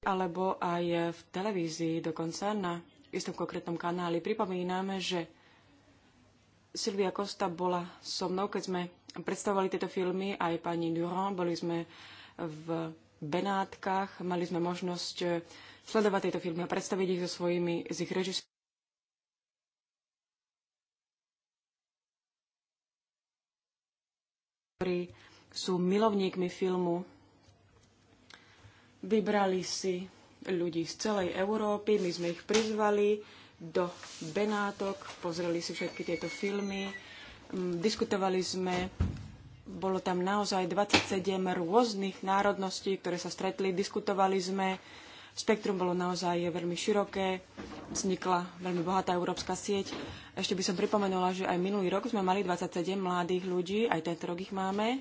alebo aj v televízii dokonca na istom konkrétnom kanáli. Pripomíname, že Silvia Costa bola so mnou, keď sme predstavovali tieto filmy, aj pani Durand, boli sme v Benátkach, mali sme možnosť eh, sledovať tieto filmy a predstaviť ich so svojimi, z ich režisérmi. ktorí sú milovníkmi filmu Vybrali si ľudí z celej Európy, my sme ich prizvali do Benátok, pozreli si všetky tieto filmy, mm, diskutovali sme, bolo tam naozaj 27 rôznych národností, ktoré sa stretli, diskutovali sme, spektrum bolo naozaj veľmi široké, vznikla veľmi bohatá európska sieť. Ešte by som pripomenula, že aj minulý rok sme mali 27 mladých ľudí, aj tento rok ich máme.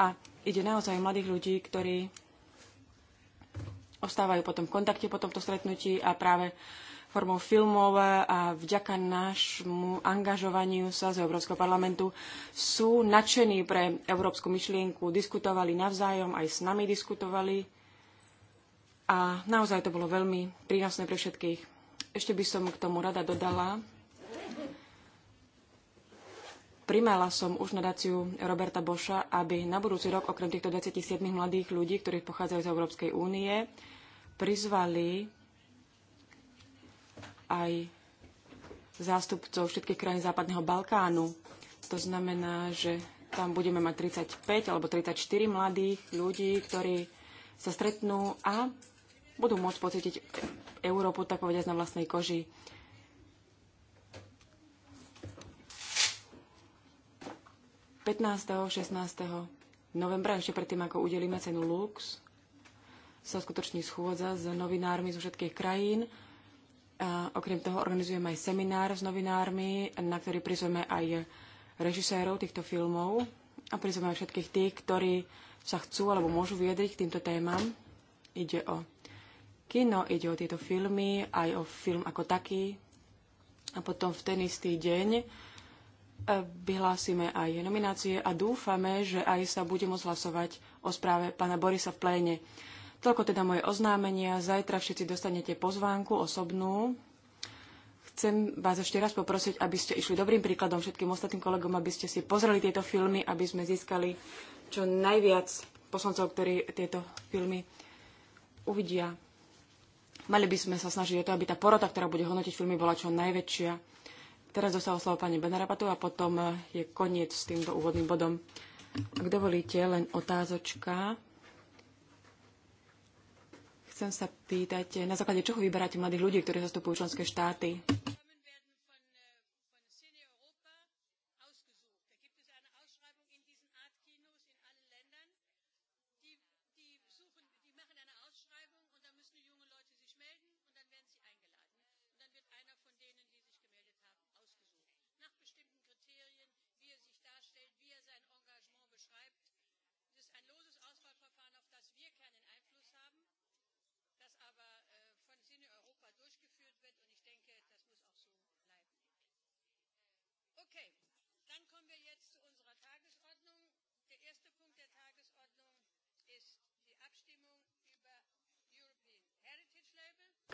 A ide naozaj mladých ľudí, ktorí ostávajú potom v kontakte po tomto stretnutí a práve formou filmov a vďaka nášmu angažovaniu sa z Európskeho parlamentu sú nadšení pre európsku myšlienku, diskutovali navzájom, aj s nami diskutovali a naozaj to bolo veľmi prínosné pre všetkých. Ešte by som k tomu rada dodala, Primala som už nadáciu Roberta Boša, aby na budúci rok okrem týchto 27 mladých ľudí, ktorí pochádzajú z Európskej únie, prizvali aj zástupcov všetkých krajín Západného Balkánu. To znamená, že tam budeme mať 35 alebo 34 mladých ľudí, ktorí sa stretnú a budú môcť pocítiť Európu, tak povediať, na vlastnej koži. ...15. 16. novembra, ešte predtým, ako udelíme cenu Lux, sa skutoční schôdza s novinármi zo všetkých krajín. A okrem toho organizujeme aj seminár s novinármi, na ktorý prizveme aj režisérov týchto filmov a prizveme aj všetkých tých, ktorí sa chcú alebo môžu viedriť k týmto témam. Ide o kino, ide o tieto filmy, aj o film ako taký. A potom v ten istý deň e, vyhlásime aj nominácie a dúfame, že aj sa bude môcť hlasovať o správe pána Borisa v pléne. Toľko teda moje oznámenia. Zajtra všetci dostanete pozvánku osobnú. Chcem vás ešte raz poprosiť, aby ste išli dobrým príkladom všetkým ostatným kolegom, aby ste si pozreli tieto filmy, aby sme získali čo najviac poslancov, ktorí tieto filmy uvidia. Mali by sme sa snažiť o to, aby tá porota, ktorá bude hodnotiť filmy, bola čo najväčšia. Teraz dostalo slovo pani Benarapatu a potom je koniec s týmto úvodným bodom. Ak dovolíte, len otázočka. Chcem sa pýtať, na základe čoho vyberáte mladých ľudí, ktorí zastupujú členské štáty?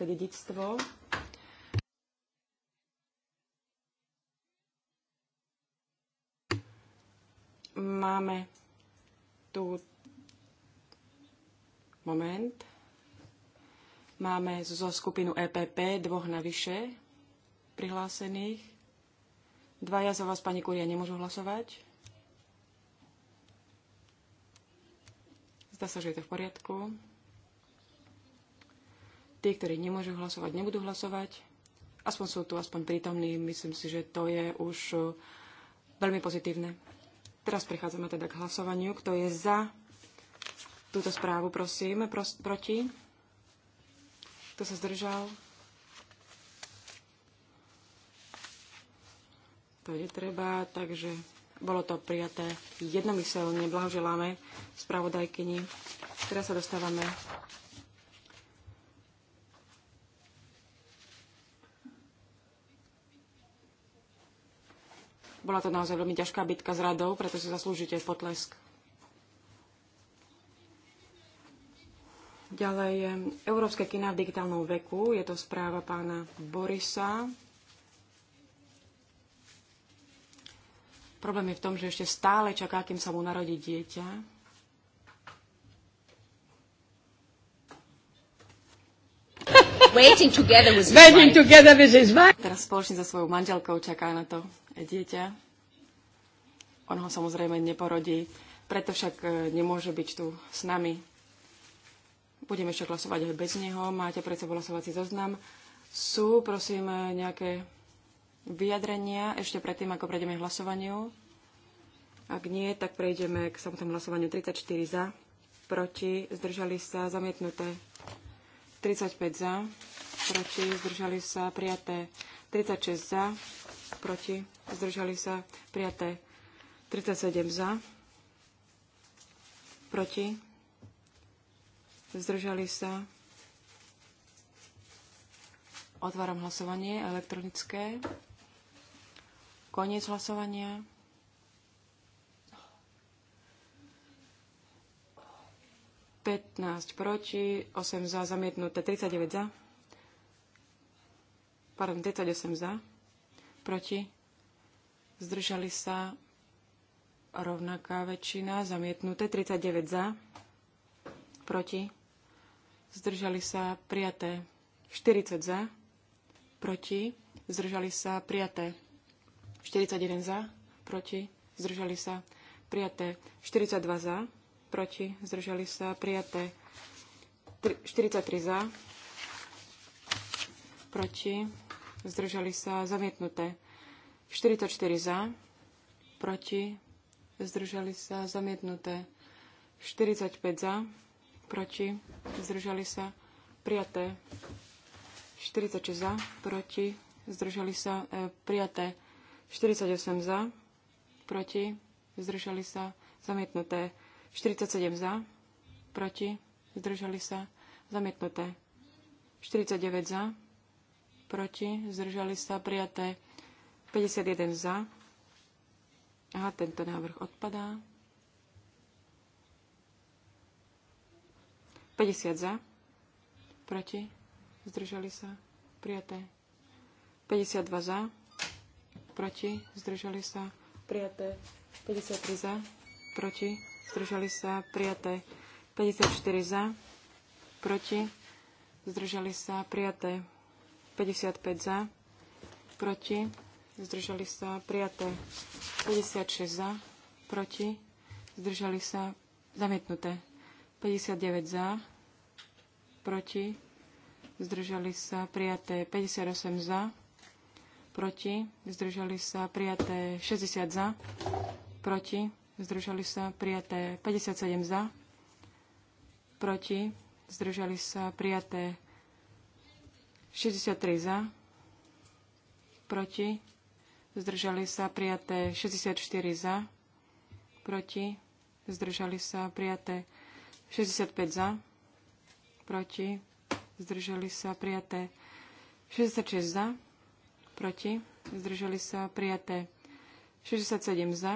dedičstvo. Máme tu moment. Máme zo skupinu EPP dvoch navyše prihlásených. Dvaja za vás, pani Kuria, nemôžu hlasovať. Zdá sa, že je to v poriadku tí, ktorí nemôžu hlasovať, nebudú hlasovať. Aspoň sú tu aspoň prítomní. Myslím si, že to je už e, veľmi pozitívne. Teraz prichádzame teda k hlasovaniu. Kto je za túto správu, prosím, pros- proti? Kto sa zdržal? To je treba, takže bolo to prijaté jednomyselne. Blahoželáme spravodajkyni. Teraz sa dostávame Bola to naozaj veľmi ťažká bitka s radou, preto si zaslúžite potlesk. Ďalej, eh, Európske kina v digitálnom veku. Je to správa pána Borisa. Problém je v tom, že ešte stále čaká, kým sa mu narodí dieťa. Waiting together with his wife. Teraz spoločne so svojou manželkou čaká na to, dieťa. On ho samozrejme neporodí, preto však e, nemôže byť tu s nami. Budeme ešte hlasovať aj bez neho. Máte pre sebou hlasovací zoznam. Sú, prosím, e, nejaké vyjadrenia ešte predtým, ako prejdeme hlasovaniu? Ak nie, tak prejdeme k samotnému hlasovaniu 34 za, proti, zdržali sa, zamietnuté 35 za, proti, zdržali sa, prijaté 36 za, proti, zdržali sa prijaté 37 za, proti, zdržali sa. Otváram hlasovanie elektronické. Koniec hlasovania. Petnáct proti, 8 za, zamietnuté, 39 za. Pardon, 38 za proti, zdržali sa rovnaká väčšina, zamietnuté 39 za, proti, zdržali sa prijaté 40 za, proti, zdržali sa prijaté 41 za, proti, zdržali sa prijaté 42 za, proti, zdržali sa prijaté 43 za, proti, zdržali sa zamietnuté. 44 za, proti, zdržali sa zamietnuté. 45 za, proti, zdržali sa prijaté. 46 za, proti, zdržali sa e, prijaté. 48 za, proti, zdržali sa zamietnuté. 47 za, proti, zdržali sa zamietnuté. 49 za, proti, zdržali sa prijaté 51 za. Aha, tento návrh odpadá. 50 za, proti, zdržali sa prijaté 52 za, proti, zdržali sa prijaté 53 za, proti, zdržali sa prijaté 54 za, proti, zdržali sa prijaté 55 za, proti, zdržali sa prijaté 56 za, proti, zdržali sa zamietnuté 59 za, proti, zdržali sa prijaté 58 za, proti, zdržali sa prijaté 60 za, proti, zdržali sa prijaté 57 za, proti, zdržali sa prijaté 63 za, proti, zdržali sa prijaté 64 za, proti, zdržali sa prijaté 65 za, proti, zdržali sa prijaté 66 za, proti, zdržali sa prijaté 67 za,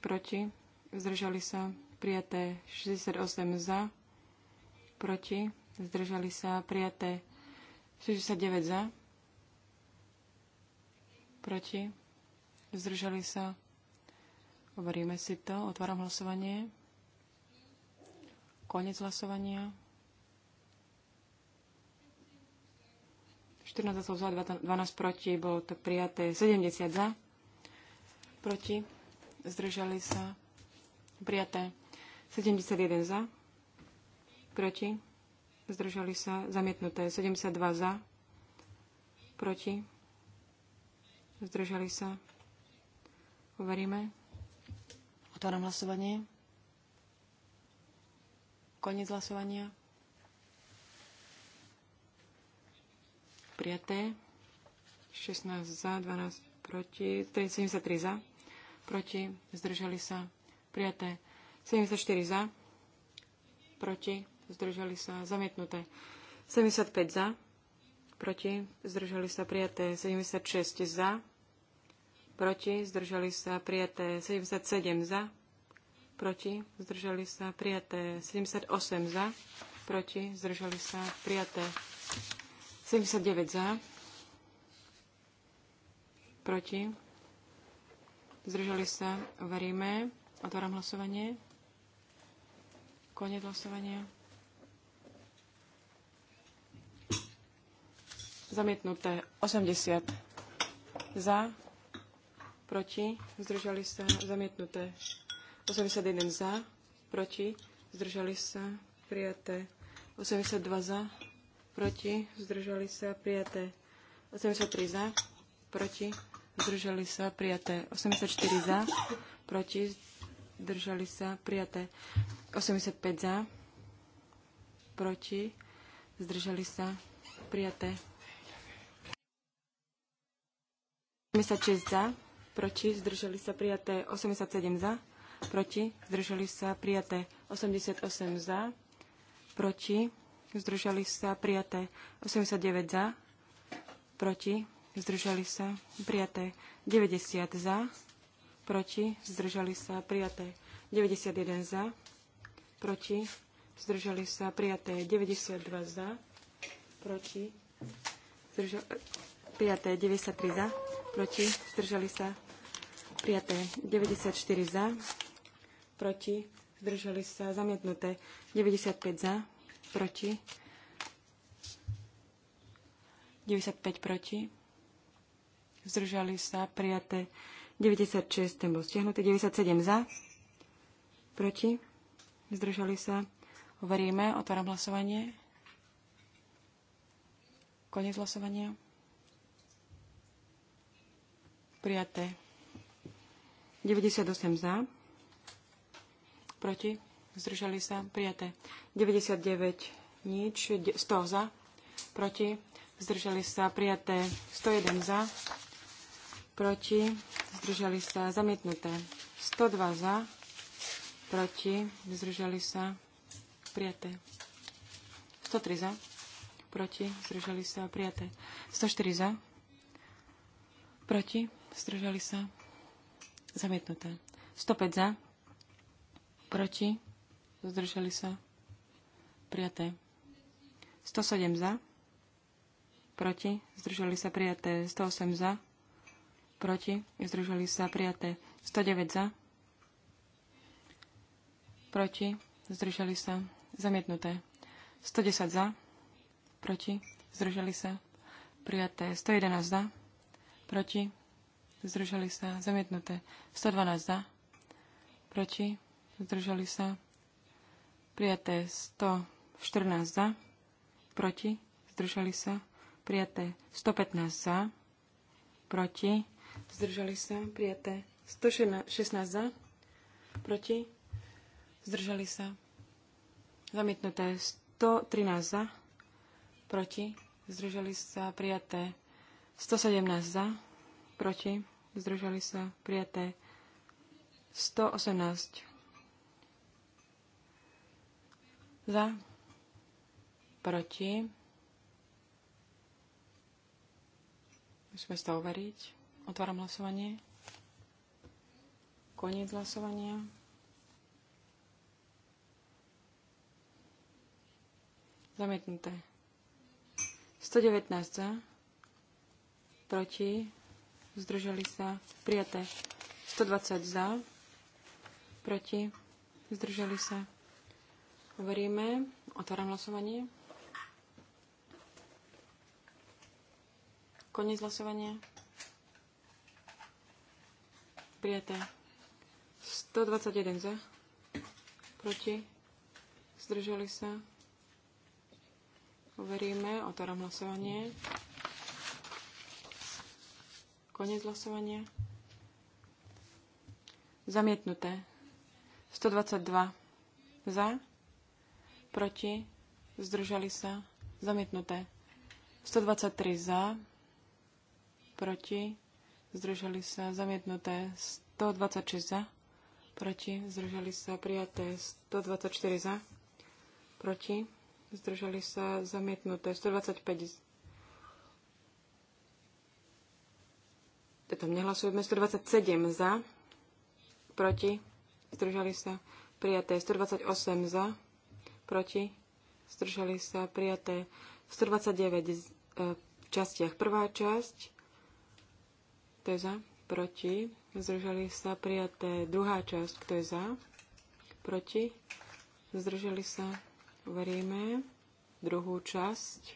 proti, zdržali sa prijaté 68 za, proti, zdržali sa prijaté 69 za. Proti. Zdržali sa. Overíme si to. Otváram hlasovanie. Konec hlasovania. 14 za, 12 proti. Bolo to prijaté. 70 za. Proti. Zdržali sa. Prijaté. 71 za. Proti zdržali sa, zamietnuté. 72 za, proti, zdržali sa. Uveríme. Otváram hlasovanie. Koniec hlasovania. Prijaté. 16 za, 12 proti, 73 za, proti, zdržali sa. Prijaté. 74 za, proti, zdržali sa zamietnuté. 75 za, proti, zdržali sa prijaté. 76 za, proti, zdržali sa prijaté. 77 za, proti, zdržali sa prijaté 78 za, proti, zdržali sa prijaté 79 za, proti, zdržali sa, veríme, otváram hlasovanie, Konec hlasovania. Zamietnuté 80 za, proti, zdržali sa, zamietnuté 81 za, proti, zdržali sa, prijaté 82 za, proti, zdržali sa, prijaté 83 za, proti, zdržali sa, prijaté 84 za, proti, zdržali sa, prijaté 85 za, proti, zdržali sa, prijaté 86 za, proti, zdržali sa prijaté 87 za, proti, zdržali sa prijaté 88 za, proti, zdržali sa prijaté 89 za, proti, zdržali sa prijaté 90 za, proti, zdržali sa prijaté 91 za, proti, zdržali sa prijaté 92 za, proti, zdržali, prijaté 93 za, proti, zdržali sa, prijaté 94 za, proti, zdržali sa, zamietnuté 95 za, proti, 95 proti, zdržali sa, prijaté 96, ten bol stiahnutý, 97 za, proti, zdržali sa, overíme, otváram hlasovanie, koniec hlasovania. Prijaté. 98 za. Proti. Zdržali sa. Prijaté. 99 nič. 100 za. Proti. Zdržali sa. Prijaté. 101 za. Proti. Zdržali sa. Zamietnuté. 102 za. Proti. Zdržali sa. Prijaté. 103 za. Proti. Zdržali sa. Prijaté. 104 za. Proti. Zdržali sa. Zamietnuté. 105 za. Proti. Zdržali sa. Prijaté. 107 za. Proti. Zdržali sa prijaté. 108 za. Proti. Zdržali sa prijaté. 109 za. Proti. Zdržali sa. Zamietnuté. 110 za. Proti. Zdržali sa. Prijaté. 111 za. Proti zdržali sa, zamietnuté. 112 za, proti, zdržali sa, prijaté. 114 za, proti, zdržali sa, prijaté. 115 za, proti, zdržali sa, prijaté. 116 za, proti, zdržali sa, zamietnuté. 113 za, proti, zdržali sa, prijaté. 117 za, proti, zdržali sa, prijaté. 118 za, proti. Musíme to overiť. Otváram hlasovanie. Koniec hlasovania. Zamietnuté. 119 za, proti zdržali sa, prijaté. 120 za, proti, zdržali sa. Hovoríme, otváram hlasovanie. Koniec hlasovania. Prijaté. 121 za, proti, zdržali sa. Uveríme, otváram hlasovanie. Konec hlasovania. Zamietnuté. 122 za, proti, zdržali sa, zamietnuté. 123 za, proti, zdržali sa, zamietnuté. 126 za, proti, zdržali sa, prijaté. 124 za, proti, zdržali sa, zamietnuté. 125 Potom teda nehlasujeme. 127 za. Proti. Zdržali sa. Prijaté. 128 za. Proti. Zdržali sa. Prijaté. 129 e, v častiach. Prvá časť. To je za. Proti. Zdržali sa. Prijaté. Druhá časť. Kto je za? Proti. Zdržali sa. Veríme. Druhú časť.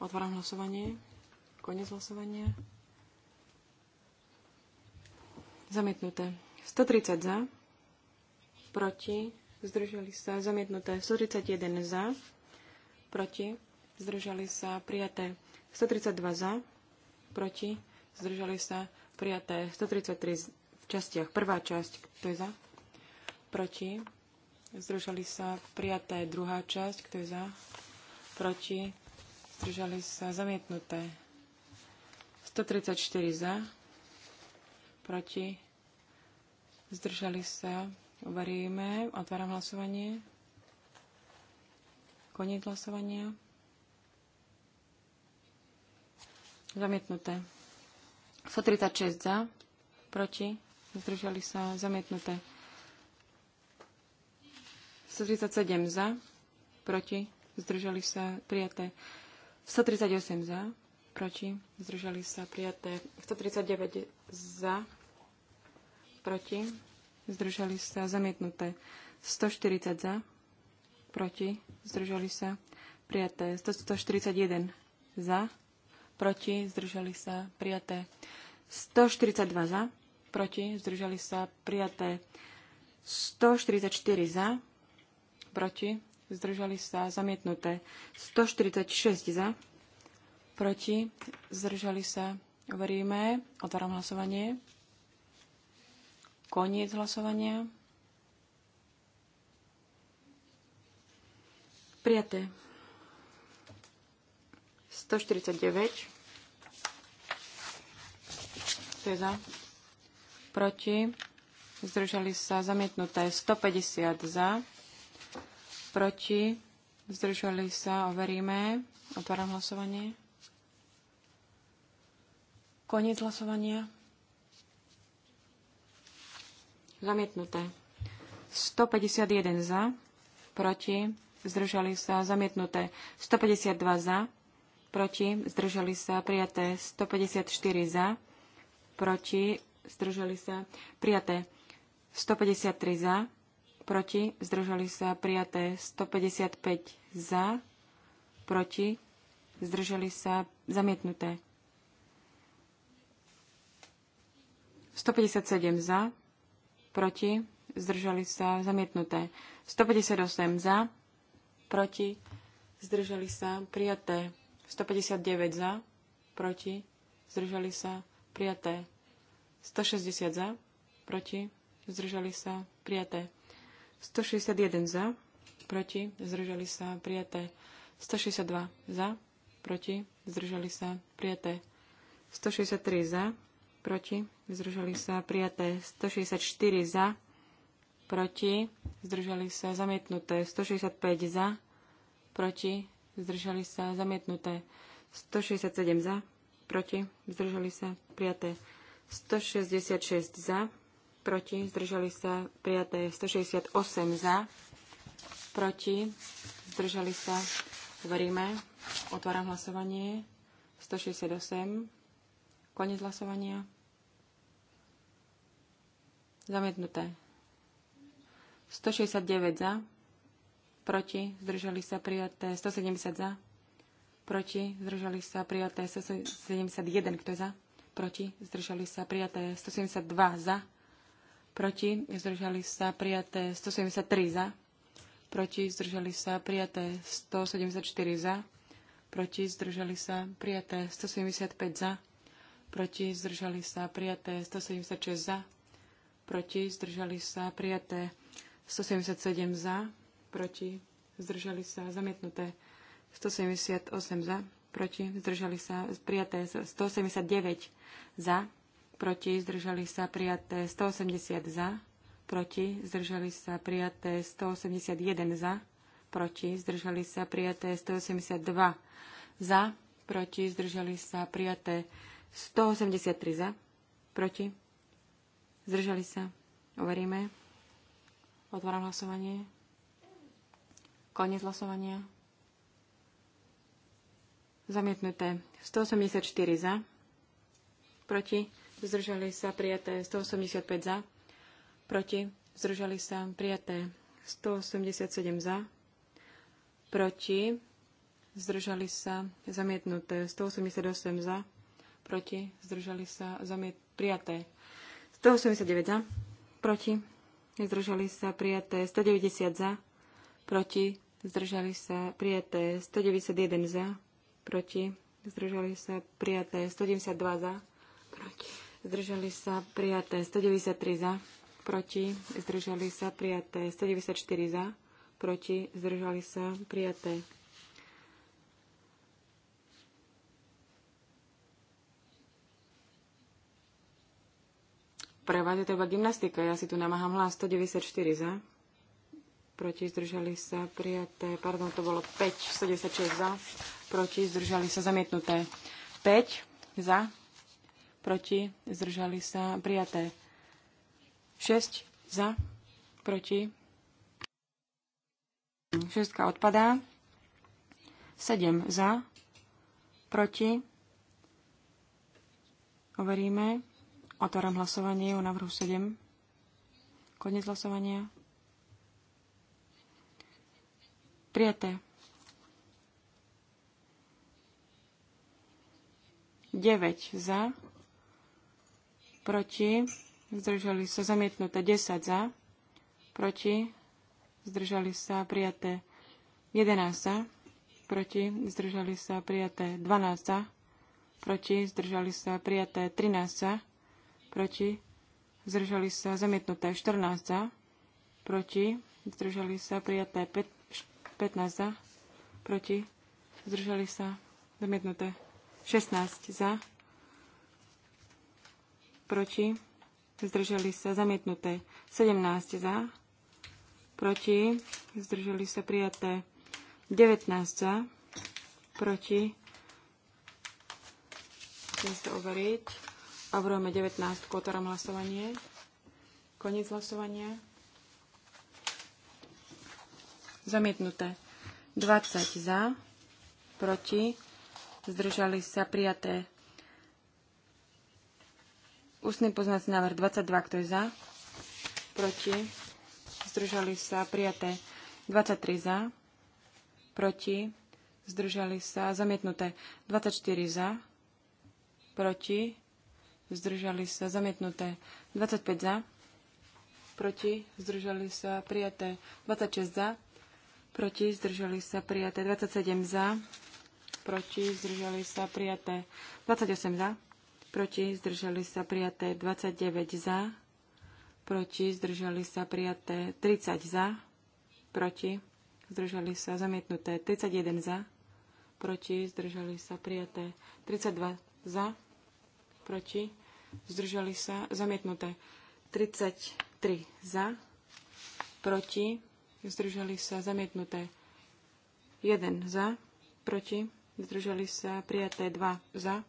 Otváram hlasovanie. Konec hlasovania. Zamietnuté. 130 za. Proti. Zdržali sa. Zamietnuté. 131 za. Proti. Zdržali sa. Prijaté. 132 za. Proti. Zdržali sa. Prijaté. 133 v častiach. Prvá časť. Kto je za? Proti. Zdržali sa. Prijaté. Druhá časť. Kto je za? Proti. Zdržali sa. Zamietnuté. 134 za. Proti Zdržali sa. Uveríme. Otváram hlasovanie. Koniec hlasovania. Zamietnuté. 136 za. Proti. Zdržali sa. Zamietnuté. 137 za. Proti. Zdržali sa. Prijaté. 138 za. Proti. Zdržali sa. Prijaté. 139 za proti, zdržali sa, zamietnuté 140 za, proti, zdržali sa, prijaté 141 za, proti, zdržali sa, prijaté 142 za, proti, zdržali sa, prijaté 144 za, proti, zdržali sa, zamietnuté 146 za, proti, zdržali sa, overíme, otváram hlasovanie. Koniec hlasovania. Prijaté. 149. To je za. Proti. Zdržali sa zamietnuté 150 za. Proti. Zdržali sa. Overíme. Otváram hlasovanie. Koniec hlasovania. Zamietnuté. 151 za, proti, zdržali sa, zamietnuté. 152 za, proti, zdržali sa, prijaté. 154 za, proti, zdržali sa, prijaté. 153 za, proti, zdržali sa, prijaté. 155 za, proti, zdržali sa, zamietnuté. 157 za, proti, zdržali sa, zamietnuté. 158 za, proti, zdržali sa, prijaté. 159 za, proti, zdržali sa, prijaté. 160 za, proti, zdržali sa, prijaté. 161 za, proti, zdržali sa, prijaté. 162 za, proti, zdržali sa, prijaté. 163 za, proti, zdržali sa prijaté 164 za, proti, zdržali sa zamietnuté 165 za, proti, zdržali sa zamietnuté 167 za, proti, zdržali sa prijaté 166 za, proti, zdržali sa prijaté 168 za, proti, zdržali sa, veríme, otváram hlasovanie 168, Konec hlasovania. Zamietnuté. 169 za. Proti. Zdržali sa prijaté 170 za. Proti. Zdržali sa prijaté 171. Kto je za? Proti. Zdržali sa prijaté 172 za. Proti. Zdržali sa prijaté 173 za. Proti. Zdržali sa prijaté 174 za. Proti. Zdržali sa prijaté 175 za. Proti. Zdržali sa prijaté 176 za proti, zdržali sa, prijaté 177 za, proti, zdržali sa, zamietnuté 178 za, proti, zdržali sa, prijaté 179 za, proti, zdržali sa, prijaté 180 za, proti, zdržali sa, prijaté 181 za, proti, zdržali sa, prijaté 182 za, proti, zdržali sa, prijaté 183 za, proti, Zdržali sa. Overíme. Otváram hlasovanie. Koniec hlasovania. Zamietnuté. 184 za. Proti. Zdržali sa prijaté 185 za. Proti. Zdržali sa prijaté 187 za. Proti. Zdržali sa zamietnuté 188 za. Proti. Zdržali sa zamiet... prijaté 189 za, proti, zdržali sa prijaté 190 za, proti, zdržali sa prijaté 191 za, proti, zdržali sa prijaté 192 za, proti, zdržali sa prijaté 193 za, proti, zdržali sa prijaté 194 za, proti, zdržali sa prijaté Pre je to iba gymnastika, ja si tu namáham hlas 194 za. Proti zdržali sa prijaté, pardon, to bolo 5, 196 za. Proti zdržali sa zamietnuté 5 za. Proti zdržali sa prijaté 6 za. Proti. 6 odpadá. 7 za. Proti. Overíme. Otváram hlasovanie o návrhu 7. Konec hlasovania. Prijaté. 9 za, proti, zdržali sa zamietnuté 10 za, proti, zdržali sa prijaté 11 za, proti, zdržali sa prijaté 12 za, proti, zdržali sa prijaté 13 za, proti, zdržali sa zamietnuté 14 za, proti, zdržali sa prijaté 15 za, proti, zdržali sa zamietnuté 16 za, proti, zdržali sa zamietnuté 17 za, proti, zdržali sa prijaté 19 za, proti, chcem sa overiť. Navrhujeme 19. Otváram hlasovanie. Koniec hlasovania. Zamietnuté. 20 za, proti, zdržali sa prijaté. Ústny poznací návrh 22, kto je za, proti, zdržali sa prijaté. 23 za, proti, zdržali sa zamietnuté. 24 za, proti, zdržali sa zamietnuté. 25 za, proti, zdržali sa prijaté. 26 za, proti, zdržali sa prijaté. 27 za, proti, zdržali sa prijaté. 28 za, proti, zdržali sa prijaté. 29 za, proti, zdržali sa prijaté. 30 za, proti, zdržali sa zamietnuté. 31 za, proti, zdržali sa prijaté. 32 za, proti, zdržali sa, zamietnuté. 33 za, proti, zdržali sa, zamietnuté. 1 za, proti, zdržali sa, prijaté 2 za,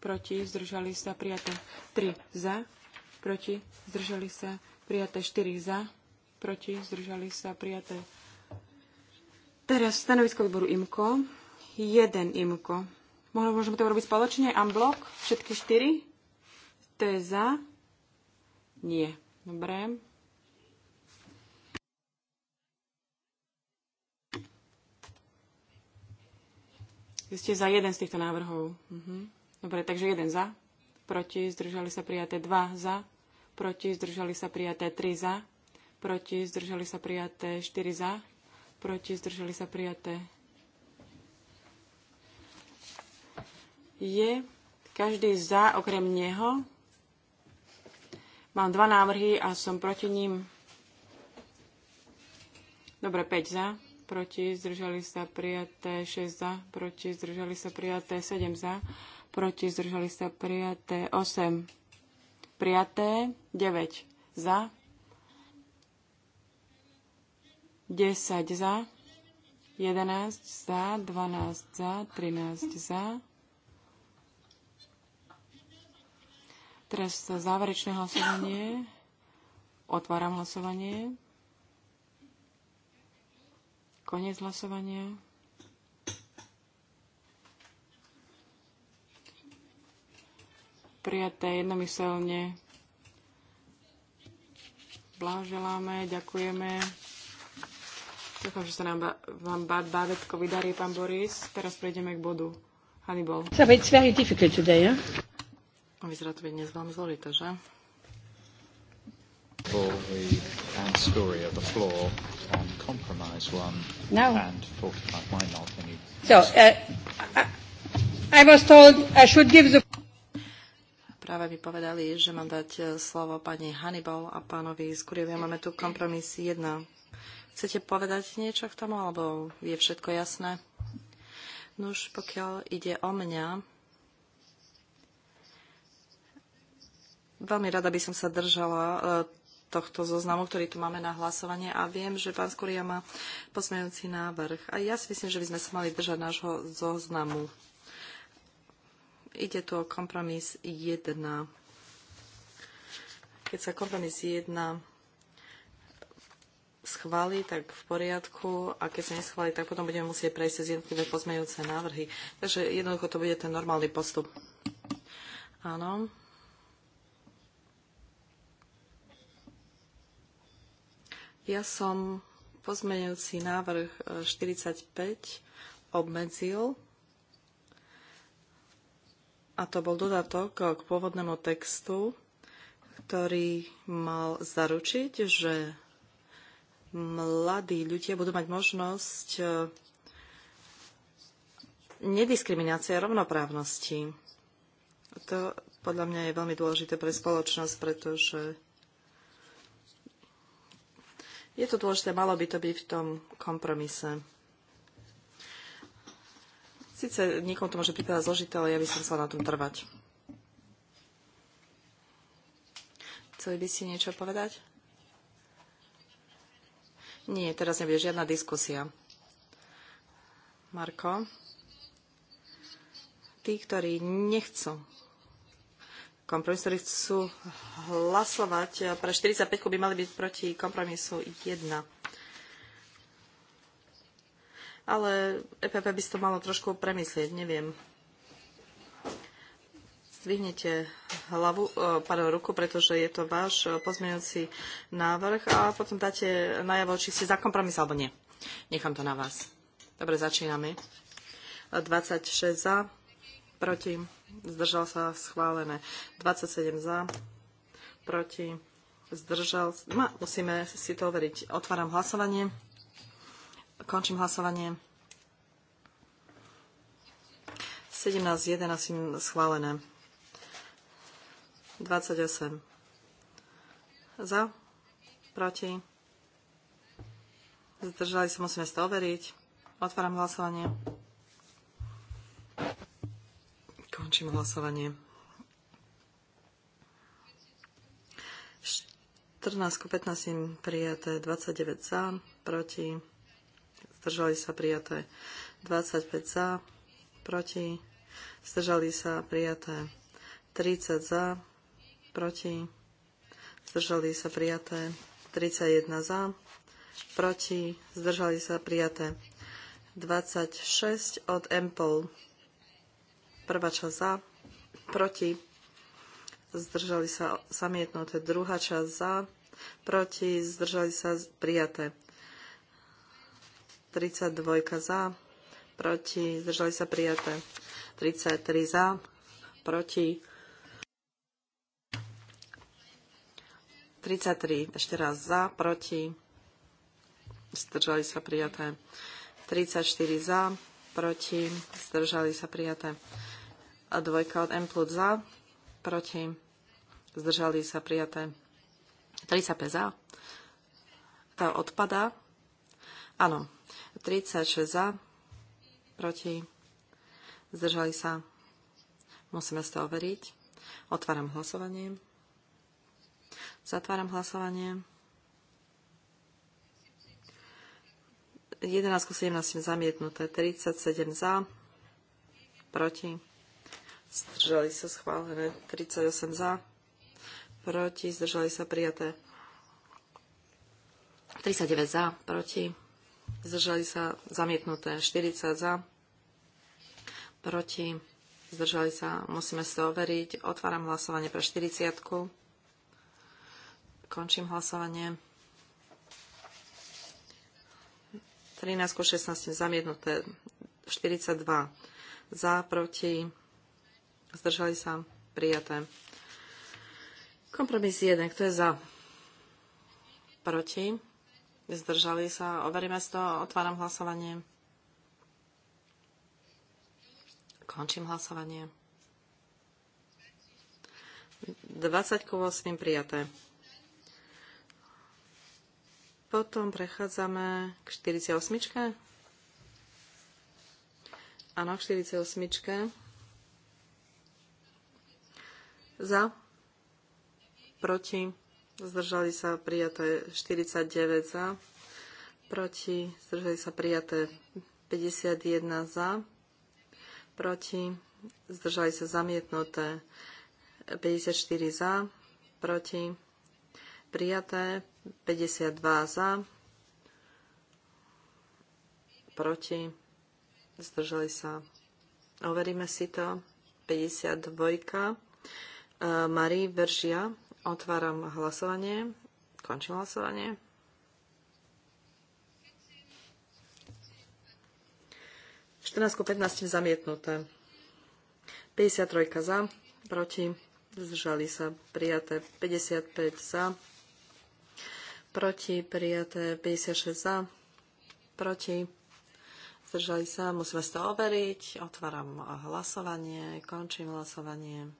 proti, zdržali sa, prijaté 3 za, proti, zdržali sa, prijaté 4 za, proti, zdržali sa, prijaté. Teraz stanovisko výboru IMKO. 1 IMKO Mohli, môžeme to urobiť spoločne? Unblock? Všetky štyri? To je za? Nie. Dobre. Vy ste za jeden z týchto návrhov. Mhm. Dobre, takže jeden za, proti, zdržali sa prijaté dva za, proti, zdržali sa prijaté tri za, proti, zdržali sa prijaté štyri za, proti, zdržali sa prijaté je každý za, okrem neho. Mám dva návrhy a som proti ním. Dobre, 5 za, proti, zdržali sa prijaté, 6 za, proti, zdržali sa prijaté, 7 za, proti, zdržali sa prijaté, 8 prijaté, 9 za, 10 za, 11 za, 12 za, 13 za, Teraz záverečné hlasovanie. Otváram hlasovanie. Koniec hlasovania. Prijaté jednomyselne. Blahoželáme, ďakujeme. Dúfam, že sa nám vám bábetko vydarí, pán Boris. Teraz prejdeme k bodu. Hannibal. So it's very difficult today, yeah? Vyzerá to byť dnes veľmi zložité, že? For the and story of the floor compromise one no. and Why not? So, uh, I, I was told I should give the... Práve mi povedali, že mám dať eh, slovo pani Hannibal a pánovi Kuriovia. Máme tu kompromis 1. Chcete povedať niečo k tomu, alebo je všetko jasné? Nuž, pokiaľ ide o mňa, Veľmi rada by som sa držala e, tohto zoznamu, ktorý tu máme na hlasovanie a viem, že pán Skúria má posmejúci návrh. A ja si myslím, že by sme sa mali držať nášho zoznamu. Ide tu o kompromis 1. Keď sa kompromis 1 schváli, tak v poriadku a keď sa neschváli, tak potom budeme musieť prejsť cez jednotlivé pozmejúce návrhy. Takže jednoducho to bude ten normálny postup. Áno. Ja som pozmeňujúci návrh 45 e, obmedzil a to bol dodatok k pôvodnému textu, ktorý mal zaručiť, že mladí ľudia budú mať možnosť e, nediskriminácie a rovnoprávnosti. To podľa mňa je veľmi dôležité pre spoločnosť, pretože je to dôležité, malo by to byť v tom kompromise. Sice niekomu to môže pripadať teda zložité, ale ja by som chcela na tom trvať. Chceli by ste niečo povedať? Nie, teraz nebude žiadna diskusia. Marko? Tí, ktorí nechcú kompromisu, ktorí chcú hlasovať pre 45 by mali byť proti kompromisu 1. Ale EPP by si to malo trošku premyslieť, neviem. Zdvihnite hlavu, e, pardon, ruku, pretože je to váš e, pozmeňujúci návrh a potom dáte najavo, či ste za kompromis alebo nie. Nechám to na vás. Dobre, začíname. 26 za, proti, zdržal sa schválené. 27 za, proti, zdržal. No, musíme si to overiť. Otváram hlasovanie. Končím hlasovanie. 17, 11 schválené. 28. Za, proti, zdržali sa, musíme si to overiť. Otváram hlasovanie. Končím hlasovanie. 14 ku 15 prijaté, 29 za, proti, zdržali sa prijaté, 25 za, proti, zdržali sa prijaté, 30 za, proti, zdržali sa prijaté, 31 za, proti, zdržali sa prijaté, 26 od Empol Prvá časť za, proti, zdržali sa zamietnuté. Druhá časť za, proti, zdržali sa prijaté. 32 za, proti, zdržali sa prijaté. 33 za, proti. 33, ešte raz za, proti, zdržali sa prijaté. 34 za, proti, zdržali sa prijaté a dvojka od M plus za, proti, zdržali sa prijaté 35 za, tá odpada, áno, 36 za, proti, zdržali sa, musíme si to overiť, otváram hlasovanie, zatváram hlasovanie, 11 17 zamietnuté, 37 za, proti, zdržali sa schválené 38 za, proti, zdržali sa prijaté 39 za, proti, zdržali sa zamietnuté 40 za, proti, zdržali sa, musíme sa overiť, otváram hlasovanie pre 40 končím hlasovanie 13 16 zamietnuté 42 za, proti, Zdržali sa? Prijaté. Kompromis 1. Kto je za? Proti? Zdržali sa? Overíme si to. Otváram hlasovanie. Končím hlasovanie. 20 ku 8 prijaté. Potom prechádzame k 48. Áno, k 48. Za? Proti? Zdržali sa prijaté 49 za. Proti? Zdržali sa prijaté 51 za. Proti? Zdržali sa zamietnuté 54 za. Proti? Prijaté 52 za. Proti? Zdržali sa. Overíme si to. 52. Marie Veržia. Otváram hlasovanie. Končím hlasovanie. ku 15 zamietnuté. 53 za, proti, zdržali sa prijaté 55 za, proti prijaté 56 za, proti zdržali sa, musíme sa to overiť, otváram hlasovanie, končím hlasovanie.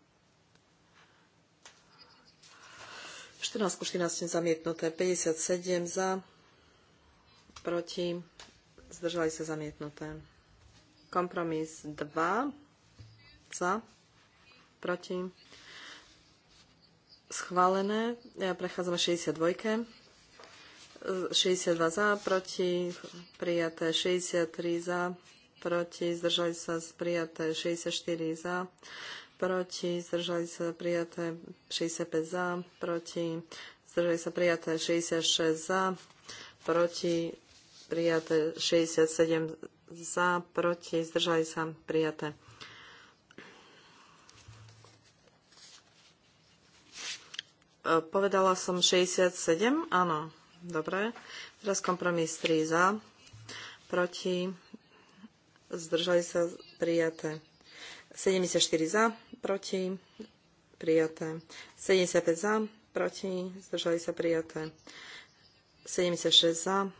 14 ku 14 zamietnuté, 57 za, proti, zdržali sa zamietnuté. Kompromis 2 za, proti, schválené. Ja prechádzame 62. 62 za, proti, prijaté 63 za, proti, zdržali sa prijaté 64 za, proti, zdržali sa prijaté 65 za, proti, zdržali sa prijaté 66 za, proti, prijaté 67 za, proti, zdržali sa prijaté. E, povedala som 67, áno, dobre. Teraz kompromis 3 za, proti, zdržali sa prijaté 74 za, proti, prijaté. 75 za, proti, zdržali sa prijaté. 76 za,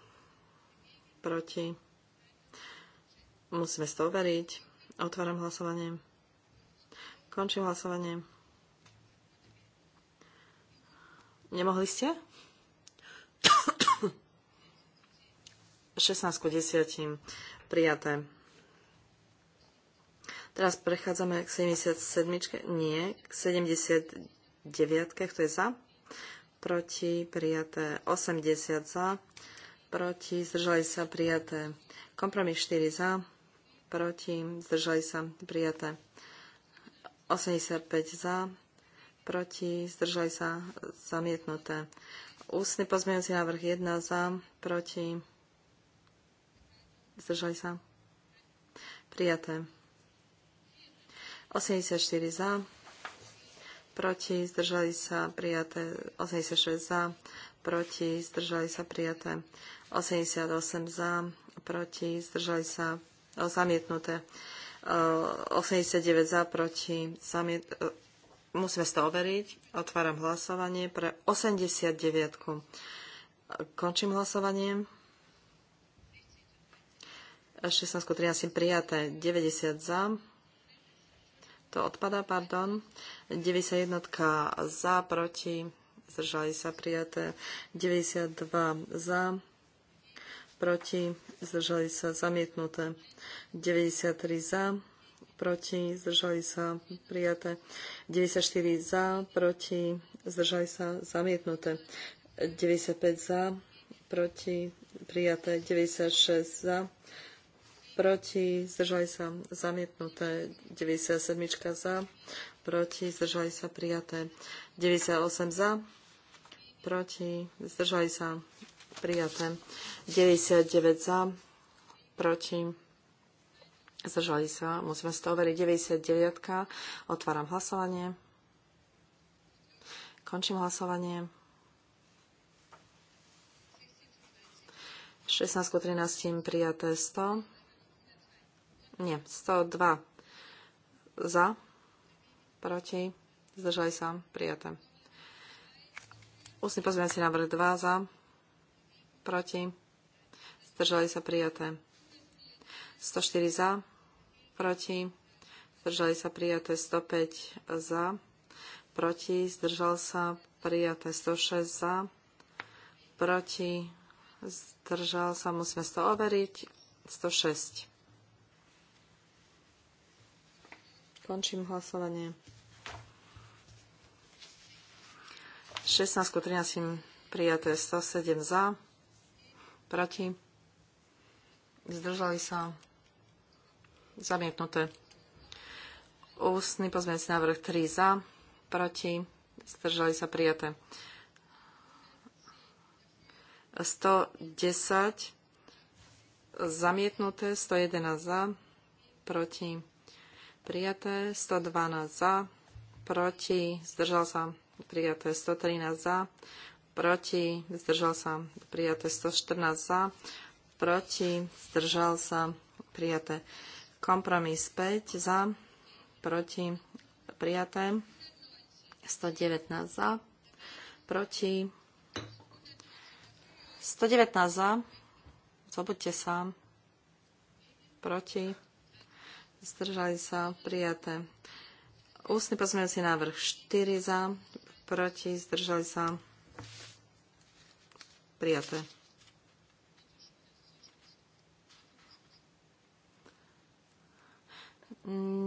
proti. Musíme to overiť. Otváram hlasovanie. Končím hlasovanie. Nemohli ste? 16 ku 10 prijaté. Teraz prechádzame k 77. Nie, k 79. Kto je za? Proti prijaté 80 za. Proti zdržali sa prijaté. Kompromis 4 za. Proti zdržali sa prijaté. 85 za. Proti zdržali sa zamietnuté. Ústny pozmeňujúci návrh 1 za. Proti zdržali sa prijaté. 84 za, proti, zdržali sa prijaté 86 za, proti, zdržali sa prijaté 88 za, proti, zdržali sa zamietnuté 89 za, proti, zamiet, musíme si to overiť, otváram hlasovanie pre 89. Končím hlasovanie. 16 prijaté 90 za, to odpadá, pardon. 91 za, proti, zdržali sa prijaté. 92 za, proti, zdržali sa zamietnuté. 93 za, proti, zdržali sa prijaté. 94 za, proti, zdržali sa zamietnuté. 95 za, proti, prijaté. 96 za, proti, zdržali sa zamietnuté 97 za, proti, zdržali sa prijaté 98 za, proti, zdržali sa prijaté 99 za, proti, zdržali sa, musíme si to overiť, 99, -ka. otváram hlasovanie, končím hlasovanie. 16 13 prijaté 100. Nie, 102 za, proti, zdržali sa, prijaté. Ústny pozmeňací návrh 2 za, proti, zdržali sa, prijaté. 104 za, proti, zdržali sa, prijaté. 105 za, proti, zdržal sa, prijaté. 106 za, proti, zdržal sa, musíme 100 overiť. 106. Končím hlasovanie. 16 13 prijaté 107 za, proti, zdržali sa, zamietnuté. Ústny pozmeňujúci návrh 3 za, proti, zdržali sa prijaté. 110 zamietnuté, 111 za, proti, prijaté, 112 za, proti, zdržal sa, prijaté 113 za, proti, zdržal sa, prijaté 114 za, proti, zdržal sa, prijaté. Kompromis 5 za, proti, prijaté, 119 za, proti, 119 za, zobudte sa, proti, zdržali sa, prijaté. Ústny pozmeňujúci návrh 4 za, proti, zdržali sa, prijaté.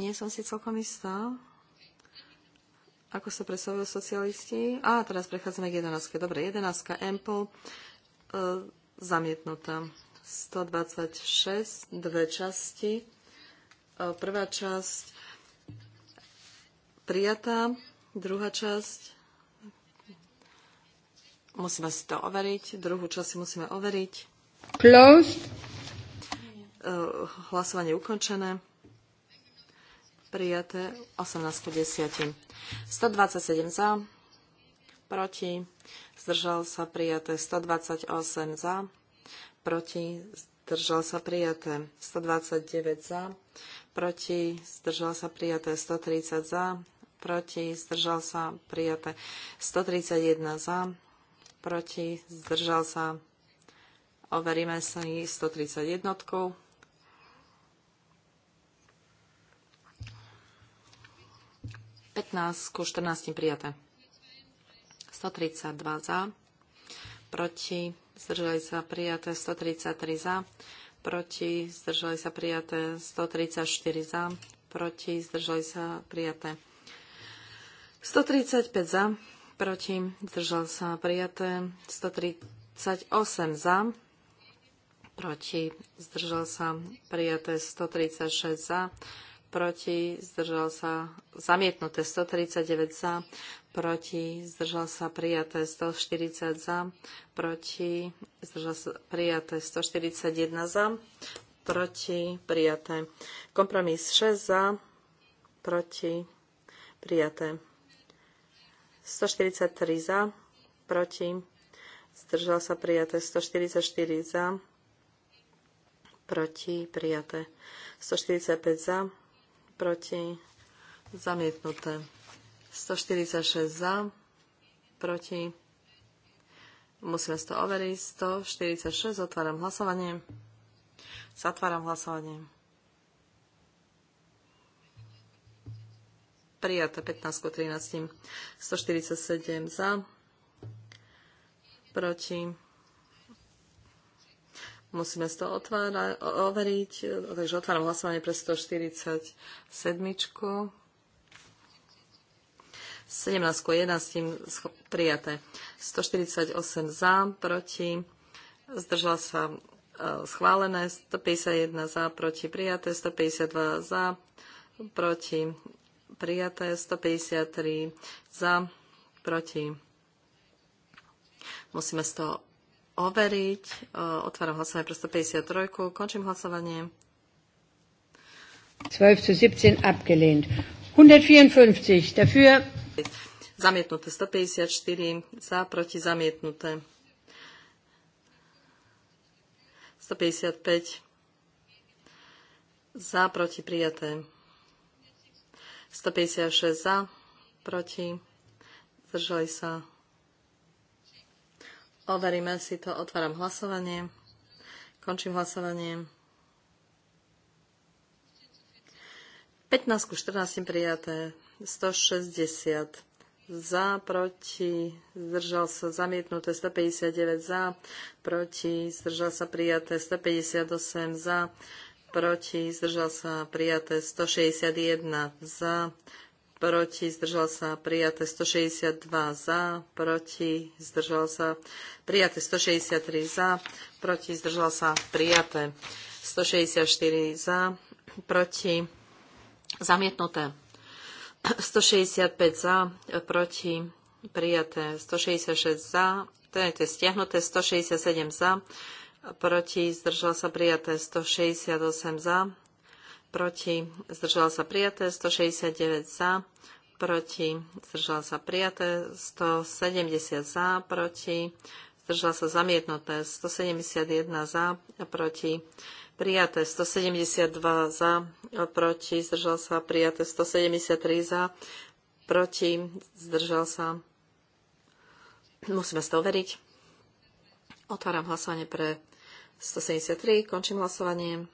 Nie som si celkom istá. Ako sa presovujú socialisti? A teraz prechádzame k 11. Dobre, 11. Ample e, zamietnutá. 126, dve časti Eh, prvá časť prijatá, druhá časť musíme si to overiť, druhú časť si musíme overiť. Closed. Eh, hlasovanie ukončené. Prijaté 18 10. 127 za, proti, zdržal sa prijaté 128 za, proti, zdržal sa prijaté 129 za, proti zdržal sa prijaté 130 za, proti zdržal sa prijaté 131 za, proti zdržal sa overíme sa i 131. ku 14 prijaté. 132 za, proti zdržali sa prijaté 133 za, proti zdržali sa prijaté 134 za, proti zdržali sa prijaté 135 za, proti zdržal sa prijaté 138 za, proti zdržal sa prijaté 136 za, proti zdržal sa zamietnuté 139 za, proti, zdržal sa prijaté 140 za, proti, zdržal sa prijaté 141 za, proti, prijaté. Kompromis 6 za, proti, prijaté. 143 za, proti, zdržal sa prijaté 144 za, proti, prijaté. 145 za, proti, zamietnuté. 146 za, proti. Musíme si to overiť. 146, otváram hlasovanie. Zatváram hlasovanie. Prijaté 15 13. 147 za, proti. Musíme si to otvára, overiť, takže otváram hlasovanie pre 147. 17 1 s tým prijaté. 148 za, proti, zdržal sa e, schválené, 151 za, proti prijaté, 152 za, proti prijaté, 153 za, proti. Musíme z toho overiť. E, otváram hlasovanie pre 153. Končím hlasovanie. 12 zu 17 abgelehnt. 154 dafür, prijatý. Zamietnuté 154 za, proti zamietnuté. 155 za, proti prijaté. 156 za, proti, zdržali sa. Overíme si to, otváram hlasovanie, končím hlasovanie. 15 ku 14 prijaté, 160 za, proti, zdržal sa zamietnuté 159 za, proti, zdržal sa prijaté 158 za, proti, zdržal sa prijaté 161 za, proti, zdržal sa prijaté 162 za, proti, zdržal sa prijaté 163 za, proti, zdržal sa prijaté 164 za, proti, zamietnuté 165 za, proti, prijaté. 166 za, to je, to je stiahnuté. 167 za, proti, zdržal sa prijaté. 168 za, proti, zdržal sa prijaté. 169 za, proti, zdržal sa prijaté, 170 za, proti, zdržal sa zamietnuté, 171 za, proti, prijaté 172 za, proti, zdržal sa, prijaté 173 za, proti, zdržal sa. Musíme to overiť. Otváram hlasovanie pre 173, končím hlasovanie.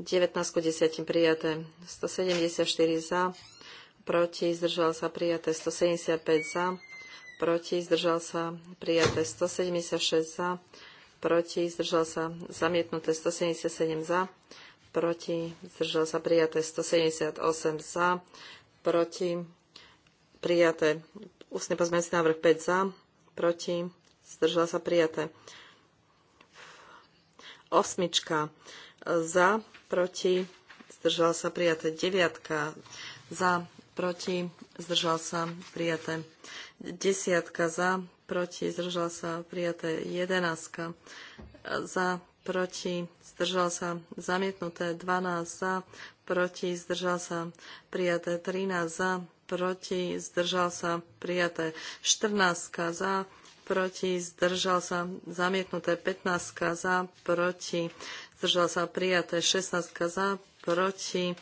19 ku 10 prijaté, 174 za, proti, zdržal sa, prijaté 175 za, proti, zdržal sa, prijaté 176 za, proti, zdržal sa zamietnuté 177 za, proti, zdržal sa prijaté 178 za, proti, prijaté ústne pozmeňujúci návrh 5 za, proti, zdržal sa prijaté. Osmička za, proti, zdržal sa prijaté. Deviatka za, proti, zdržal sa prijaté. Desiatka za, proti, zdržal sa, prijaté 11 za, proti, zdržal sa, zamietnuté 12 za, proti, zdržal sa, prijaté 13 za, proti, zdržal sa, prijaté 14 za, proti, zdržal sa, zamietnuté 15 za, proti, zdržal sa, prijaté 16 za, proti,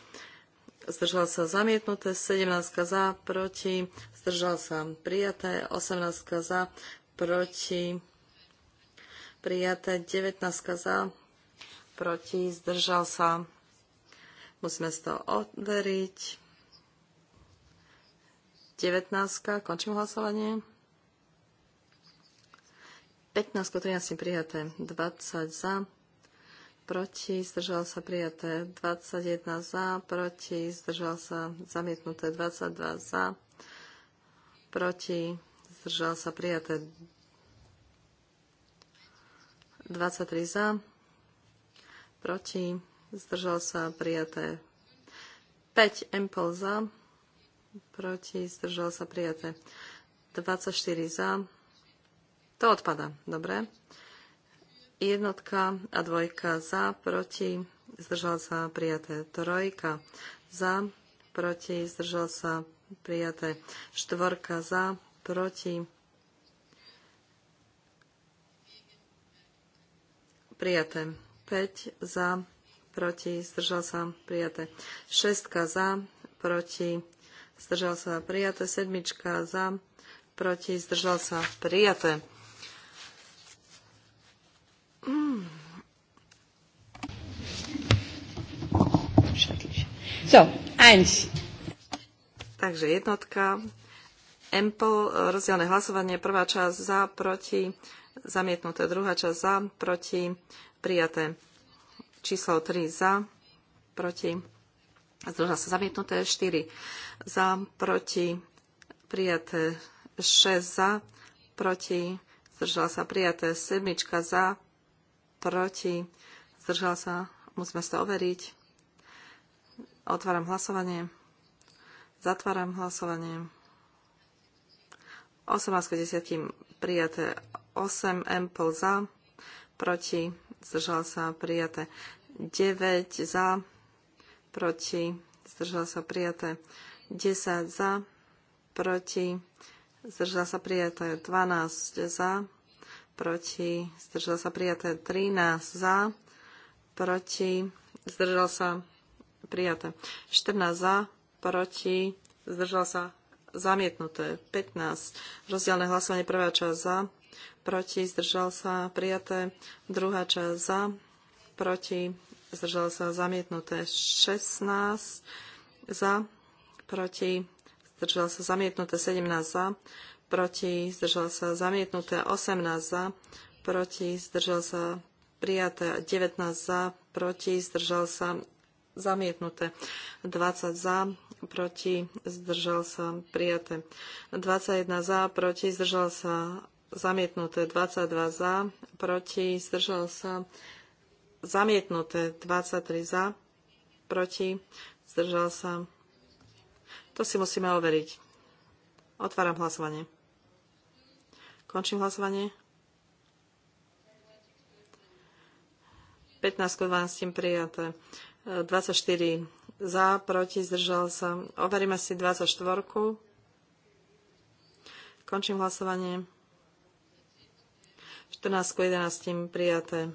zdržal sa zamietnuté, 17 za, proti, zdržal sa prijaté, 18 za, proti, prijaté, 19 za, proti, zdržal sa. Musíme si to overiť. 19. Končím hlasovanie. 15. 13. prijaté. 20 za proti, zdržal sa prijaté 21 za, proti, zdržal sa zamietnuté 22 za, proti, zdržal sa prijaté 23 za, proti, zdržal sa prijaté 5 empol za, proti, zdržal sa prijaté 24 za. To odpada, dobre. Jednotka a dvojka za, proti, zdržal sa, prijaté. Trojka za, proti, zdržal sa, prijaté. Štvorka za, proti, prijaté. 5 za, proti, zdržal sa, prijaté. 6 za, proti, zdržal sa, prijaté. Sedmička za, proti, zdržal sa, prijaté. Čo? eins. Takže jednotka. Ample, rozdielne hlasovanie, prvá časť za, proti, zamietnuté, druhá časť za, proti, prijaté. Číslo 3 za, proti, zdržal sa zamietnuté, 4 za, proti, prijaté, 6 za, proti, zdržala sa prijaté, 7 za, proti, zdržala sa, musíme sa overiť. Otváram hlasovanie. Zatváram hlasovanie. 18 10 prijaté 8 pol za, proti, zdržal sa prijaté 9 za, proti, zdržal sa prijaté 10 za, proti, zdržal sa prijaté 12 za, proti, zdržal sa prijaté 13 za, proti, zdržal sa prijaté. 14 za, proti, zdržal sa, zamietnuté. 15, rozdielne hlasovanie, prvá časť za, proti, zdržal sa, prijaté. Druhá časť za, proti, zdržal sa, zamietnuté. 16 za, proti, zdržal sa, zamietnuté. 17 za, proti, zdržal sa, zamietnuté. 18 za, proti, zdržal sa, prijaté 19 za, proti, zdržal sa, zamietnuté. 20 za, proti, zdržal sa, prijaté. 21 za, proti, zdržal sa, zamietnuté. 22 za, proti, zdržal sa, zamietnuté. 23 za, proti, zdržal sa. To si musíme overiť. Otváram hlasovanie. Končím hlasovanie. 15 k 12 prijaté. 24 za, proti, zdržal sa. Overíme si 24. Končím hlasovanie. 14 k 11 prijaté.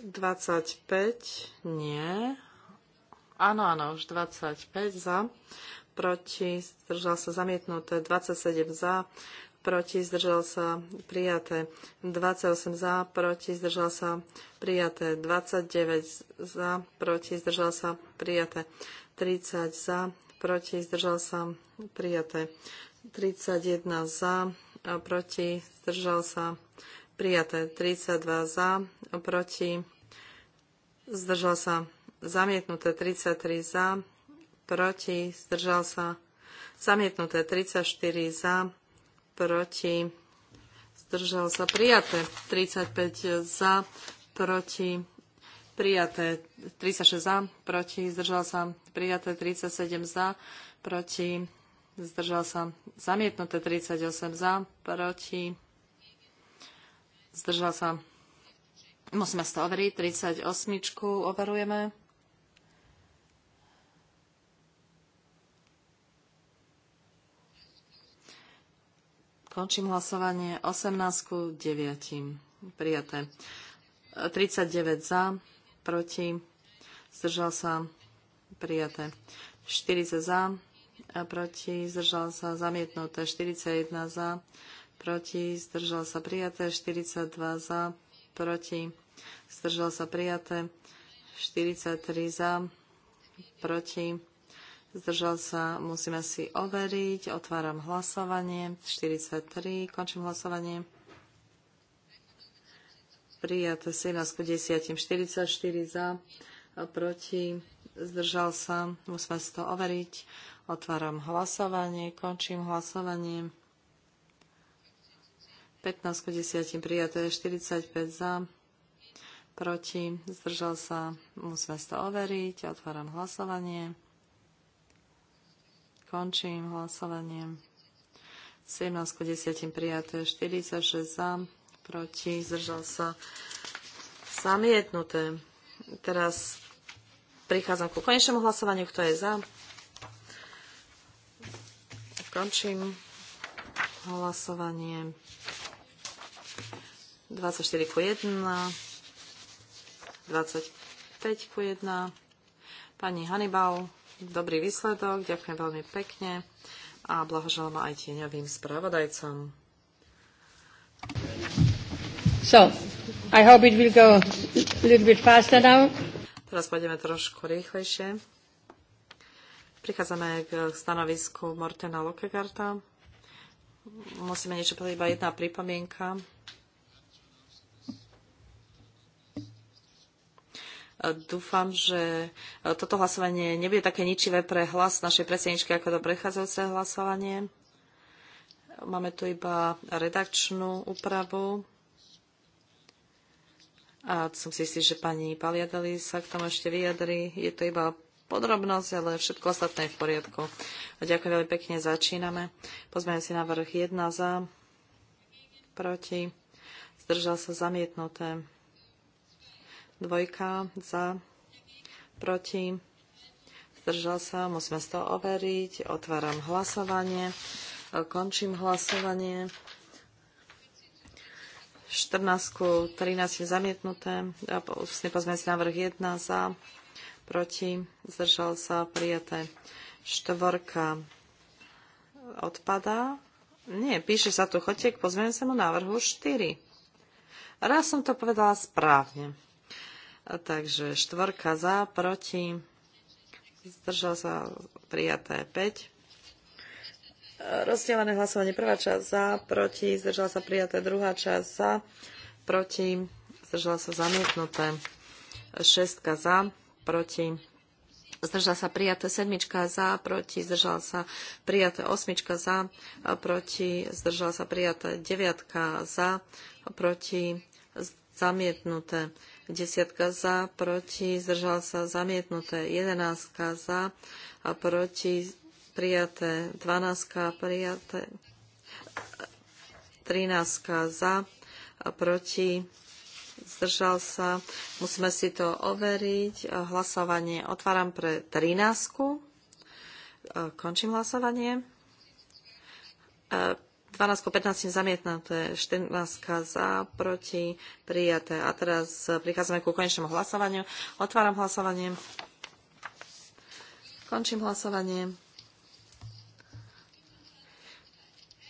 25, nie. Áno, áno, už 25 za. Proti, zdržal sa zamietnuté. 27 za, proti, zdržal sa, prijaté. 28 za, proti, zdržal sa, prijaté. 29 za, proti, zdržal sa, prijaté. 30 za, proti, zdržal sa, prijaté. 31 za, proti, zdržal sa, prijaté. 32 za, proti, zdržal sa, zamietnuté. 33 za, proti, zdržal sa, zamietnuté. 34 za, proti, zdržal sa prijaté. 35 za, proti, prijaté. 36 za, proti, zdržal sa prijaté. 37 za, proti, zdržal sa zamietnuté. 38 za, proti, zdržal sa. Musíme sa to overiť. 38 overujeme. Končím hlasovanie 18 ku 9. Prijaté. 39 za, proti, zdržal sa, prijaté. 40 za, proti, zdržal sa, zamietnuté. 41 za, proti, zdržal sa, prijaté. 42 za, proti, zdržal sa, prijaté. 43 za, proti, Zdržal sa, musíme si overiť. Otváram hlasovanie. 43, končím hlasovanie. Prijaté 17 ku 10, 44 za, proti. Zdržal sa, musíme si to overiť. Otváram hlasovanie, končím hlasovanie. 15 ku 10, prijaté 45 za, proti. Zdržal sa, musíme si to overiť. Otváram hlasovanie. Končím hlasovanie. 17 k 10 prijaté, 46 za, proti, zdržal sa zamietnuté. Teraz prichádzam ku konečnému hlasovaniu, kto je za. Končím hlasovanie. 24 ku 1, 25 ku 1. Pani Hannibal dobrý výsledok. Ďakujem veľmi pekne a blahoželám aj tieňovým spravodajcom. So, I hope it will go a little bit faster now. Teraz pôjdeme trošku rýchlejšie. Prichádzame k stanovisku Mortena Lokegarta. Musíme niečo povedať, iba jedna pripomienka. Dúfam, že e, toto hlasovanie nebude také ničivé pre hlas našej predsedničky ako to prechádzajúce hlasovanie. Máme tu iba redakčnú úpravu. A som si istý, že pani Paliadeli sa k tomu ešte vyjadri. Je to iba podrobnosť, ale všetko ostatné je v poriadku. A ďakujem veľmi pekne, začíname. Pozmeňujem si návrh 1 za, proti, zdržal sa zamietnuté. Dvojka za, proti, zdržal sa, musíme z toho overiť. Otváram hlasovanie, končím hlasovanie. 14, 13 je zamietnuté, ústny pozmeňujúci návrh 1 za, proti, zdržal sa, prijaté. Štvorka odpadá. Nie, píše sa tu, chodiek, k pozmeňujúcemu návrhu 4. Raz som to povedala správne. Takže štvorka za, proti, zdržal sa prijaté 5. Rozdielané hlasovanie prvá časť za, proti, zdržal sa prijaté druhá časť za, proti, zdržal sa zamietnuté šestka za, proti, zdržal sa prijaté sedmička za, proti, zdržal sa prijaté osmička za, proti, zdržal sa prijaté deviatka za, proti, zamietnuté Desiatka za, proti, zdržal sa zamietnuté. Jedenáctka za a proti, prijaté. Dvanáctka prijaté. Trináctka za a proti, zdržal sa. Musíme si to overiť. Hlasovanie otváram pre trináctku. Končím hlasovanie. 12 po 15 zamietnuté, 14 za, proti, prijaté. A teraz prichádzame ku konečnému hlasovaniu. Otváram hlasovanie. Končím hlasovanie.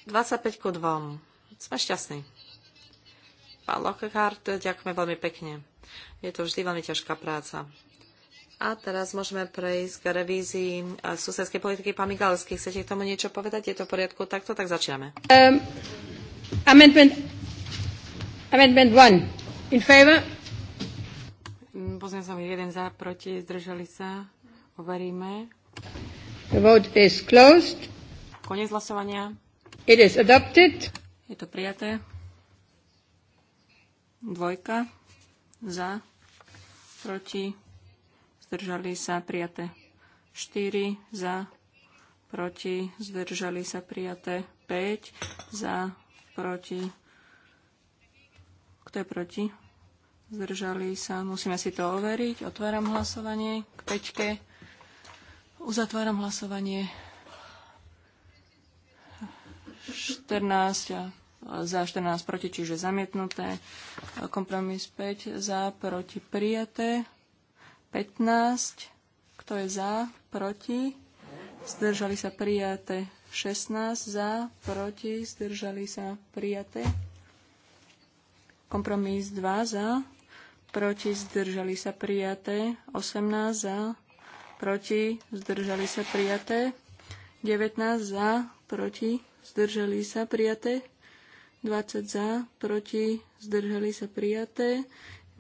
25 ku 2. Sme šťastní. Pán Lockhart, ďakujeme veľmi pekne. Je to vždy veľmi ťažká práca. A teraz môžeme prejsť k revízii eh, susedskej politiky. Pán Migalský, chcete k tomu niečo povedať? Je to v poriadku? Takto, tak začíname. Um, amendment, amendment 1. In favor? Poznam sa jeden za, proti, zdržali sa. Hovoríme. The vote is closed. Konec hlasovania. It is adopted. Je to prijaté. Dvojka. Za. Proti zdržali sa prijaté. 4 za, proti, zdržali sa prijaté. 5 za, proti. Kto je proti? Zdržali sa. Musíme si to overiť. Otváram hlasovanie k peťke. Uzatváram hlasovanie. 14 za 14 proti, čiže zamietnuté. Kompromis 5 za proti prijaté. 15. Kto je za? Proti? Zdržali sa prijaté. 16 za, proti, zdržali sa prijaté. Kompromis 2 za, proti, zdržali sa prijaté. 18 za, proti, zdržali sa prijaté. 19 za, proti, zdržali sa prijaté. 20 za, proti, zdržali sa prijaté.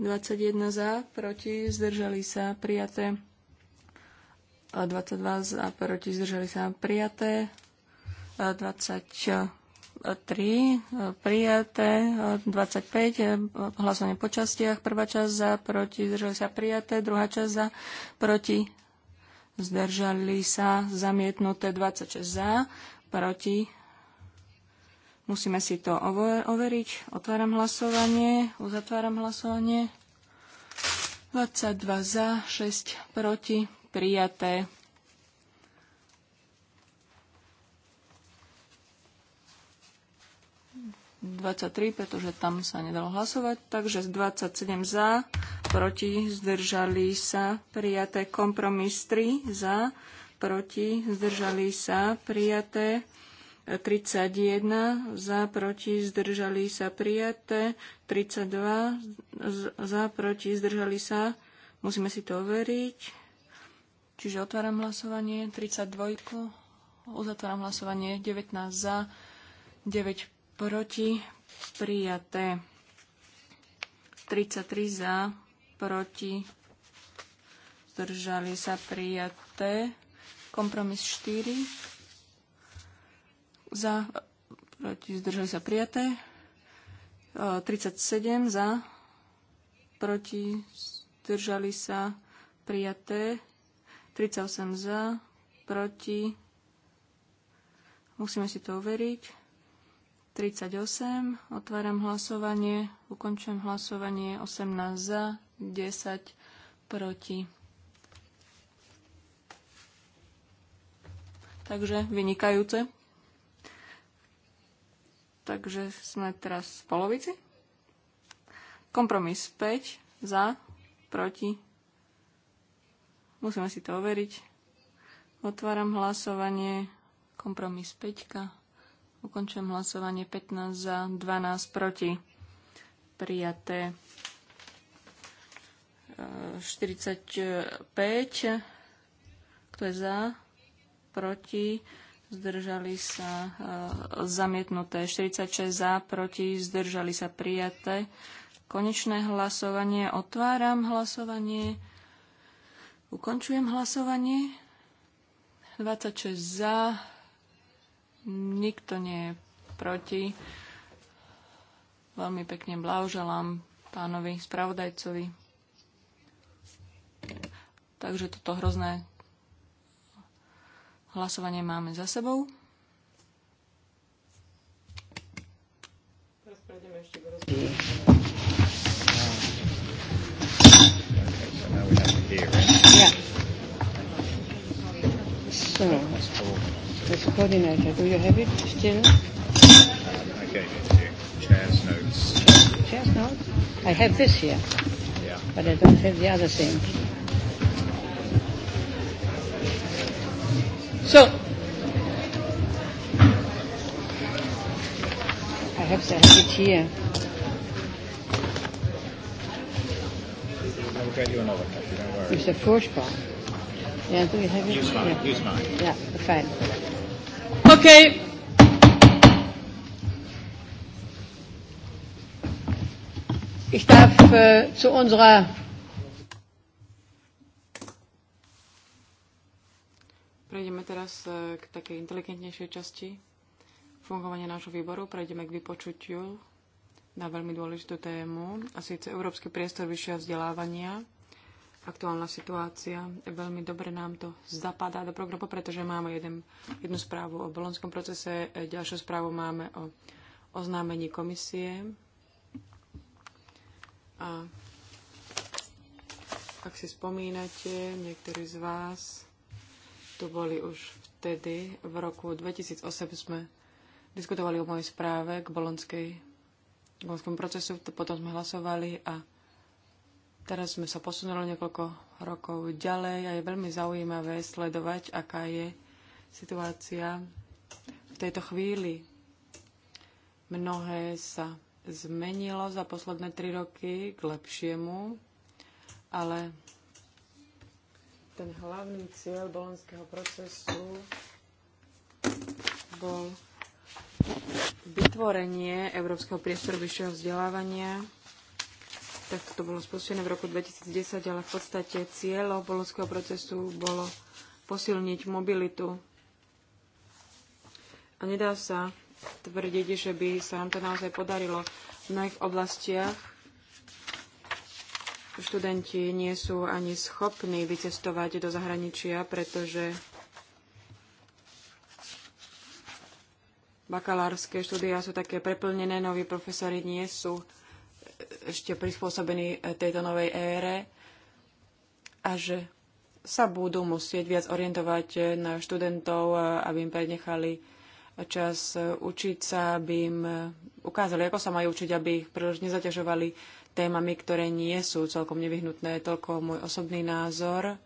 21 za, proti, zdržali sa, prijaté. 22 za, proti, zdržali sa, prijaté. 23 e, prijaté. 25 e, hlasovanie po častiach. Prvá časť za, proti, zdržali sa, prijaté. Druhá časť za, proti, zdržali sa, zamietnuté. 26 za, proti, Musíme si to overiť. Otváram hlasovanie, uzatváram hlasovanie. 22 za, 6 proti, prijaté. ...23, pretože tam sa nedalo hlasovať. Takže 27 za, proti, zdržali sa, prijaté. Kompromis 3 za, proti, zdržali sa, prijaté. 31 za, proti, zdržali sa prijaté. 32 za, proti, zdržali sa. Musíme si to overiť. Čiže otváram hlasovanie. 32. Uzatváram hlasovanie. 19 za, 9 proti, prijaté. 33 za, proti, zdržali sa prijaté. Kompromis 4 za, proti, zdržali sa prijaté. 37 e, za, proti, zdržali sa prijaté. 38 za, proti, musíme si to overiť. 38, otváram hlasovanie, ukončujem hlasovanie, 18 za, 10 proti. Takže vynikajúce. Takže sme teraz v polovici. Kompromis 5 za, proti. Musíme si to overiť. Otváram hlasovanie. Kompromis 5. Ukončujem hlasovanie 15 za, 12 proti. Prijaté. 45. Kto je za? Proti zdržali sa e, zamietnuté 46 za, proti, zdržali sa prijaté. Konečné hlasovanie, otváram hlasovanie, ukončujem hlasovanie. 26 za, nikto nie je proti. Veľmi pekne blahoželám pánovi spravodajcovi. Takže toto hrozné Hlasovanie máme za sebou. So, coordinator, do you have it still? Chair's notes. I have this here. Yeah. But I don't have the other thing. So, I have to have it here. I will get you another copy, don't worry. Mr. Forsprung. Yeah, do you have it? Use mine, yeah. use mine. Yeah, fine. Okay. Ich darf äh, zu unserer Prejdeme teraz e, k takej inteligentnejšej časti fungovania nášho výboru. Prejdeme k vypočutiu na veľmi dôležitú tému, a síce Európsky priestor vyššieho vzdelávania. Aktuálna situácia. Veľmi dobre nám to zapadá do programu, pretože máme jeden, jednu správu o bolonskom procese, e, ďalšiu správu máme o oznámení komisie. A ak si spomínate, niektorí z vás tu boli už vtedy. V roku 2008 sme diskutovali o mojej správe k bolonskej bolonskému procesu, potom sme hlasovali a teraz sme sa posunuli niekoľko rokov ďalej a je veľmi zaujímavé sledovať, aká je situácia v tejto chvíli. Mnohé sa zmenilo za posledné tri roky k lepšiemu, ale ten hlavný cieľ bolonského procesu bol vytvorenie Európskeho priestoru vyššieho vzdelávania. Tak to bolo spustené v roku 2010, ale v podstate cieľom bolonského procesu bolo posilniť mobilitu. A nedá sa tvrdiť, že by sa nám to naozaj podarilo. V mnohých oblastiach študenti nie sú ani schopní vycestovať do zahraničia, pretože bakalárske štúdia sú také preplnené, noví profesori nie sú ešte prispôsobení tejto novej ére a že sa budú musieť viac orientovať na študentov, aby im prenechali čas učiť sa, aby im ukázali, ako sa majú učiť, aby ich príliš nezaťažovali témami, ktoré nie sú celkom nevyhnutné. Toľko môj osobný názor,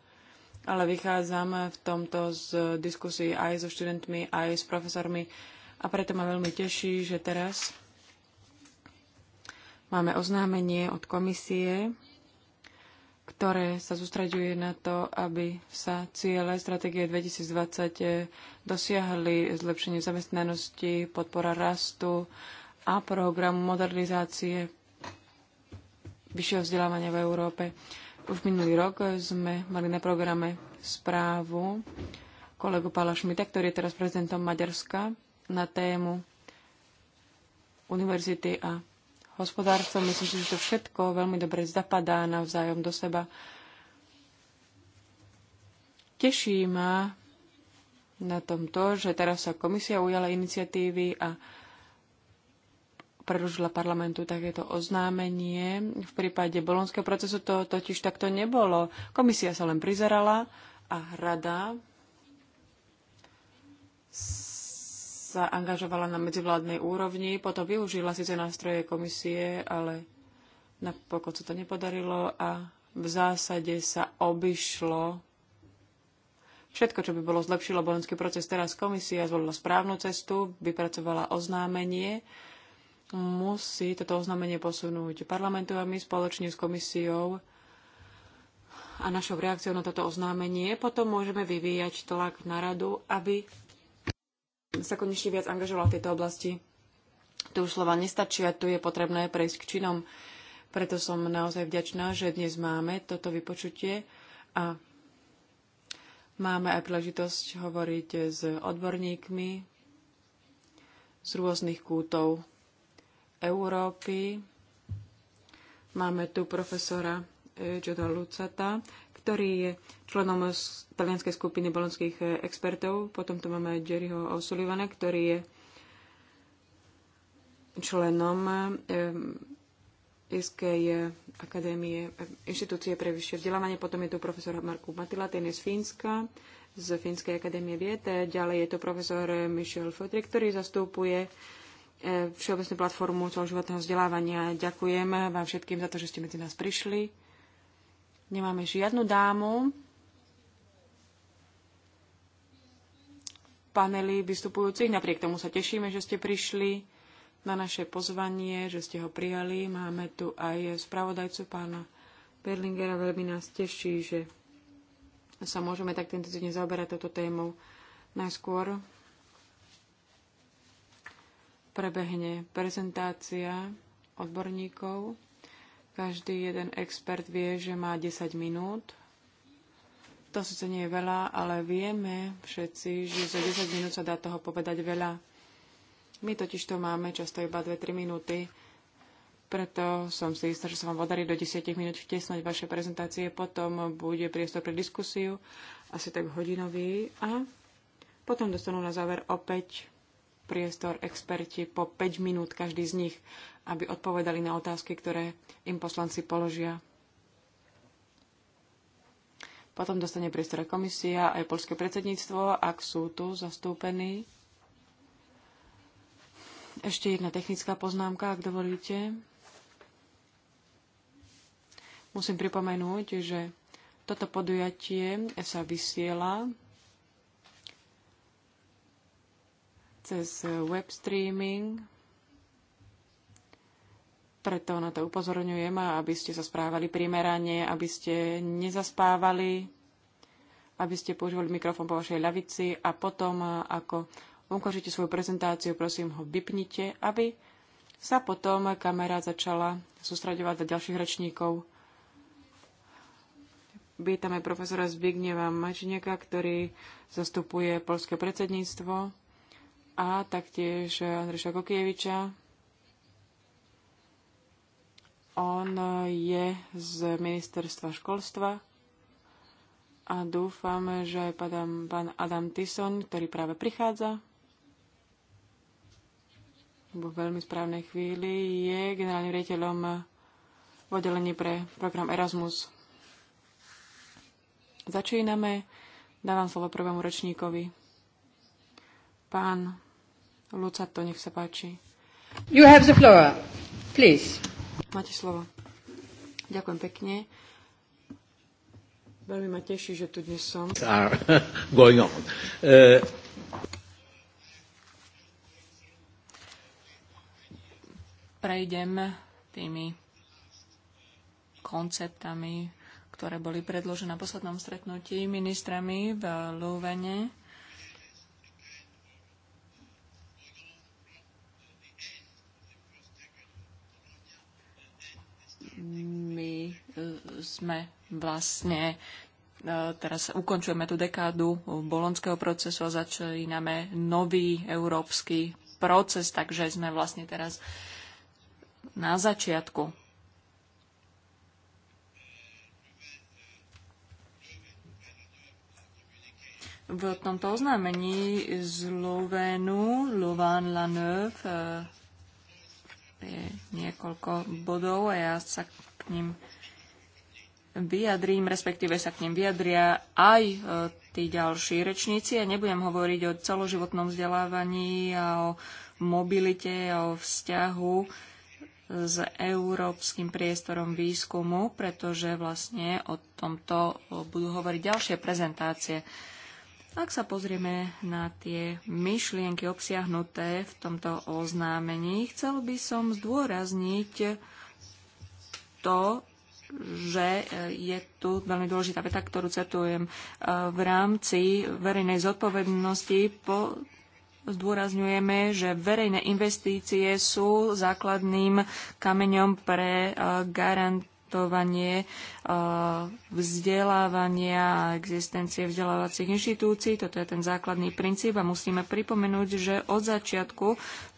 ale vychádzam v tomto z diskusí aj so študentmi, aj s profesormi a preto ma veľmi teší, že teraz máme oznámenie od komisie, ktoré sa sústraďuje na to, aby sa ciele stratégie 2020 dosiahli zlepšenie zamestnanosti, podpora rastu a program modernizácie vyššieho vzdelávania v Európe. Už minulý rok sme mali na programe správu kolegu Pála Šmita, ktorý je teraz prezidentom Maďarska, na tému univerzity a hospodárstvo. Myslím si, že to všetko veľmi dobre zapadá navzájom do seba. Teší ma na tom to, že teraz sa komisia ujala iniciatívy a predložila parlamentu takéto oznámenie. V prípade bolonského procesu to totiž takto nebolo. Komisia sa len prizerala a rada sa angažovala na medzivládnej úrovni, potom využila síce nástroje komisie, ale napokon sa to nepodarilo a v zásade sa obišlo všetko, čo by bolo zlepšilo bolonský proces. Teraz komisia zvolila správnu cestu, vypracovala oznámenie, musí toto oznámenie posunúť parlamentu a my spoločne s komisiou a našou reakciou na toto oznámenie potom môžeme vyvíjať tlak na radu, aby sa konečne viac angažovala v tejto oblasti. Tu už slova nestačia, tu je potrebné prejsť k činom. Preto som naozaj vďačná, že dnes máme toto vypočutie a máme aj príležitosť hovoriť s odborníkmi z rôznych kútov Európy. Máme tu profesora Giuda e, Lucata, ktorý je členom talianskej skupiny bolonských e, expertov. Potom tu máme Jerryho O'Sullivana, ktorý je členom e, Irskej akadémie, inštitúcie pre vyššie vzdelávanie. Potom je tu profesor Marku Matila, ten je z Fínska, z Fínskej akadémie vied. Ďalej je tu profesor Michel Fodry, ktorý zastupuje E, všeobecnú platformu celoživotného vzdelávania. Ďakujem vám všetkým za to, že ste medzi nás prišli. Nemáme žiadnu dámu. paneli vystupujúcich. Napriek tomu sa tešíme, že ste prišli na naše pozvanie, že ste ho prijali. Máme tu aj spravodajcu pána Berlingera. Veľmi nás teší, že sa môžeme tak tento týždeň zaoberať touto témou. Najskôr prebehne prezentácia odborníkov. Každý jeden expert vie, že má 10 minút. To síce nie je veľa, ale vieme všetci, že za 10 minút sa dá toho povedať veľa. My totiž to máme často iba 2-3 minúty, preto som si istá, že sa vám podarí do 10 minút vtesnať vaše prezentácie. Potom bude priestor pre diskusiu, asi tak hodinový. A potom dostanú na záver opäť priestor experti po 5 minút každý z nich, aby odpovedali na otázky, ktoré im poslanci položia. Potom dostane priestor komisia aj polské predsedníctvo, ak sú tu zastúpení. Ešte jedna technická poznámka, ak dovolíte. Musím pripomenúť, že toto podujatie sa vysiela cez web streaming. Preto na to upozorňujem, aby ste sa správali primerane, aby ste nezaspávali, aby ste používali mikrofón po vašej ľavici a potom, ako ukončíte svoju prezentáciu, prosím ho vypnite, aby sa potom kamera začala sústraďovať za ďalších rečníkov. Vítame profesora Zbigneva Mačineka, ktorý zastupuje polské predsedníctvo a taktiež Andreša Kokieviča. On je z ministerstva školstva a dúfam, že aj pán Adam Tison, ktorý práve prichádza V veľmi správnej chvíli, je generálnym riaditeľom v oddelení pre program Erasmus. Začíname. Dávam slovo prvému ročníkovi. Pán Lucato, nech sa páči. You have the floor, please. Máte slovo. Ďakujem pekne. Veľmi ma teší, že tu dnes som. going on. Uh... Prejdem tými konceptami, ktoré boli predložené na poslednom stretnutí ministrami v Lúvene my e, sme vlastne e, teraz ukončujeme tú dekádu bolonského procesu a začíname nový európsky proces, takže sme vlastne teraz na začiatku. V tomto oznámení z Louvenu, louvain la e, je niekoľko bodov a ja sa k ním vyjadrím, respektíve sa k ním vyjadria aj e, tí ďalší rečníci. Ja nebudem hovoriť o celoživotnom vzdelávaní a o mobilite a o vzťahu s európskym priestorom výskumu, pretože vlastne o tomto e, budú hovoriť ďalšie prezentácie. Ak sa pozrieme na tie myšlienky obsiahnuté v tomto oznámení, chcel by som zdôrazniť to, že e, je tu veľmi dôležitá veta, ktorú cetujem e, v rámci verejnej zodpovednosti po Zdôrazňujeme, že verejné investície sú základným kameňom pre e, garant rešpektovanie eh, vzdelávania a existencie vzdelávacích inštitúcií. Toto je ten základný princíp a musíme pripomenúť, že od začiatku,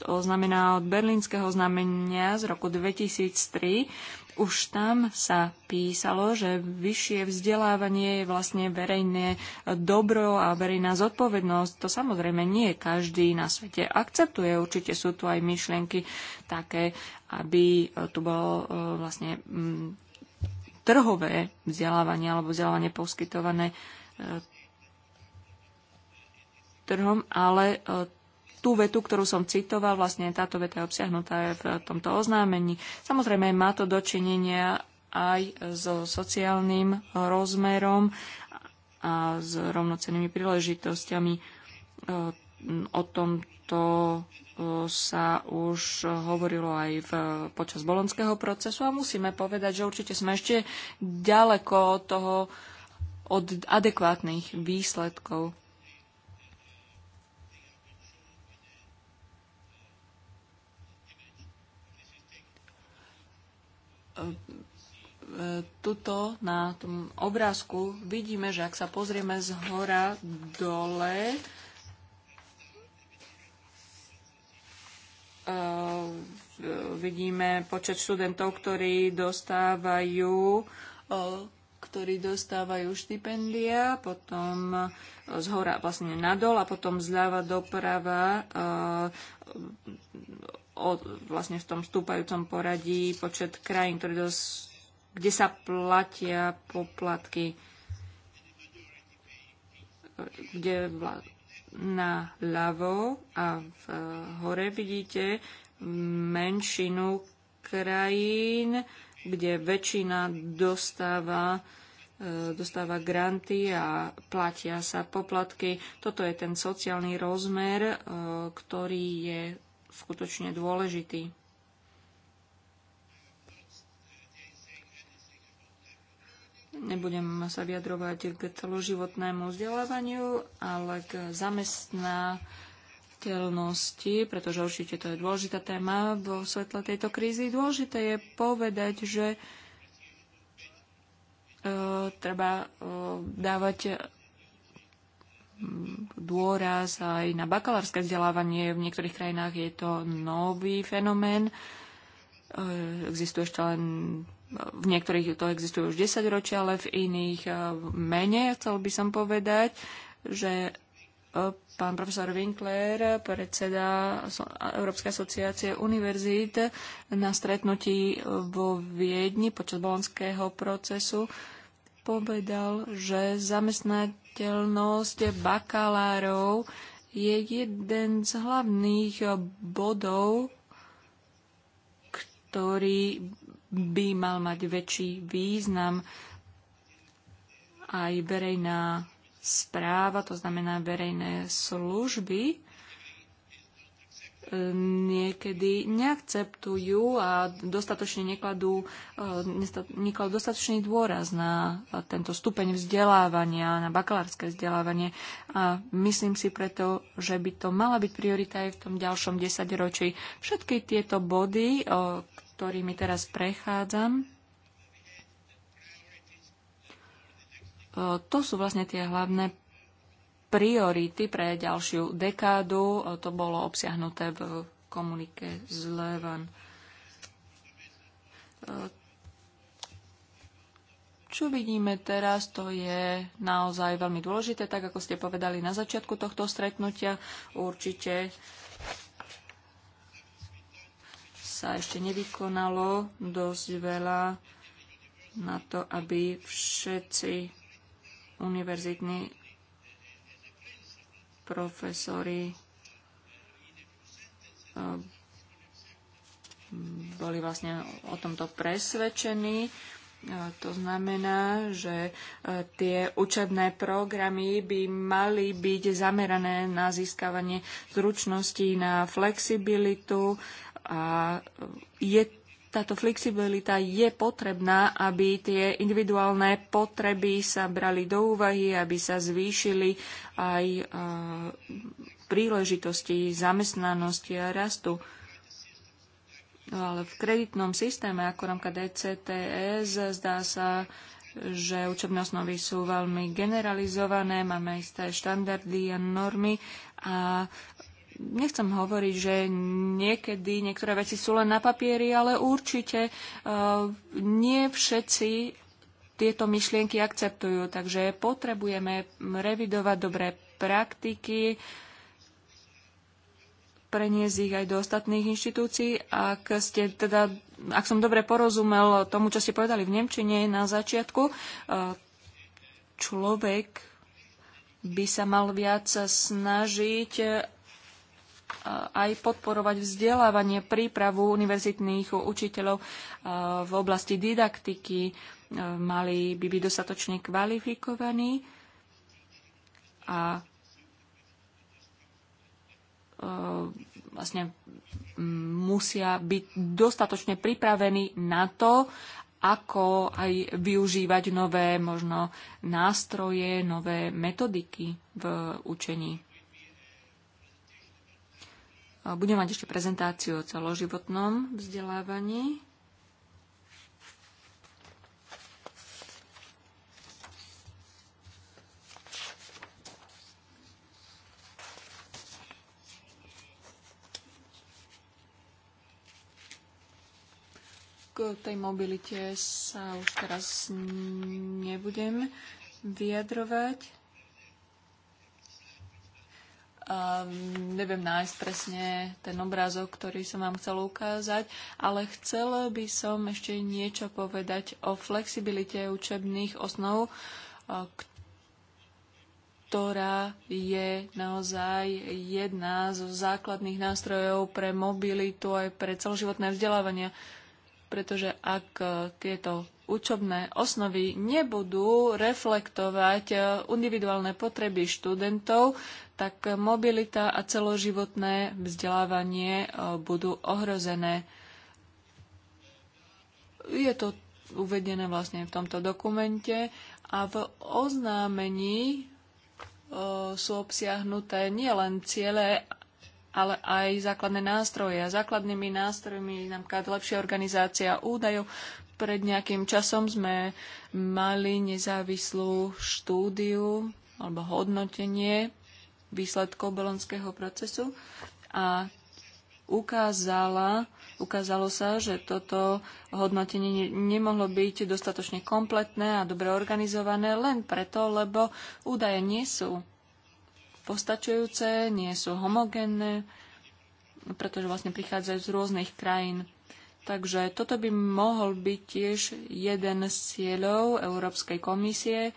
to znamená od berlínskeho znamenia z roku 2003, už tam sa písalo, že vyššie vzdelávanie je vlastne verejné dobro a verejná zodpovednosť. To samozrejme nie každý na svete akceptuje. Určite sú tu aj myšlienky také, aby tu bolo eh, vlastne mm, trhové vzdelávanie alebo vzdelávanie poskytované e, trhom, ale e, tú vetu, ktorú som citoval, vlastne táto veta je obsiahnutá v tomto oznámení. Samozrejme, má to dočinenia aj so sociálnym rozmerom a s rovnocennými príležitosťami. E, o tomto sa už hovorilo aj v, počas bolonského procesu a musíme povedať, že určite sme ešte ďaleko od toho, od adekvátnych výsledkov. Tuto na tom obrázku vidíme, že ak sa pozrieme z hora dole, Eh, vidíme počet študentov, ktorí dostávajú eh, ktorí dostávajú štipendia, potom eh, z hora vlastne nadol a potom zľava doprava od, vlastne v tom stúpajúcom poradí počet krajín, ktoré kde sa platia poplatky, kde na ľavo a v e, hore vidíte menšinu krajín, kde väčšina dostáva, e, dostáva granty a platia sa poplatky. Toto je ten sociálny rozmer, e, ktorý je skutočne dôležitý. Nebudem sa vyjadrovať k celoživotnému vzdelávaniu, ale k zamestnateľnosti, pretože určite to je dôležitá téma vo svetle tejto krízy. Dôležité je povedať, že e, treba e, dávať dôraz aj na bakalárske vzdelávanie. V niektorých krajinách je to nový fenomén. E, existuje ešte len v niektorých to existuje už 10 ročia, ale v iných e, menej. Chcel by som povedať, že e, pán profesor Winkler, predseda Európskej asociácie univerzít, na stretnutí vo Viedni počas bolonského procesu povedal, že zamestnateľnosť bakalárov je jeden z hlavných bodov, ktorý by mal mať väčší význam aj verejná správa, to znamená verejné služby, e, niekedy neakceptujú a dostatočne nekladú, e, nekladú dostatočný dôraz na tento stupeň vzdelávania, na bakalárske vzdelávanie. A myslím si preto, že by to mala byť priorita aj v tom ďalšom desaťročí. Všetky tieto body, ktorými teraz prechádzam, e, to sú vlastne tie hlavné priority pre ďalšiu dekádu. E, to bolo obsiahnuté v komunike z Levan. E, čo vidíme teraz, to je naozaj veľmi dôležité, tak ako ste povedali na začiatku tohto stretnutia. Určite sa ešte nevykonalo dosť veľa na to, aby všetci univerzitní profesori eh, boli vlastne o tomto presvedčení. Eh, to znamená, že eh, tie učebné programy by mali byť zamerané na získavanie zručností, na flexibilitu a je, táto flexibilita je potrebná, aby tie individuálne potreby sa brali do úvahy, aby sa zvýšili aj e, príležitosti zamestnanosti a rastu. No ale v kreditnom systéme, ako rámka DCTS, e zdá sa, že učebné osnovy sú veľmi generalizované, máme isté štandardy a normy a nechcem hovoriť, že niekedy niektoré veci sú len na papieri, ale určite e, nie všetci tieto myšlienky akceptujú. Takže potrebujeme revidovať dobré praktiky, preniesť ich aj do ostatných inštitúcií. Ak, ste teda, ak som dobre porozumel tomu, čo ste povedali v Nemčine na začiatku, e, človek by sa mal viac snažiť aj podporovať vzdelávanie, prípravu univerzitných učiteľov v oblasti didaktiky. Mali by byť dostatočne kvalifikovaní a vlastne musia byť dostatočne pripravení na to, ako aj využívať nové možno nástroje, nové metodiky v učení. Budem mať ešte prezentáciu o celoživotnom vzdelávaní. K tej mobilite sa už teraz nebudem vyjadrovať. Ehm, neviem nájsť presne ten obrázok, ktorý som vám chcel ukázať, ale chcel by som ešte niečo povedať o flexibilite učebných osnov, eh, ktorá je naozaj jedna zo základných nástrojov pre mobilitu aj pre celoživotné vzdelávania. Pretože ak eh, tieto učobné osnovy nebudú reflektovať e, individuálne potreby študentov, tak mobilita a celoživotné vzdelávanie e, budú ohrozené. Je to uvedené vlastne v tomto dokumente a v oznámení e, sú obsiahnuté nielen ciele ale aj základné nástroje. A základnými nástrojmi je napríklad lepšia organizácia údajov, pred nejakým časom sme mali nezávislú štúdiu alebo hodnotenie výsledkov bolonského procesu a ukázala, ukázalo sa, že toto hodnotenie nemohlo byť dostatočne kompletné a dobre organizované len preto, lebo údaje nie sú postačujúce, nie sú homogénne, pretože vlastne prichádzajú z rôznych krajín. Takže toto by mohol byť tiež jeden z cieľov Európskej komisie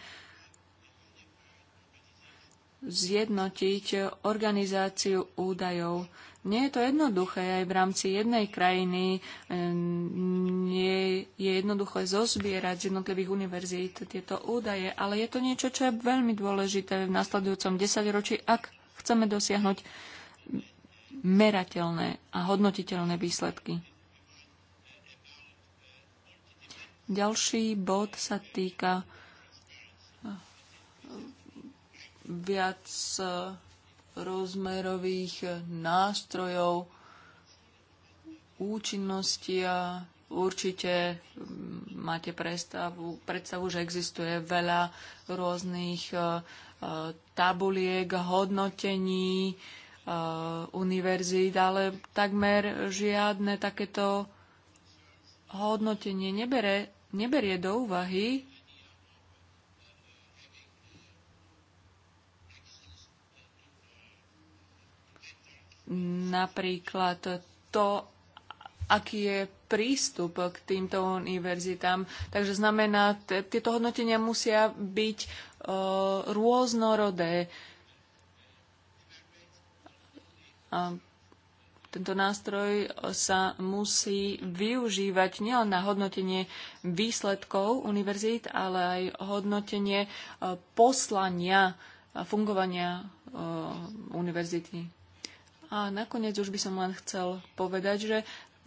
zjednotiť organizáciu údajov. Nie je to jednoduché aj v rámci jednej krajiny. Nie je jednoduché zozbierať z jednotlivých univerzít tieto údaje, ale je to niečo, čo je veľmi dôležité v nasledujúcom desaťročí, ak chceme dosiahnuť merateľné a hodnotiteľné výsledky. Ďalší bod sa týka eh, viac eh, rozmerových eh, nástrojov účinnosti a určite mm, máte predstavu, predstavu, že existuje veľa rôznych tabuliek, hodnotení univerzít, ale takmer žiadne takéto hodnotenie nebere neberie do úvahy napríklad to, aký je prístup k týmto univerzitám. Takže znamená, tieto hodnotenia musia byť e, rôznorodé. A tento nástroj sa musí využívať nielen na hodnotenie výsledkov univerzít, ale aj hodnotenie e, poslania a fungovania e, univerzity. A nakoniec už by som len chcel povedať, že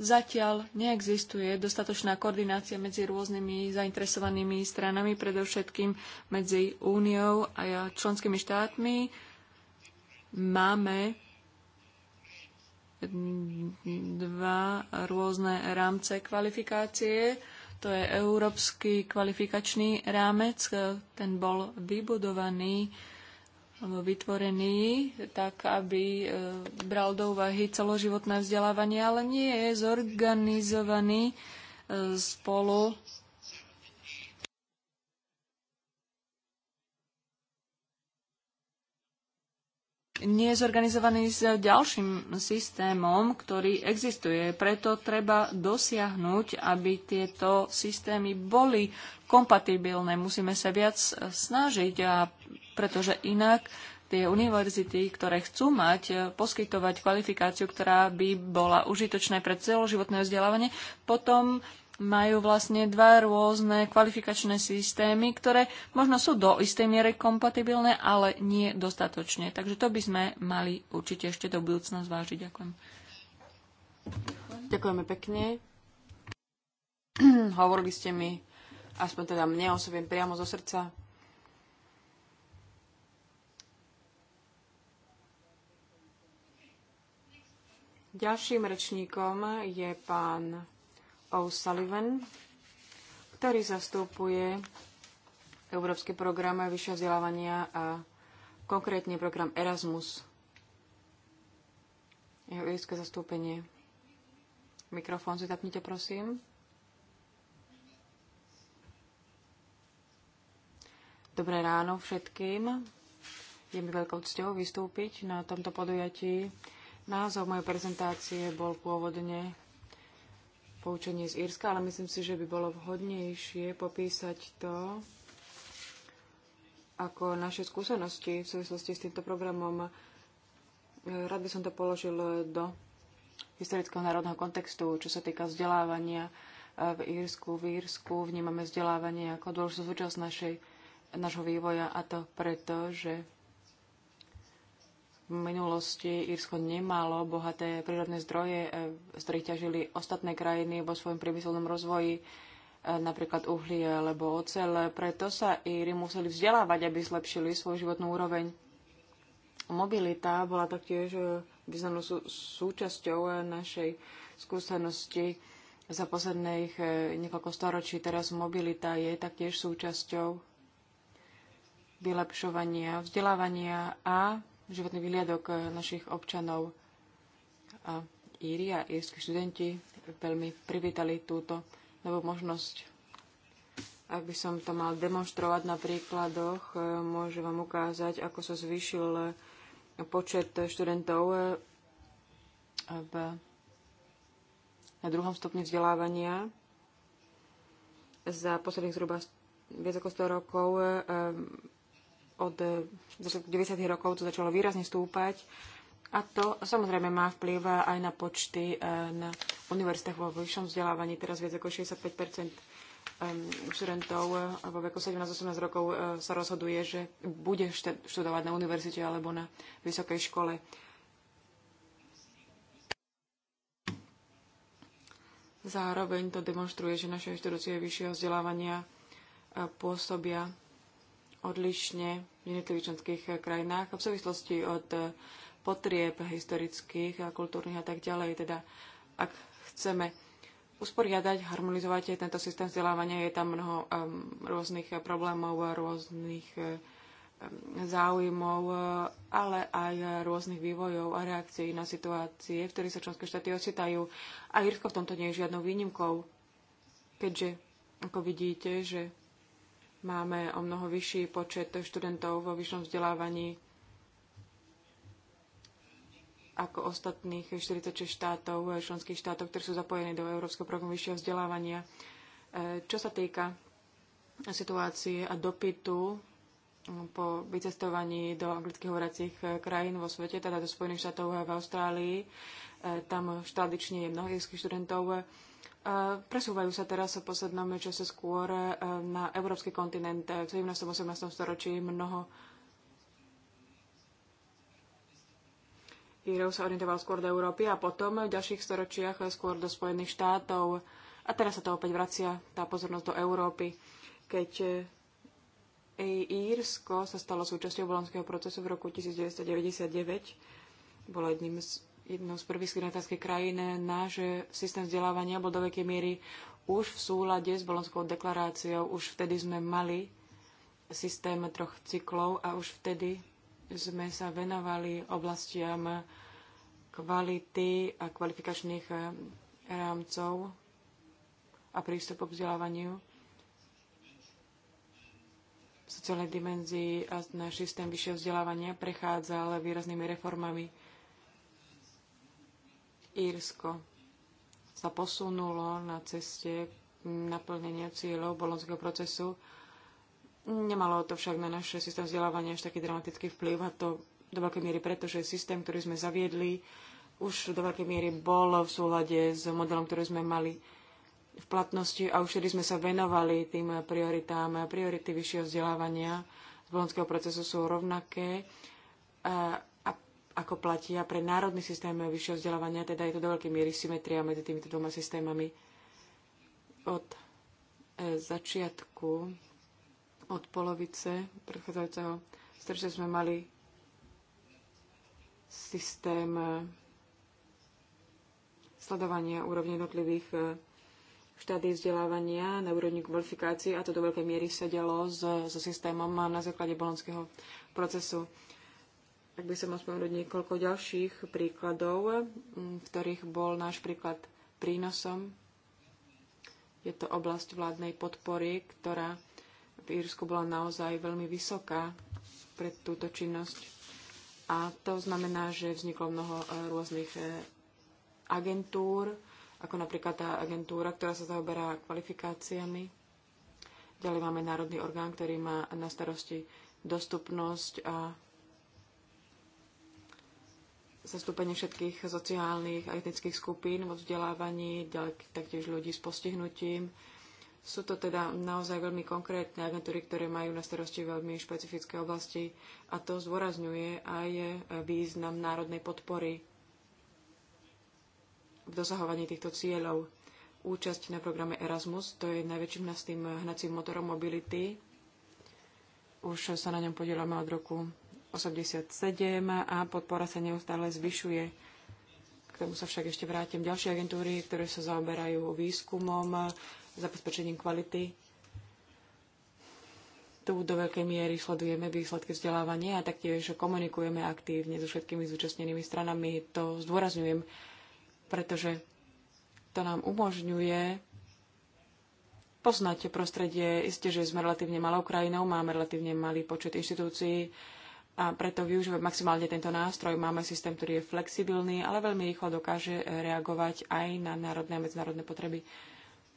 Zatiaľ neexistuje dostatočná koordinácia medzi rôznymi zainteresovanými stranami, predovšetkým medzi úniou a členskými štátmi. Máme dva rôzne rámce kvalifikácie. To je Európsky kvalifikačný rámec. Ten bol vybudovaný alebo vytvorený tak, aby e, bral do úvahy celoživotné vzdelávanie, ale nie je zorganizovaný e, spolu nie je zorganizovaný s ďalším systémom, ktorý existuje. Preto treba dosiahnuť, aby tieto systémy boli kompatibilné. Musíme sa viac snažiť, a pretože inak tie univerzity, ktoré chcú mať, e, poskytovať kvalifikáciu, ktorá by bola užitočná pre celoživotné vzdelávanie, potom majú vlastne dva rôzne kvalifikačné systémy, ktoré možno sú do istej miery kompatibilné, ale nie dostatočne. Takže to by sme mali určite ešte do budúcna zvážiť. Ďakujem. Ďakujeme pekne. Hovorili ste mi, aspoň teda mne osobne, priamo zo srdca. Ďalším rečníkom je pán O'Sullivan, ktorý zastupuje Európsky program vyššieho vzdelávania a konkrétne program Erasmus. Jeho írske zastúpenie. Mikrofón si zapnite, prosím. Dobré ráno všetkým. Je mi veľkou cťou vystúpiť na tomto podujatí. Názov mojej prezentácie bol pôvodne poučenie z Írska, ale myslím si, že by bolo vhodnejšie popísať to ako naše skúsenosti v súvislosti s týmto programom. E, Rád by som to položil do historického národného kontextu, čo sa týka vzdelávania e, v Írsku. V Írsku vnímame vzdelávanie ako dôležitú súčasť našej, našho vývoja a to preto, že v minulosti Írsko nemalo bohaté prírodné zdroje, e, z ktorých ťažili ostatné krajiny vo svojom priemyselnom rozvoji, e, napríklad uhlie alebo ocel. Preto sa Íry museli vzdelávať, aby zlepšili svoju životnú úroveň. Mobilita bola taktiež e, významnou sú, súčasťou našej skúsenosti za posledných niekoľko storočí. Teraz mobilita je taktiež súčasťou vylepšovania, vzdelávania a životný výliadok eh, našich občanov. A Íri a írsky študenti veľmi privítali túto novú možnosť. Ak by som to mal demonstrovať na príkladoch, eh, môžem vám ukázať, ako sa zvýšil eh, počet študentov v, na druhom stupni vzdelávania za posledných zhruba viac ako 100 rokov od 90. Eh, rokov to začalo výrazne stúpať a to samozrejme má vplyv aj na počty eh, na univerzitách vo vyššom vzdelávaní. Teraz viac ako 65 študentov eh, vo veku 17-18 rokov sa rozhoduje, že bude študovať na univerzite alebo na vysokej škole. Zároveň to demonstruje, že naše inštitúcie vyššieho vzdelávania pôsobia odlišne v jednotlivých členských eh, krajinách v súvislosti od eh, potrieb historických a kultúrnych a tak ďalej. Teda ak chceme usporiadať, harmonizovať tento systém vzdelávania, je tam mnoho um, rôznych eh, problémov, rôznych um, záujmov, ale aj rôznych vývojov a reakcií na situácie, v ktorých sa členské štáty ocitajú. A Irsko v tomto nie je žiadnou výnimkou, keďže, ako vidíte, že Máme o mnoho vyšší počet študentov vo vyššom vzdelávaní ako ostatných 46 štátov, členských štátov, ktoré sú zapojené do Európskeho programu vyššieho vzdelávania. E, čo sa týka situácie a dopytu mm, po vycestovaní do anglicky hovoriacich e, krajín vo svete, teda do Spojených štátov a v Austrálii. E, tam štádične je mnoho irských študentov presúvajú sa teraz v poslednom čase skôr e, na európsky kontinent. E, v 17. 18. storočí mnoho Írov sa orientoval skôr do Európy a potom v ďalších storočiach skôr do Spojených štátov. A teraz sa to opäť vracia, tá pozornosť do Európy, keď e, Írsko sa stalo súčasťou volonského procesu v roku 1999. Bolo jedným z jednou z prvých signatárskych krajín náš systém vzdelávania bol do veľkej miery už v súlade s Bolonskou deklaráciou. Už vtedy sme mali systém troch cyklov a už vtedy sme sa venovali oblastiam kvality a kvalifikačných eh, rámcov a prístupu k vzdelávaniu sociálnej dimenzii a náš systém vyššieho vzdelávania prechádzal výraznými reformami. Írsko sa posunulo na ceste naplnenia cieľov bolonského procesu. Nemalo to však na naše systém vzdelávania až taký dramatický vplyv a to do veľkej miery preto, že systém, ktorý sme zaviedli, už do veľkej miery bol v súlade s modelom, ktorý sme mali v platnosti a už vtedy sme sa venovali tým prioritám. Priority vyššieho vzdelávania z bolonského procesu sú rovnaké. A ako platia pre národný systém vyššieho vzdelávania, teda je to do veľkej miery symetria medzi týmito dvoma systémami. Od e, začiatku, od polovice predchádzajúceho stretnutia sme mali systém e, sledovania úrovne jednotlivých e, štády vzdelávania na úrovni kvalifikácií a to do veľkej miery sedelo so, so systémom na základe bolonského procesu. Ak by som mohol spomenúť niekoľko ďalších príkladov, mm, v ktorých bol náš príklad prínosom, je to oblasť vládnej podpory, ktorá v Írsku bola naozaj veľmi vysoká pre túto činnosť. A to znamená, že vzniklo mnoho e, rôznych e, agentúr, ako napríklad tá agentúra, ktorá sa zaoberá kvalifikáciami. Ďalej máme národný orgán, ktorý má na starosti dostupnosť a zastúpenie všetkých sociálnych a etnických skupín vo vzdelávaní, ďalej taktiež ľudí s postihnutím. Sú to teda naozaj veľmi konkrétne agentúry, ktoré majú na starosti veľmi špecifické oblasti a to zdôrazňuje aj význam národnej podpory v dosahovaní týchto cieľov. Účasť na programe Erasmus, to je najväčším hnacím motorom mobility. Už sa na ňom podielame od roku 87 a podpora sa neustále zvyšuje. K tomu sa však ešte vrátim. Ďalšie agentúry, ktoré sa zaoberajú výskumom, zabezpečením kvality. Tu do veľkej miery sledujeme výsledky vzdelávania a taktiež komunikujeme aktívne so všetkými zúčastnenými stranami. To zdôrazňujem, pretože to nám umožňuje poznať prostredie. Isté, že sme relatívne malou krajinou, máme relatívne malý počet inštitúcií, a preto využívať maximálne tento nástroj. Máme systém, ktorý je flexibilný, ale veľmi rýchlo dokáže e, reagovať aj na národné a medzinárodné potreby.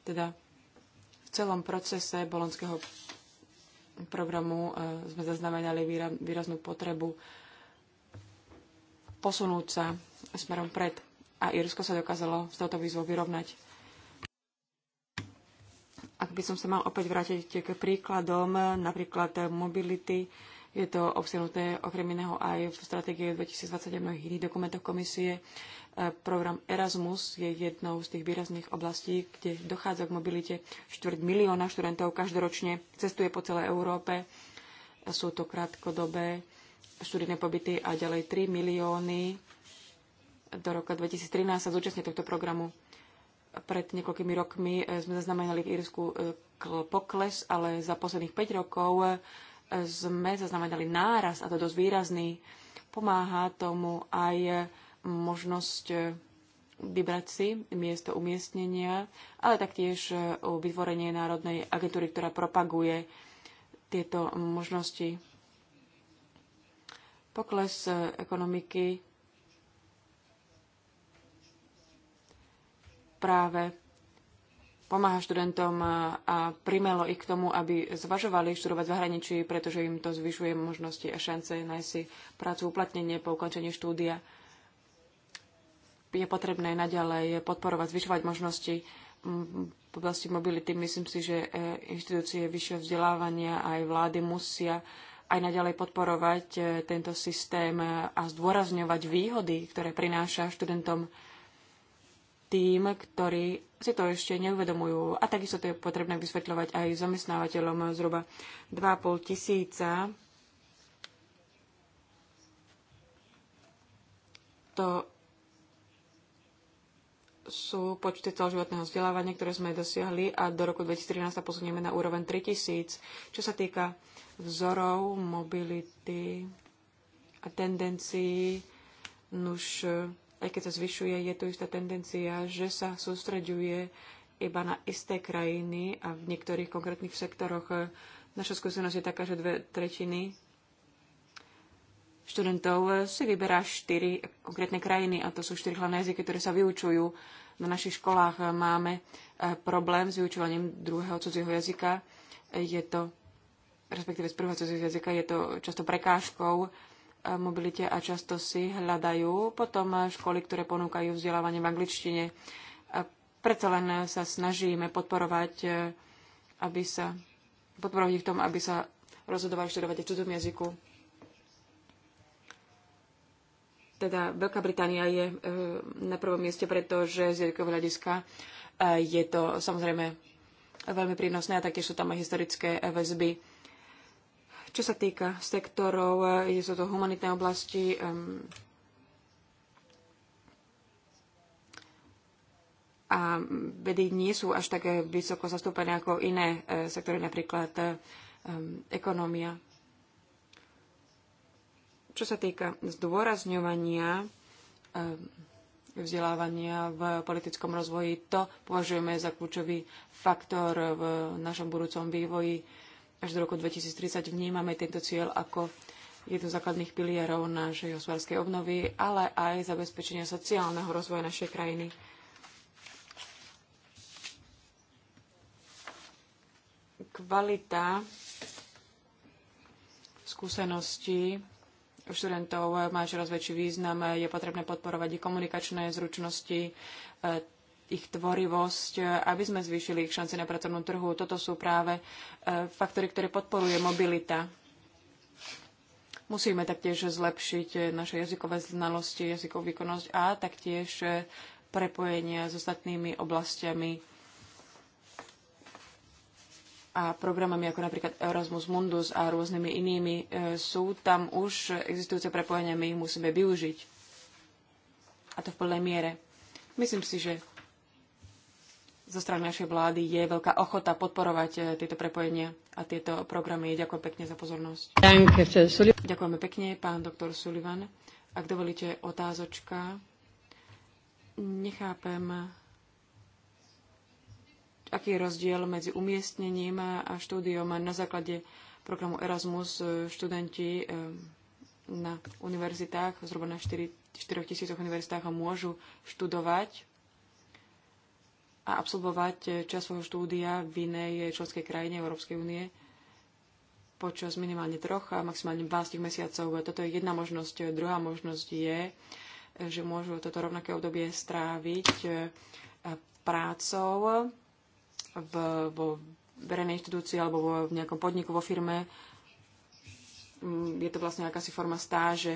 Teda v celom procese bolonského programu e, sme zaznamenali výraznú potrebu posunúť sa smerom pred a Írsko sa dokázalo s touto výzvou vyrovnať. Ak by som sa mal opäť vrátiť k príkladom, napríklad mobility, je to obsiahnuté okrem iného aj v stratégii 2020 a mnohých iných dokumentoch komisie. E, program Erasmus je jednou z tých výrazných oblastí, kde dochádza k mobilite. Štvrť milióna študentov každoročne cestuje po celej Európe. Sú to krátkodobé študijné pobyty a ďalej 3 milióny do roka 2013 sa zúčastní tohto programu pred niekoľkými rokmi e, sme zaznamenali v Írsku e, pokles, ale za posledných 5 rokov sme zaznamenali náraz, a to dosť výrazný. Pomáha tomu aj možnosť vybrať si miesto umiestnenia, ale taktiež e, vytvorenie Národnej agentúry, ktorá propaguje tieto možnosti. Pokles e, ekonomiky práve pomáha študentom a primelo ich k tomu, aby zvažovali študovať v zahraničí, pretože im to zvyšuje možnosti a šance nájsť si prácu uplatnenie po ukončení štúdia. Je potrebné naďalej podporovať, zvyšovať možnosti v oblasti mobility. Myslím si, že e, inštitúcie vyššieho vzdelávania aj vlády musia aj naďalej podporovať e, tento systém a zdôrazňovať výhody, ktoré prináša študentom tým, ktorí si to ešte neuvedomujú. A takisto to je potrebné vysvetľovať aj zamestnávateľom zhruba 2,5 tisíca. To sú počty celoživotného vzdelávania, ktoré sme dosiahli a do roku 2013 sa posunieme na úroveň 3000. Čo sa týka vzorov, mobility a tendencií, nuž aj keď sa zvyšuje, je tu istá tendencia, že sa sústreďuje iba na isté krajiny a v niektorých konkrétnych sektoroch. Naša skúsenosť je taká, že dve tretiny študentov si vyberá štyri konkrétne krajiny a to sú štyri hlavné jazyky, ktoré sa vyučujú na našich školách. Máme eh, problém s vyučovaním druhého cudzieho jazyka. Je to, respektíve z prvého cudzieho jazyka, je to často prekážkou mobilite a často si hľadajú potom školy, ktoré ponúkajú vzdelávanie v angličtine. A preto len sa snažíme podporovať, e, aby sa, podporovať ich v tom, aby sa rozhodovali študovať v cudzom jazyku. Teda Veľká Británia je e, na prvom mieste, pretože z jazykového hľadiska e, je to samozrejme veľmi prínosné a taktiež sú tam aj historické väzby čo sa týka sektorov, je to do humanitnej oblasti, a vedy nie sú až také vysoko zastúpené ako iné e, sektory, napríklad e, ekonomia. Čo sa týka zdôrazňovania vzdelávania v politickom rozvoji, to považujeme za kľúčový faktor v našom budúcom vývoji až do roku 2030 vnímame tento cieľ ako jednu z základných pilierov našej hospodárskej obnovy, ale aj zabezpečenia sociálneho rozvoja našej krajiny. Kvalita skúseností študentov má čoraz väčší význam. Je potrebné podporovať i komunikačné zručnosti, ich tvorivosť, e, aby sme zvýšili ich šance na pracovnom trhu. Toto sú práve e, faktory, ktoré podporuje mobilita. Musíme taktiež zlepšiť e, naše jazykové znalosti, jazykovú výkonnosť a taktiež prepojenia s ostatnými oblastiami a programami ako napríklad Erasmus Mundus a rôznymi inými. Sú tam už existujúce prepojenia, my ich musíme využiť. A to v plnej miere. Myslím si, že zo strany našej vlády je veľká ochota podporovať e, tieto prepojenia a tieto programy. Ďakujem pekne za pozornosť. Ďakujeme pekne, pán doktor Sullivan. Ak dovolíte, otázočka. Nechápem, aký je rozdiel medzi umiestnením a štúdiom. Na základe programu Erasmus e, študenti e, na univerzitách, zhruba na 4, 4 tisícoch univerzitách môžu študovať a absolvovať e, čas svojho štúdia v inej e, členskej krajine Európskej únie počas minimálne troch a maximálne 12 mesiacov. E, toto je jedna možnosť. Druhá možnosť je, že môžu toto rovnaké obdobie stráviť prácou v, vo verejnej inštitúcii alebo vo, v nejakom podniku, vo firme. Mm, je to vlastne akási forma stáže.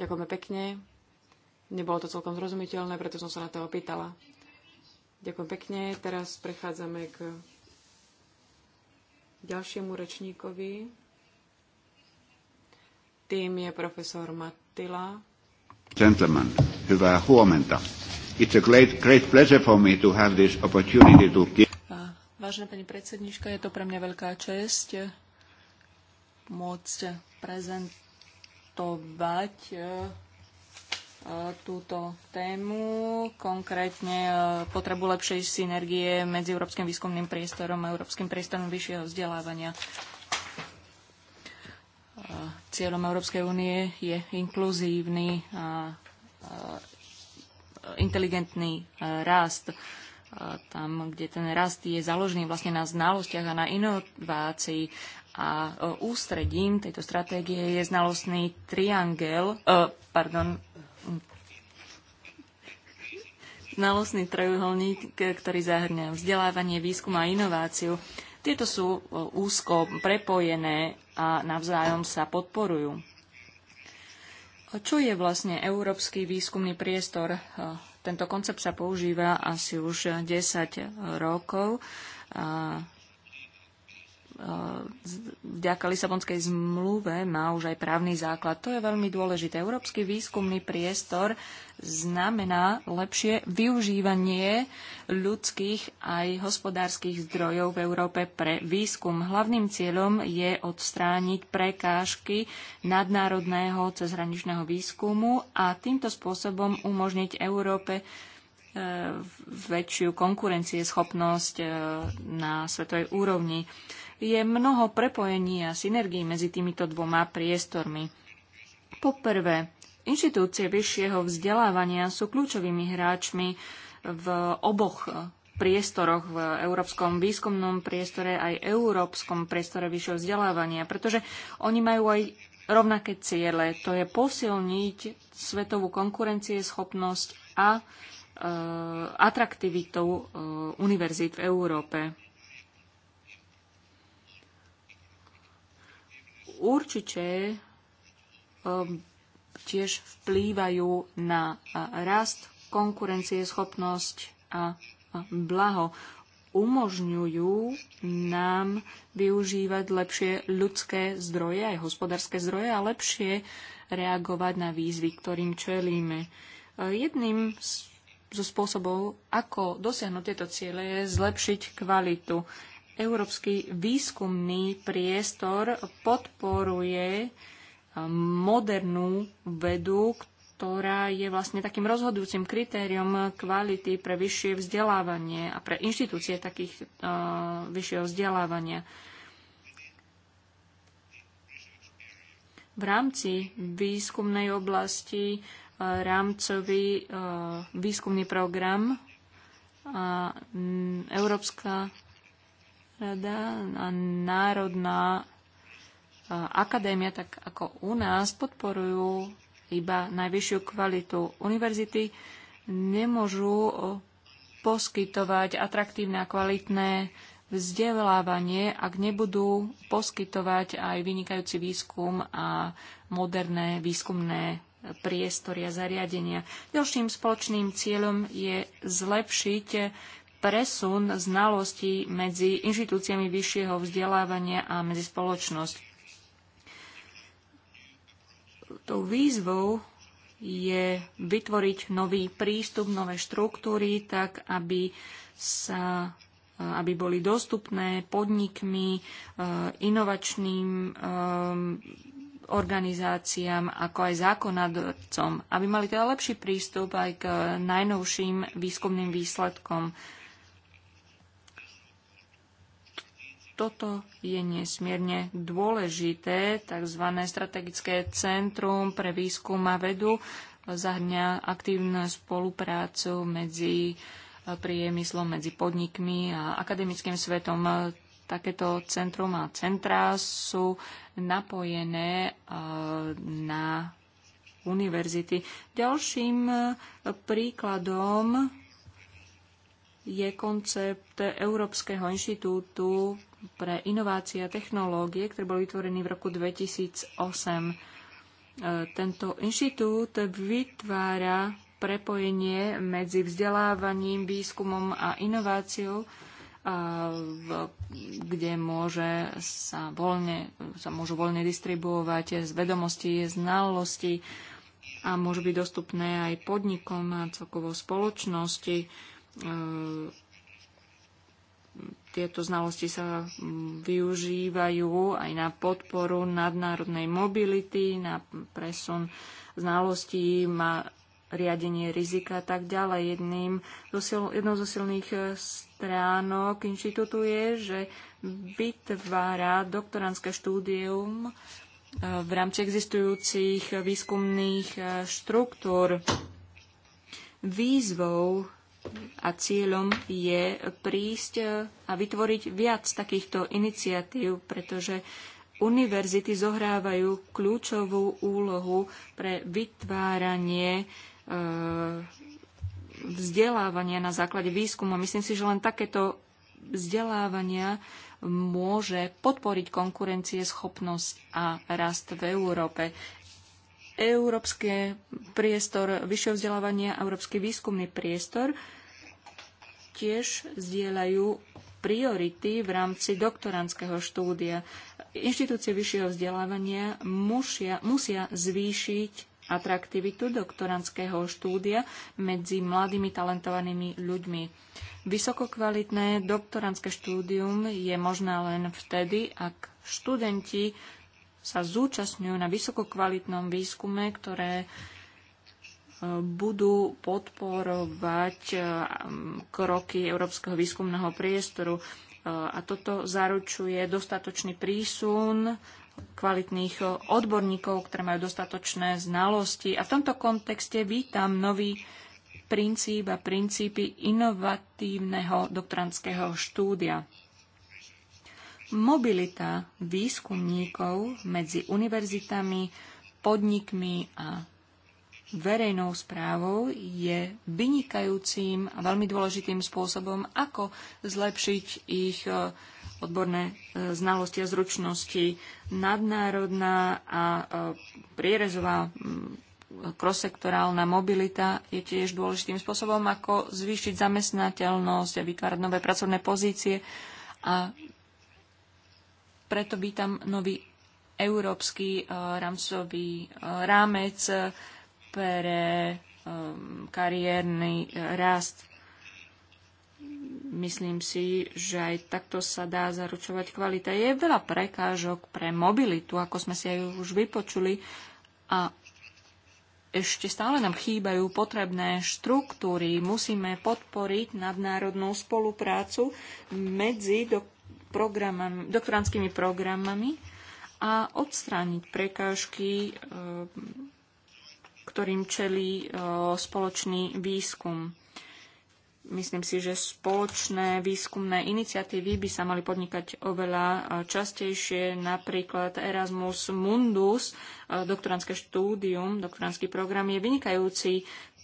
Ďakujeme pekne. Nebolo to celkom zrozumiteľné, preto som sa na to opýtala. Ďakujem pekne. Teraz prechádzame k ďalšiemu rečníkovi. Tým je profesor Mattila. Gentlemen, hyvää huomenta. It's a great, great pleasure for me to have this opportunity to give... Vážená pani predsedníčka, je to pre mňa veľká čest eh, môcť prezentovať eh, E, túto tému, konkrétne e, potrebu lepšej synergie medzi Európskym výskumným priestorom a Európskym priestorom vyššieho vzdelávania. E, cieľom Európskej únie je inkluzívny a inteligentný rast. Tam, kde ten rast je založený vlastne na znalostiach a na inovácii a ústredím tejto stratégie je znalostný triangel, pardon, nalosný trojuholník, ktorý zahrňa vzdelávanie, výskum a inováciu. Tieto sú úzko prepojené a navzájom sa podporujú. Čo je vlastne európsky výskumný priestor? Tento koncept sa používa asi už 10 rokov vďaka Lisabonskej zmluve má už aj právny základ. To je veľmi dôležité. Európsky výskumný priestor znamená lepšie využívanie ľudských aj hospodárskych zdrojov v Európe pre výskum. Hlavným cieľom je odstrániť prekážky nadnárodného cezhraničného výskumu a týmto spôsobom umožniť Európe e, väčšiu konkurencieschopnosť e, na svetovej úrovni je mnoho prepojení a synergií medzi týmito dvoma priestormi. Poprvé, inštitúcie vyššieho vzdelávania sú kľúčovými hráčmi v oboch priestoroch v európskom výskumnom priestore aj európskom priestore vyššieho vzdelávania, pretože oni majú aj rovnaké ciele. To je posilniť svetovú konkurencieschopnosť a e, atraktivitu e, univerzít v Európe. určite ehm, tiež vplývajú na rast, konkurencieschopnosť a blaho. Umožňujú nám využívať lepšie ľudské zdroje, aj hospodárske zdroje a lepšie reagovať na výzvy, ktorým čelíme. E, jedným zo spôsobov, ako dosiahnuť tieto ciele, je zlepšiť kvalitu Európsky výskumný priestor podporuje modernú vedu, ktorá je vlastne takým rozhodujúcim kritériom kvality pre vyššie vzdelávanie a pre inštitúcie takých uh, vyššieho vzdelávania. V rámci výskumnej oblasti uh, rámcový uh, výskumný program a Európska rada a Národná akadémia, tak ako u nás, podporujú iba najvyššiu kvalitu. Univerzity nemôžu poskytovať atraktívne a kvalitné vzdelávanie, ak nebudú poskytovať aj vynikajúci výskum a moderné výskumné priestory a zariadenia. Ďalším spoločným cieľom je zlepšiť presun znalostí medzi inštitúciami vyššieho vzdelávania a medzi spoločnosť. Tou výzvou je vytvoriť nový prístup, nové štruktúry, tak aby, sa, aby boli dostupné podnikmi, e, inovačným e, organizáciám, ako aj zákonodárcom, aby mali teda lepší prístup aj k najnovším výskumným výsledkom. Toto je nesmierne dôležité. Tzv. strategické centrum pre výskum a vedu zahrňa aktívnu spoluprácu medzi eh, priemyslom, medzi podnikmi a akademickým svetom. Eh, takéto centrum a centrá sú napojené eh, na univerzity. Ďalším príkladom je koncept Európskeho inštitútu pre inovácie a technológie, ktorý bol vytvorený v roku 2008. E, tento inštitút vytvára prepojenie medzi vzdelávaním, výskumom a inováciou, kde môže sa, voľne, sa môžu voľne distribuovať z vedomostí, znalosti a môžu byť dostupné aj podnikom a celkovo spoločnosti e, tieto znalosti sa mm, využívajú aj na podporu nadnárodnej mobility, na presun znalostí, na riadenie rizika a tak ďalej. Jedným jednou zo silných e, stránok inštitútu je, že vytvára doktorantské štúdium e, v rámci existujúcich výskumných e, štruktúr. Výzvou a cieľom je prísť e, a vytvoriť viac takýchto iniciatív, pretože univerzity zohrávajú kľúčovú úlohu pre vytváranie e, vzdelávania na základe výskumu. Myslím si, že len takéto vzdelávania môže podporiť konkurencieschopnosť a rast v Európe. Európske priestor vyššieho vzdelávania, európsky výskumný priestor tiež zdieľajú priority v rámci doktorandského štúdia. Inštitúcie vyššieho vzdelávania musia, musia zvýšiť atraktivitu doktorandského štúdia medzi mladými talentovanými ľuďmi. Vysokokvalitné doktorandské štúdium je možné len vtedy, ak študenti sa zúčastňujú na vysokokvalitnom výskume, ktoré budú podporovať eh, kroky Európskeho výskumného priestoru. Eh, a toto zaručuje dostatočný prísun kvalitných odborníkov, ktoré majú dostatočné znalosti. A v tomto kontexte vítam nový princíp a princípy inovatívneho doktorantského štúdia. Mobilita výskumníkov medzi univerzitami, podnikmi a verejnou správou je vynikajúcim a veľmi dôležitým spôsobom, ako zlepšiť ich e, odborné e, znalosti a zručnosti. Nadnárodná a e, prierezová krosektorálna mobilita je tiež dôležitým spôsobom, ako zvýšiť zamestnateľnosť a vytvárať nové pracovné pozície. A preto by tam nový európsky rámcový rámec pre um, kariérny e, rast. Myslím si, že aj takto sa dá zaručovať kvalita. Je veľa prekážok pre mobilitu, ako sme si aj už vypočuli, a ešte stále nám chýbajú potrebné štruktúry. Musíme podporiť nadnárodnú spoluprácu medzi do, programami, doktorantskými programami a odstrániť prekážky e, ktorým čelí e, spoločný výskum. Myslím si, že spoločné výskumné iniciatívy by sa mali podnikať oveľa e, častejšie, napríklad Erasmus Mundus, e, doktorantské štúdium, doktorantský program je vynikajúci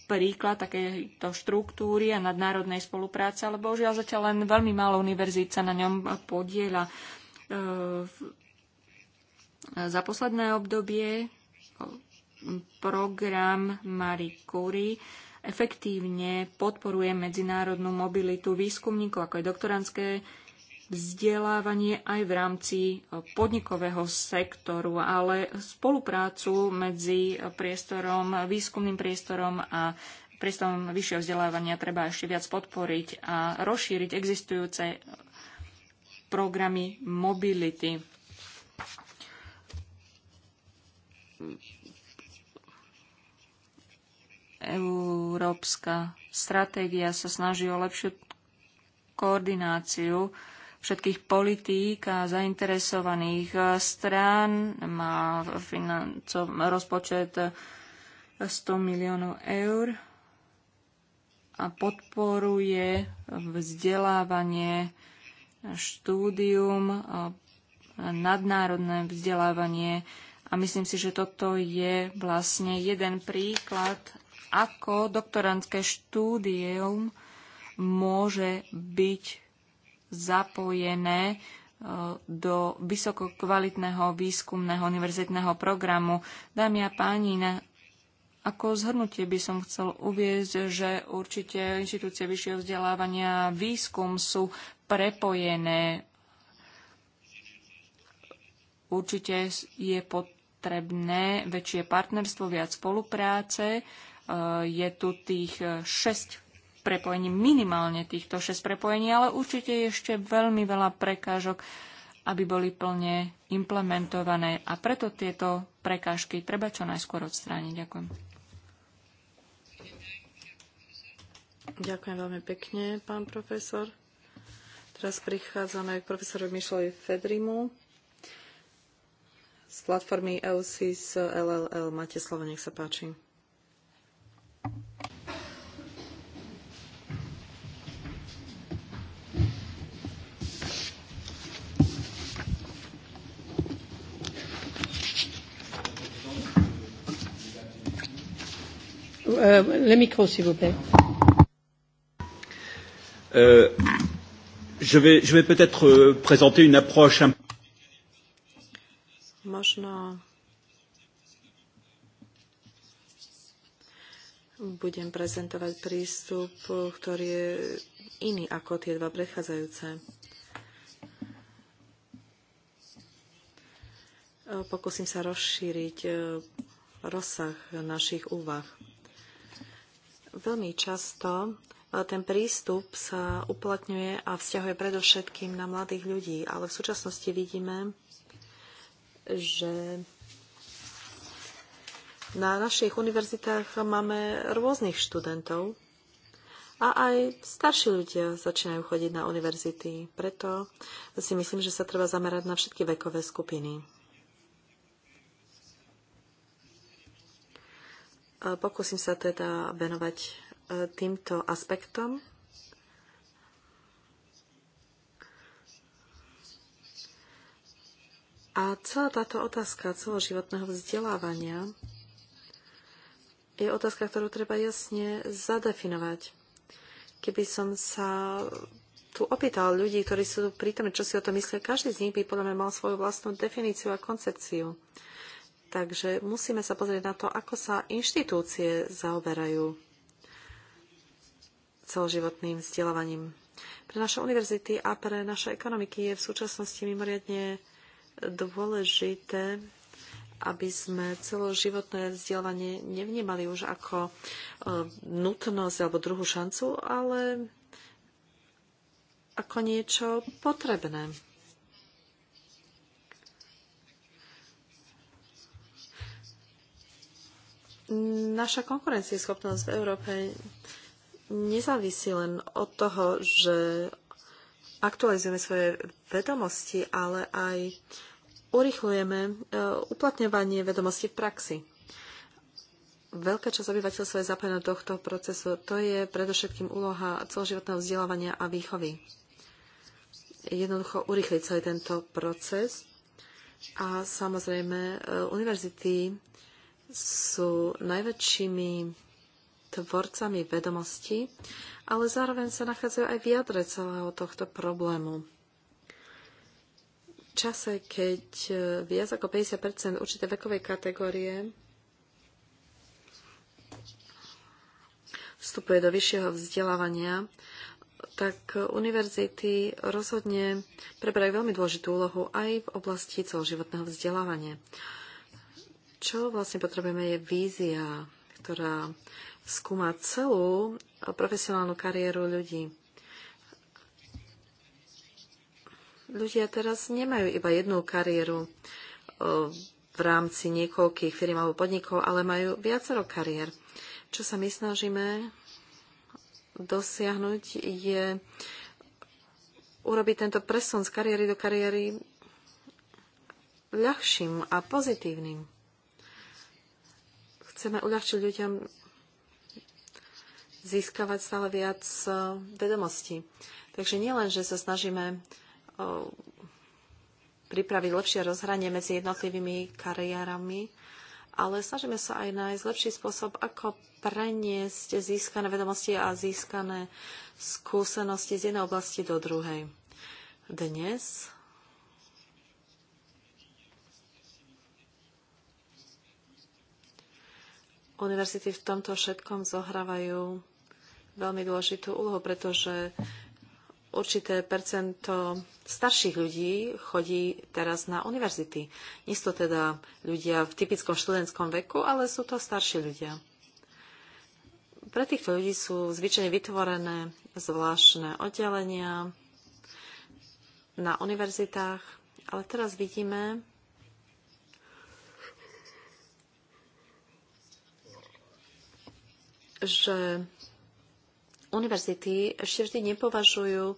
príklad takéto štruktúry a nadnárodnej spolupráce, ale bohužiaľ zatiaľ len veľmi málo univerzít sa na ňom podiela. Za posledné obdobie program Marie Curie efektívne podporuje medzinárodnú mobilitu výskumníkov, ako je doktorantské vzdelávanie aj v rámci eh, podnikového sektoru, ale spoluprácu medzi priestorom, výskumným priestorom a priestorom vyššieho vzdelávania treba ešte viac podporiť a rozšíriť existujúce programy mobility. Európska stratégia sa snaží o lepšiu koordináciu všetkých politík a zainteresovaných strán. Má rozpočet 100 miliónov eur a podporuje vzdelávanie, štúdium, nadnárodné vzdelávanie. A myslím si, že toto je vlastne jeden príklad ako doktorantské štúdium môže byť zapojené e, do vysokokvalitného výskumného univerzitného programu. Dámy a páni, na ako zhrnutie by som chcel uviezť, že určite inštitúcie vyššieho vzdelávania a výskum sú prepojené. Určite je potrebné väčšie partnerstvo, viac spolupráce Eh, je tu tých 6 eh, prepojení, minimálne týchto 6 prepojení, ale určite je ešte veľmi veľa prekážok, aby boli plne implementované a preto tieto prekážky treba čo najskôr odstrániť. Ďakujem. Ďakujem veľmi pekne, pán profesor. Teraz prichádzame k profesorovi Mišlovi Fedrimu z platformy EUSIS LLL. Máte slovo, nech sa páči. Euh, le micro, s'il vous plaît. Euh, je vais, je vais peut-être euh, présenter une approche un Možno budem prezentovať prístup, ktorý je iný ako tie dva predchádzajúce. Pokúsim sa rozšíriť eh, rozsah našich úvah. Veľmi často e, ten prístup sa uplatňuje a vzťahuje predovšetkým na mladých ľudí, ale v súčasnosti vidíme, že na našich univerzitách máme rôznych študentov a aj starší ľudia začínajú chodiť na univerzity. Preto si myslím, že sa treba zamerať na všetky vekové skupiny. Pokúsim sa teda venovať e, týmto aspektom. A celá táto otázka celoživotného vzdelávania je otázka, ktorú treba jasne zadefinovať. Keby som sa tu opýtal ľudí, ktorí sú prítomní, čo si o to myslia, každý z nich by podľa mňa mal svoju vlastnú definíciu a koncepciu. Uh, Takže musíme sa pozrieť na to, ako sa inštitúcie zaoberajú celoživotným vzdelávaním. Pre naše univerzity a pre naše ekonomiky je v súčasnosti mimoriadne dôležité, aby sme celoživotné vzdelávanie nevnímali už ako e, nutnosť alebo druhú šancu, ale ako niečo potrebné. Naša konkurencieschopnosť v Európe nezávisí len od toho, že aktualizujeme svoje vedomosti, ale aj urychlujeme e, uplatňovanie vedomostí v praxi. Veľká časť obyvateľstva je zapojená do tohto procesu. To je predovšetkým úloha celoživotného vzdelávania a výchovy. Jednoducho urychliť celý tento proces a samozrejme e, univerzity sú najväčšími tvorcami vedomostí, ale zároveň sa nachádzajú aj v jadre celého tohto problému. V čase, keď e, viac ako 50 určitej vekovej kategórie vstupuje do vyššieho vzdelávania, tak univerzity rozhodne preberajú veľmi dôležitú úlohu aj v oblasti celoživotného vzdelávania. Čo vlastne potrebujeme je vízia, ktorá skúma celú profesionálnu kariéru ľudí. Ľudia teraz nemajú iba jednu kariéru e, v rámci niekoľkých firm alebo podnikov, ale majú viacero kariér. Čo sa my snažíme dosiahnuť je urobiť tento presun z kariéry do kariéry ľahším a pozitívnym. Chceme uľahčiť ľuďom získavať stále viac eh, vedomostí. Takže nielen, že sa snažíme eh, pripraviť lepšie rozhranie medzi jednotlivými kariérami, ale snažíme sa aj nájsť lepší spôsob, ako preniesť získané vedomosti a získané skúsenosti z jednej oblasti do druhej. Dnes univerzity v tomto všetkom zohrávajú veľmi dôležitú úlohu, pretože určité percento starších ľudí chodí teraz na univerzity. Nie sú to teda ľudia v typickom študentskom veku, ale sú to starší ľudia. Pre týchto ľudí sú zvyčajne vytvorené zvláštne oddelenia na univerzitách, ale teraz vidíme, že univerzity ešte vždy nepovažujú e,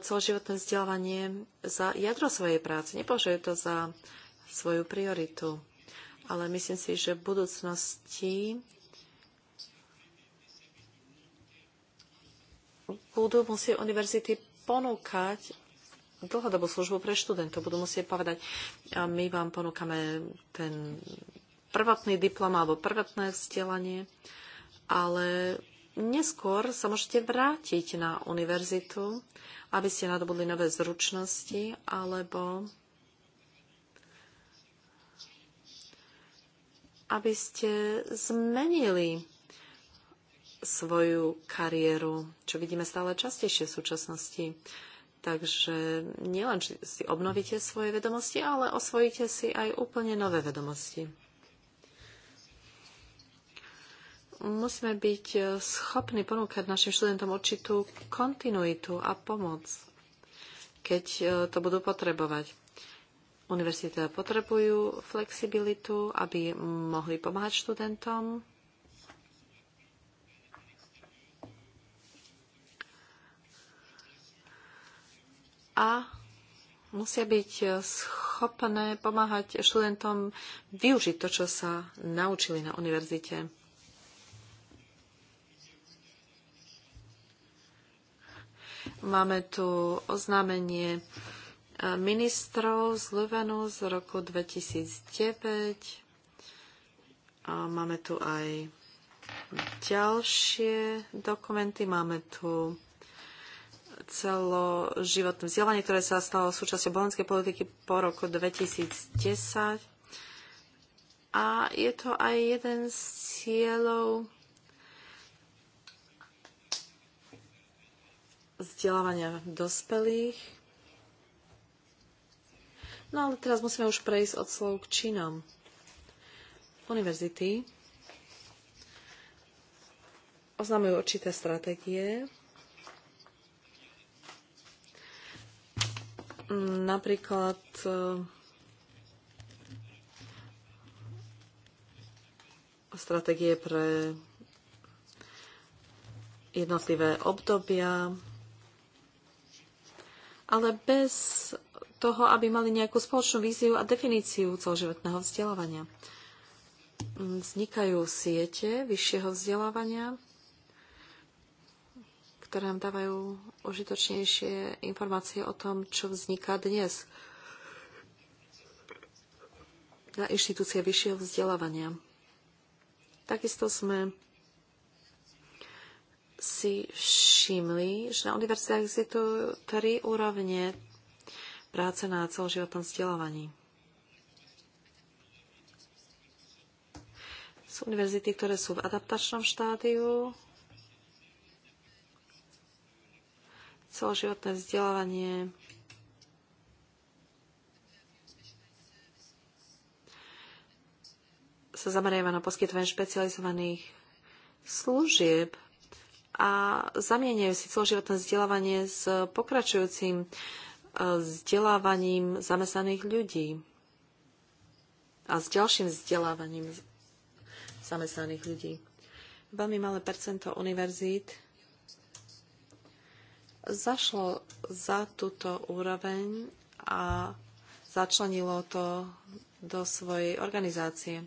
celoživotné vzdelávanie za jadro svojej práce. Nepovažujú to za svoju prioritu. Ale myslím si, že v budúcnosti budú musieť univerzity ponúkať dlhodobú službu pre študentov. Budú musieť povedať, my vám ponúkame ten prvotný diplom alebo prvotné vzdelanie ale neskôr sa môžete vrátiť na univerzitu, aby ste nadobudli nové zručnosti alebo aby ste zmenili svoju kariéru, čo vidíme stále častejšie v súčasnosti. Takže nielen si obnovíte svoje vedomosti, ale osvojíte si aj úplne nové vedomosti. musíme byť e, schopní ponúkať našim študentom určitú kontinuitu a pomoc, keď e, to budú potrebovať. Univerzity potrebujú flexibilitu, aby mohli pomáhať študentom. A musia byť e, schopné pomáhať študentom využiť to, čo sa naučili na univerzite. Máme tu oznámenie e, ministrov z Luvenu z roku 2009. A máme tu aj ďalšie dokumenty. Máme tu celoživotné vzdelanie, ktoré sa stalo súčasťou bolenskej politiky po roku 2010. A je to aj jeden z cieľov vzdelávania dospelých. No ale teraz musíme už prejsť od slov k činom. Univerzity oznamujú určité stratégie, napríklad eh, stratégie pre jednotlivé obdobia ale bez toho, aby mali nejakú spoločnú víziu a definíciu celoživotného vzdelávania. Vznikajú siete vyššieho vzdelávania, ktoré nám dávajú užitočnejšie informácie o tom, čo vzniká dnes na inštitúcie vyššieho vzdelávania. Takisto sme si všimli, že na univerzitách existujú tri úrovne práce na celoživotnom vzdelávaní. Sú univerzity, ktoré sú v adaptačnom štádiu, celoživotné vzdelávanie, sa zameriava na poskytovanie špecializovaných služieb a zamieňajú si celoživotné vzdelávanie s pokračujúcim e, vzdelávaním zamestnaných ľudí a s ďalším vzdelávaním zamestnaných ľudí. Veľmi malé percento univerzít zašlo za túto úroveň a začlenilo to do svojej organizácie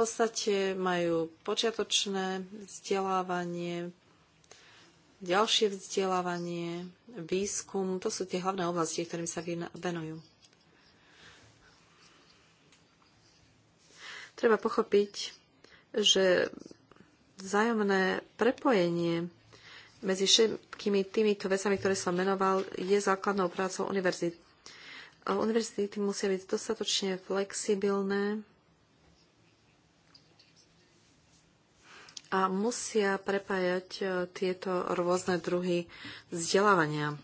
podstate majú počiatočné vzdelávanie, ďalšie vzdelávanie, výskum. To sú tie hlavné oblasti, ktorým sa venujú. Treba pochopiť, že vzájomné prepojenie medzi všetkými týmito vecami, ktoré som menoval, je základnou prácou univerzity. Univerzity musia byť dostatočne flexibilné a musia prepájať e, tieto rôzne druhy vzdelávania.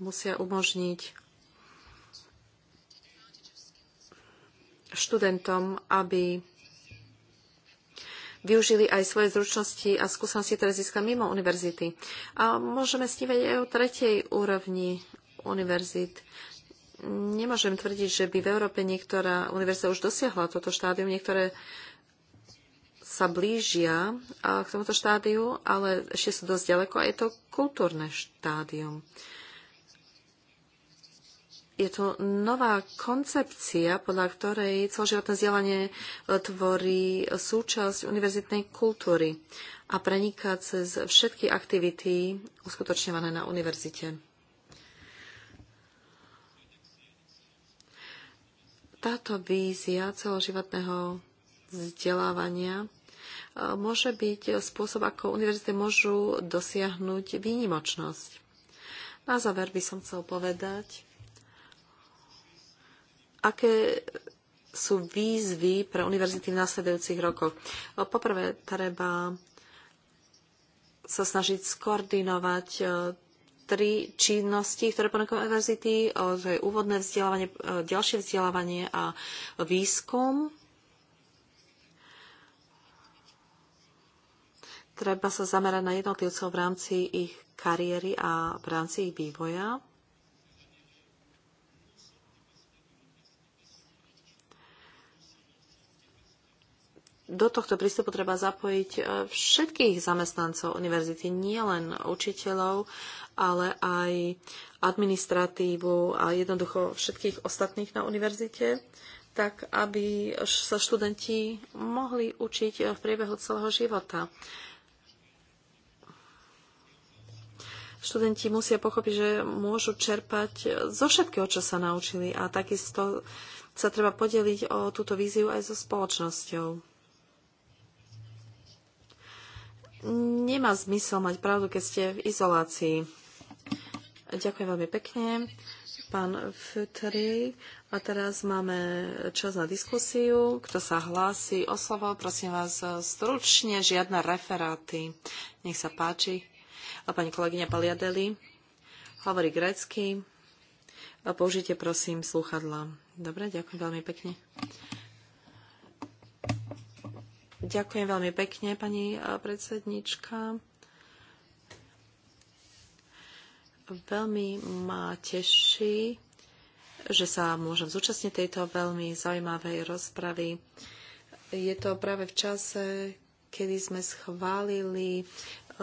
Musia umožniť študentom, aby využili aj svoje zručnosti a skúsenosti, ktoré získali mimo univerzity. A môžeme snívať aj o tretej úrovni univerzít. Nemôžem tvrdiť, že by v Európe niektorá univerzita už dosiahla toto štádium. Niektoré sa blížia k tomuto štádiu, ale ešte sú dosť ďaleko a je to kultúrne štádium. Je to nová koncepcia, podľa ktorej celoživotné vzdelanie e, tvorí súčasť univerzitnej kultúry a preniká cez všetky aktivity uskutočňované na univerzite. Táto vízia celoživotného vzdelávania môže byť spôsob, ako univerzity môžu dosiahnuť výnimočnosť. Na záver by som chcel povedať, aké sú výzvy pre univerzity v následujúcich rokoch. Poprvé, treba sa snažiť skoordinovať e, tri činnosti, ktoré ponúkajú univerzity, to je úvodné vzdelávanie, e, ďalšie vzdelávanie a výskum. Treba sa zamerať na jednotlivcov v rámci ich kariéry a v rámci ich vývoja. do tohto prístupu treba zapojiť e, všetkých zamestnancov univerzity, nielen učiteľov, ale aj administratívu a jednoducho všetkých ostatných na univerzite, tak aby sa študenti mohli učiť e, v priebehu celého života. študenti musia pochopiť, že môžu čerpať zo všetkého, čo sa naučili a takisto sa treba podeliť o túto víziu aj so spoločnosťou. Nemá zmysel mať pravdu, keď ste v izolácii. Ďakujem veľmi pekne, pán Futry. A teraz máme čas na diskusiu. Kto sa hlási o slovo, prosím vás stručne, žiadne referáty. Nech sa páči a pani kolegyňa Paliadeli hovorí grécky. Použite prosím slúchadla. Dobre, ďakujem veľmi pekne. Ďakujem veľmi pekne, pani predsednička. Veľmi ma teší, že sa môžem zúčastniť tejto veľmi zaujímavej rozpravy. Je to práve v čase, kedy sme schválili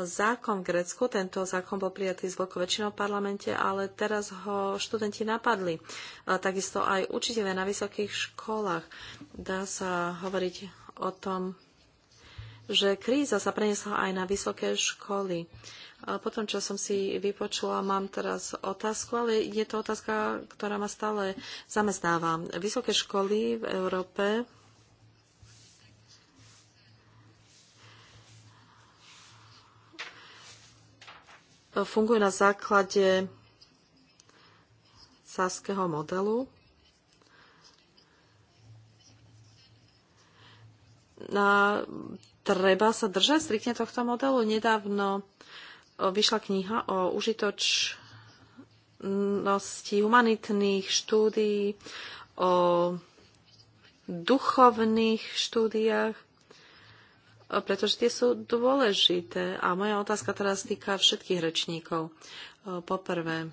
zákon v Grécku. Tento zákon bol prijatý z veľkou väčšinou v parlamente, ale teraz ho študenti napadli. Takisto aj učiteľe na vysokých školách. Dá sa hovoriť o tom, že kríza sa preniesla aj na vysoké školy. Po tom, čo som si vypočula, mám teraz otázku, ale je to otázka, ktorá ma stále zamestnáva. Vysoké školy v Európe funguje na základe sáskeho modelu. Na, treba sa držať striktne tohto modelu. Nedávno vyšla kniha o užitočnosti humanitných štúdií, o duchovných štúdiách pretože tie sú dôležité. A moja otázka teraz týka všetkých rečníkov. E, poprvé,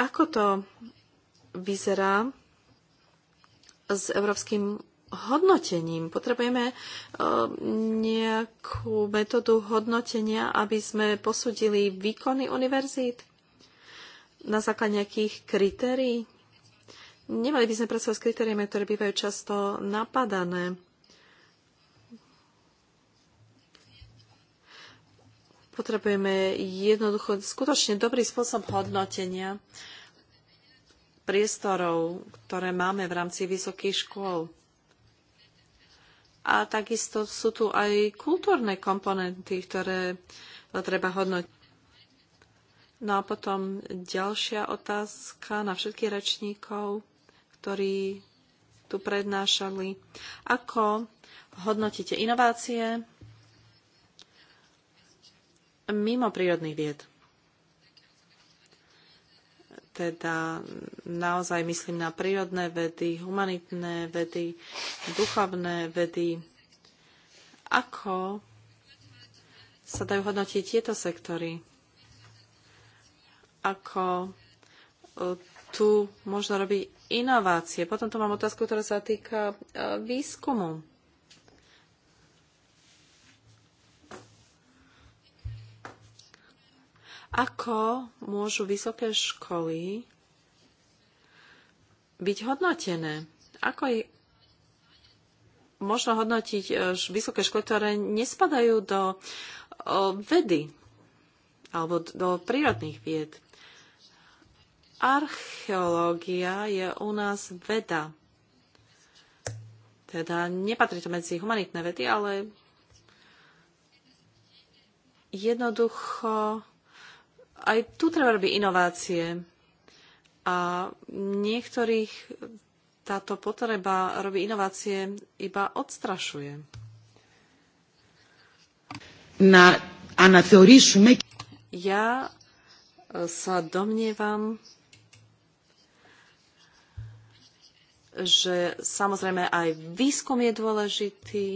Ako to vyzerá s Európskym hodnotením. Potrebujeme e, nejakú metódu hodnotenia, aby sme posudili výkony univerzít na základe nejakých kritérií. Nemali by sme pracovať s kritériami, ktoré bývajú často napadané. Potrebujeme jednoducho skutočne dobrý spôsob hodnotenia priestorov, ktoré máme v rámci vysokých škôl a takisto sú tu aj kultúrne komponenty, ktoré treba hodnotiť. No a potom ďalšia otázka na všetkých rečníkov, ktorí tu prednášali. Ako hodnotíte inovácie mimo prírodných vied? teda naozaj myslím na prírodné vedy, humanitné vedy, duchovné vedy. Ako sa dajú hodnotiť tieto sektory? Ako e, tu možno robiť inovácie? Potom tu mám otázku, ktorá sa týka e, výskumu. Ako môžu vysoké školy byť hodnotené? Ako je možno hodnotiť e, vysoké školy, ktoré nespadajú do e, vedy alebo do prírodných vied? Archeológia je u nás veda. Teda nepatrí to medzi humanitné vedy, ale jednoducho aj tu treba robiť inovácie. A niektorých táto potreba robiť inovácie iba odstrašuje. Na, a na teoríšume... Ja e, sa domnievam, že samozrejme aj výskum je dôležitý,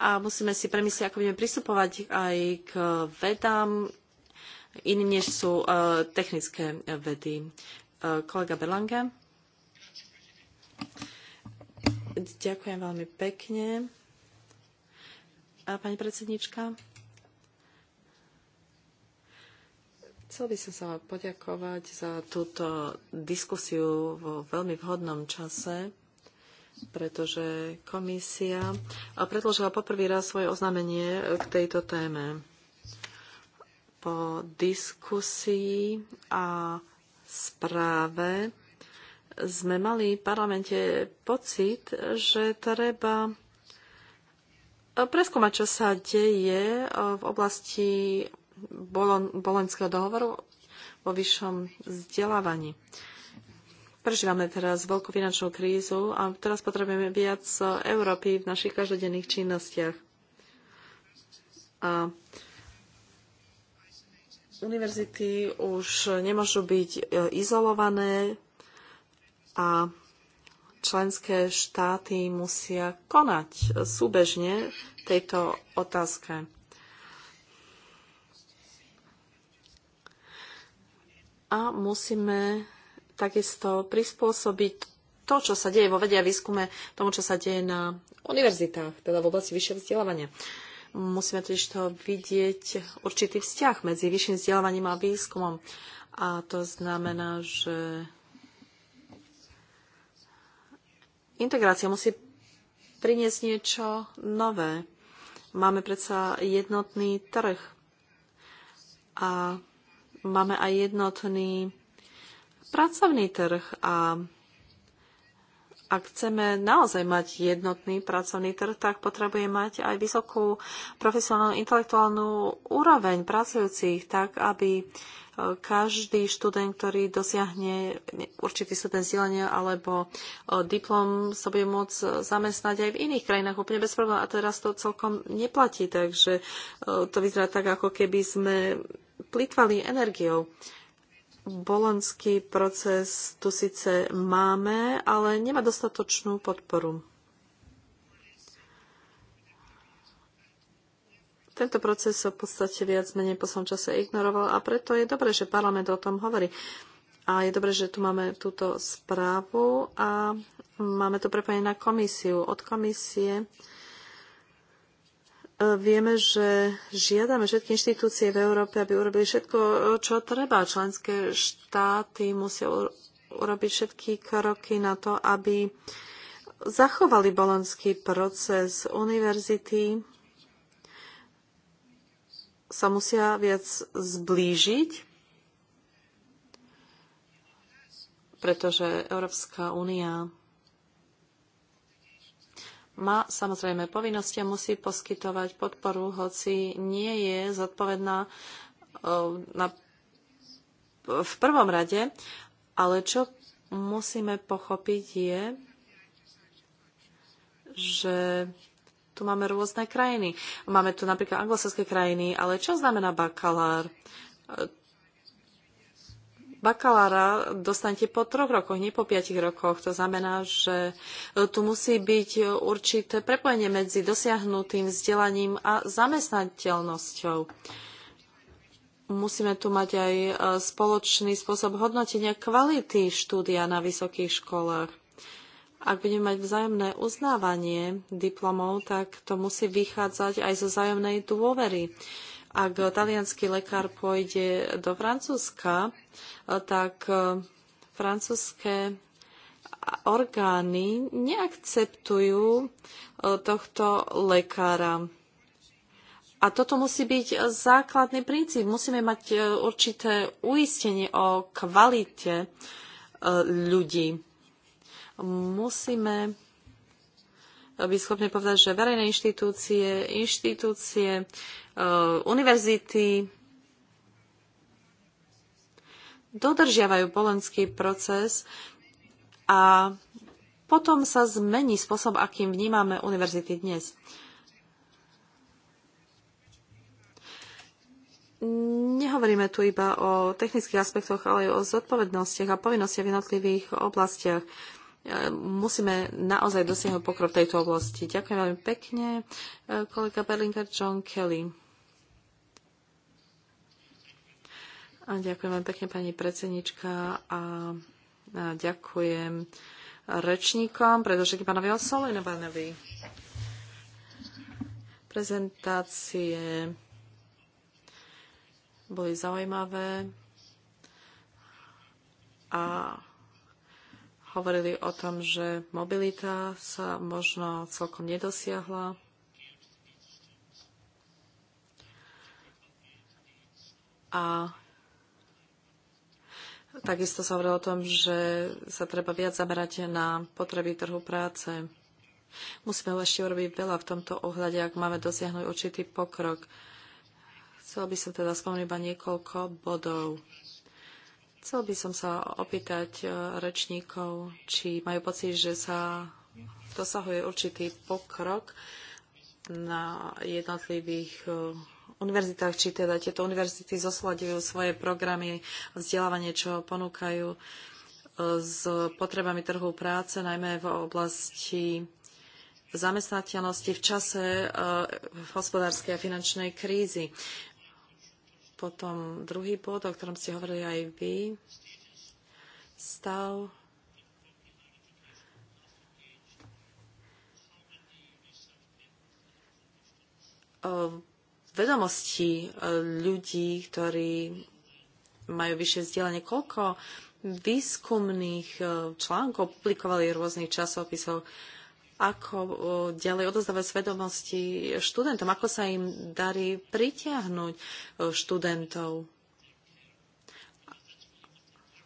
a musíme si premyslieť, ako budeme pristupovať aj k vedám iným, než sú e, technické e, vedy. E, kolega Berlange. Ďakujem veľmi pekne. A pani predsednička. Chcel by som sa poďakovať za túto diskusiu vo veľmi vhodnom čase pretože komisia predložila poprvý raz svoje oznámenie k tejto téme. Po diskusii a správe sme mali v parlamente pocit, že treba preskúmať, čo sa deje v oblasti Boloňského dohovoru vo vyššom vzdelávaní. Prežívame teraz veľkú finančnú krízu a teraz potrebujeme viac Európy v našich každodenných činnostiach. A univerzity už nemôžu byť e, izolované a členské štáty musia konať súbežne tejto otázke. A musíme takisto prispôsobiť to, čo sa deje vo vede a výskume, tomu, čo sa deje na univerzitách, teda v oblasti vyššieho vzdelávania. Musíme totiž to vidieť určitý vzťah medzi vyšším vzdelávaním a výskumom. A to znamená, že integrácia musí priniesť niečo nové. Máme predsa jednotný trh a máme aj jednotný pracovný trh a ak chceme naozaj mať jednotný pracovný trh, tak potrebuje mať aj vysokú profesionálnu intelektuálnu úroveň pracujúcich, tak aby e, každý študent, ktorý dosiahne určitý stupeň vzdelania alebo e, diplom, sa bude môcť e, zamestnať aj v iných krajinách úplne bez problémov. A teraz to celkom neplatí, takže to vyzerá tak, ako keby sme plýtvali energiou. Bolonský proces tu síce máme, ale nemá dostatočnú podporu. Tento proces sa v podstate viac menej po svojom čase ignoroval a preto je dobré, že parlament o tom hovorí. A je dobré, že tu máme túto správu a máme to prepojené na komisiu. Od komisie vieme, že žiadame všetky inštitúcie v Európe, aby urobili všetko, čo treba. Členské štáty musia urobiť všetky kroky na to, aby zachovali bolonský proces. Univerzity sa musia viac zblížiť, pretože Európska únia má samozrejme povinnosti a musí poskytovať podporu, hoci nie je zodpovedná e, na, v prvom rade, ale čo musíme pochopiť je, že tu máme rôzne krajiny. Máme tu napríklad anglosaské krajiny, ale čo znamená bakalár? E, bakalára dostanete po troch rokoch, nie po piatich rokoch. To znamená, že e, tu musí byť určité prepojenie medzi dosiahnutým vzdelaním a zamestnateľnosťou. Musíme tu mať aj e, spoločný spôsob hodnotenia kvality štúdia na vysokých školách. Ak budeme mať vzájomné uznávanie diplomov, tak to musí vychádzať aj zo vzájomnej dôvery ak talianský lekár pôjde do Francúzska, tak e, francúzske orgány neakceptujú e, tohto lekára. A toto musí byť základný princíp. Musíme mať e, určité uistenie o kvalite ľudí. Musíme by schopní povedať, že verejné inštitúcie, inštitúcie, e, univerzity dodržiavajú bolenský proces a potom sa zmení spôsob, akým vnímame univerzity dnes. Nehovoríme tu iba o technických aspektoch, ale aj o zodpovednostiach a povinnostiach v jednotlivých oblastiach musíme naozaj dosiahnuť pokrok v tejto oblasti. Ďakujem veľmi pekne, e, kolega Berlinger John Kelly. A ďakujem veľmi pekne, pani predsednička, a, ďakujem rečníkom, predovšetkým pánovi Osolinobanovi. Prezentácie boli zaujímavé a hovorili o tom, že mobilita sa možno celkom nedosiahla. A takisto sa hovorilo o tom, že sa treba viac zamerať na potreby trhu práce. Musíme ešte urobiť veľa v tomto ohľade, ak máme dosiahnuť určitý pokrok. Chcel by som teda spomenúť iba niekoľko bodov. Chcel by som sa opýtať e, rečníkov, či majú pocit, že sa dosahuje určitý pokrok na jednotlivých e, univerzitách, či teda tieto univerzity zosladujú svoje programy vzdelávanie, čo ponúkajú e, s potrebami trhu práce, najmä v oblasti zamestnateľnosti v čase hospodárskej a finančnej krízy. Potom druhý bod, o ktorom ste hovorili aj vy, stav vedomosti e, ľudí, ktorí majú vyššie vzdelanie, koľko výskumných e, článkov publikovali v rôznych časopisoch ako ďalej odozdávať svedomosti študentom, ako sa im darí pritiahnuť študentov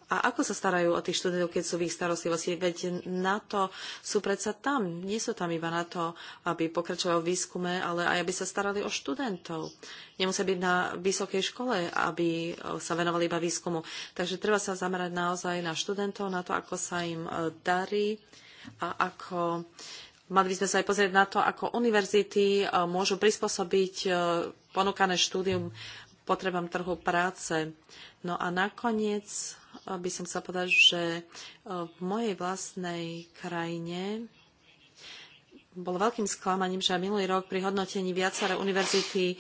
a ako sa starajú o tých študentov, keď sú v ich starostlivosti? Veď na to sú predsa tam. Nie sú tam iba na to, aby pokračovali v výskume, ale aj aby sa starali o študentov. Nemusia byť na vysokej škole, aby sa venovali iba výskumu. Takže treba sa zamerať naozaj na študentov, na to, ako sa im darí a ako Mali by sme sa aj pozrieť na to, ako univerzity e, môžu prispôsobiť e, ponúkané štúdium potrebám trhu práce. No a nakoniec e, by som chcela povedať, že v mojej vlastnej krajine bolo veľkým sklamaním, že minulý rok pri hodnotení viaceré univerzity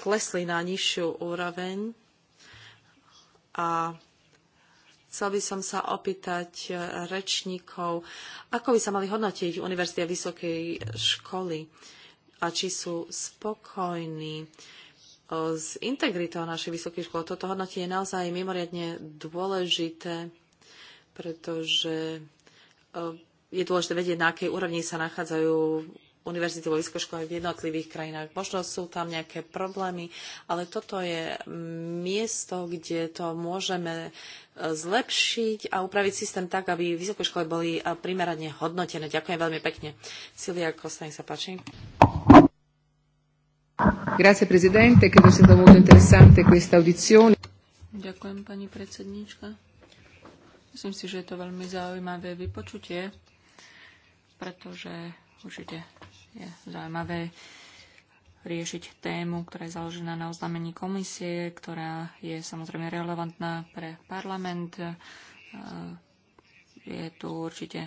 klesli na nižšiu úroveň a Chcel by som sa opýtať e, rečníkov, ako by sa mali hodnotiť univerzity a vysokej školy a či sú spokojní e, s integritou našej vysokej školy. Toto hodnotenie je naozaj mimoriadne dôležité, pretože e, je dôležité vedieť, na akej úrovni sa nachádzajú univerzity vysokoškolách v jednotlivých krajinách. Možno sú tam nejaké problémy, ale toto je miesto, kde to môžeme e, zlepšiť a upraviť systém tak, aby vysoké školy boli e, primerane hodnotené. Ďakujem veľmi pekne. Silvia Kostaň sa páči. Grazie Presidente, credo sia stata molto interessante questa audizione. Ďakujem pani predsednička. Myslím si, že je to veľmi zaujímavé vypočutie, pretože určite je zaujímavé riešiť tému, ktorá je založená na oznámení komisie, ktorá je samozrejme relevantná pre parlament. Je tu určite,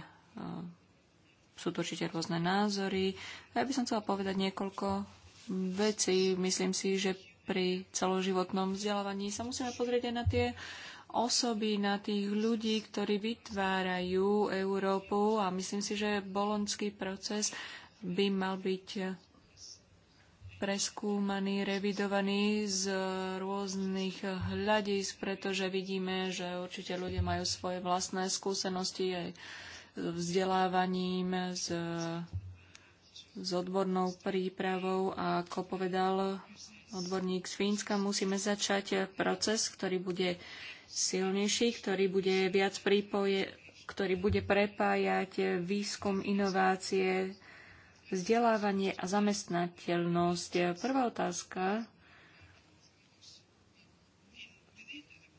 sú tu určite rôzne názory. Ja by som chcela povedať niekoľko vecí. Myslím si, že pri celoživotnom vzdelávaní sa musíme pozrieť aj na tie osoby, na tých ľudí, ktorí vytvárajú Európu a myslím si, že bolonský proces by mal byť preskúmaný, revidovaný z rôznych hľadísk, pretože vidíme, že určite ľudia majú svoje vlastné skúsenosti aj s vzdelávaním, s, s odbornou prípravou a ako povedal odborník z Fínska, musíme začať proces, ktorý bude silnejší, ktorý bude viac prípoje, ktorý bude prepájať výskum, inovácie, vzdelávanie a zamestnateľnosť. Prvá otázka.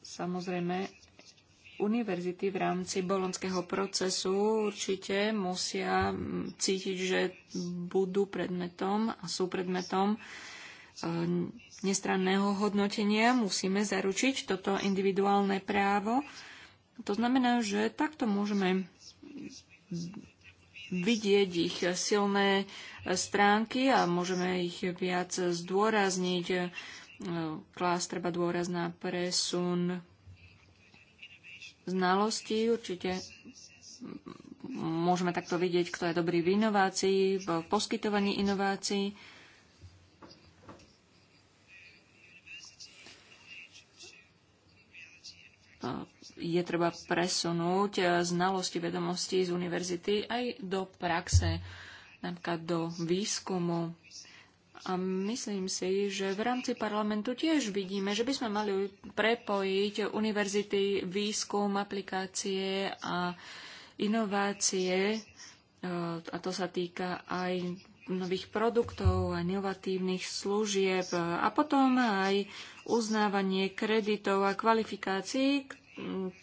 Samozrejme, univerzity v rámci bolonského procesu určite musia cítiť, že budú predmetom a sú predmetom e, nestranného hodnotenia. Musíme zaručiť toto individuálne právo. To znamená, že takto môžeme vidieť ich silné stránky a môžeme ich viac zdôrazniť. E, Klás treba dôraz na presun znalostí. Určite môžeme takto vidieť, kto je dobrý v inovácii, v poskytovaní inovácií je treba presunúť e, znalosti, vedomosti z univerzity aj do praxe, napríklad do výskumu. A myslím si, že v rámci parlamentu tiež vidíme, že by sme mali prepojiť univerzity, výskum, aplikácie a inovácie. E, a to sa týka aj nových produktov, a inovatívnych služieb a potom aj uznávanie kreditov a kvalifikácií,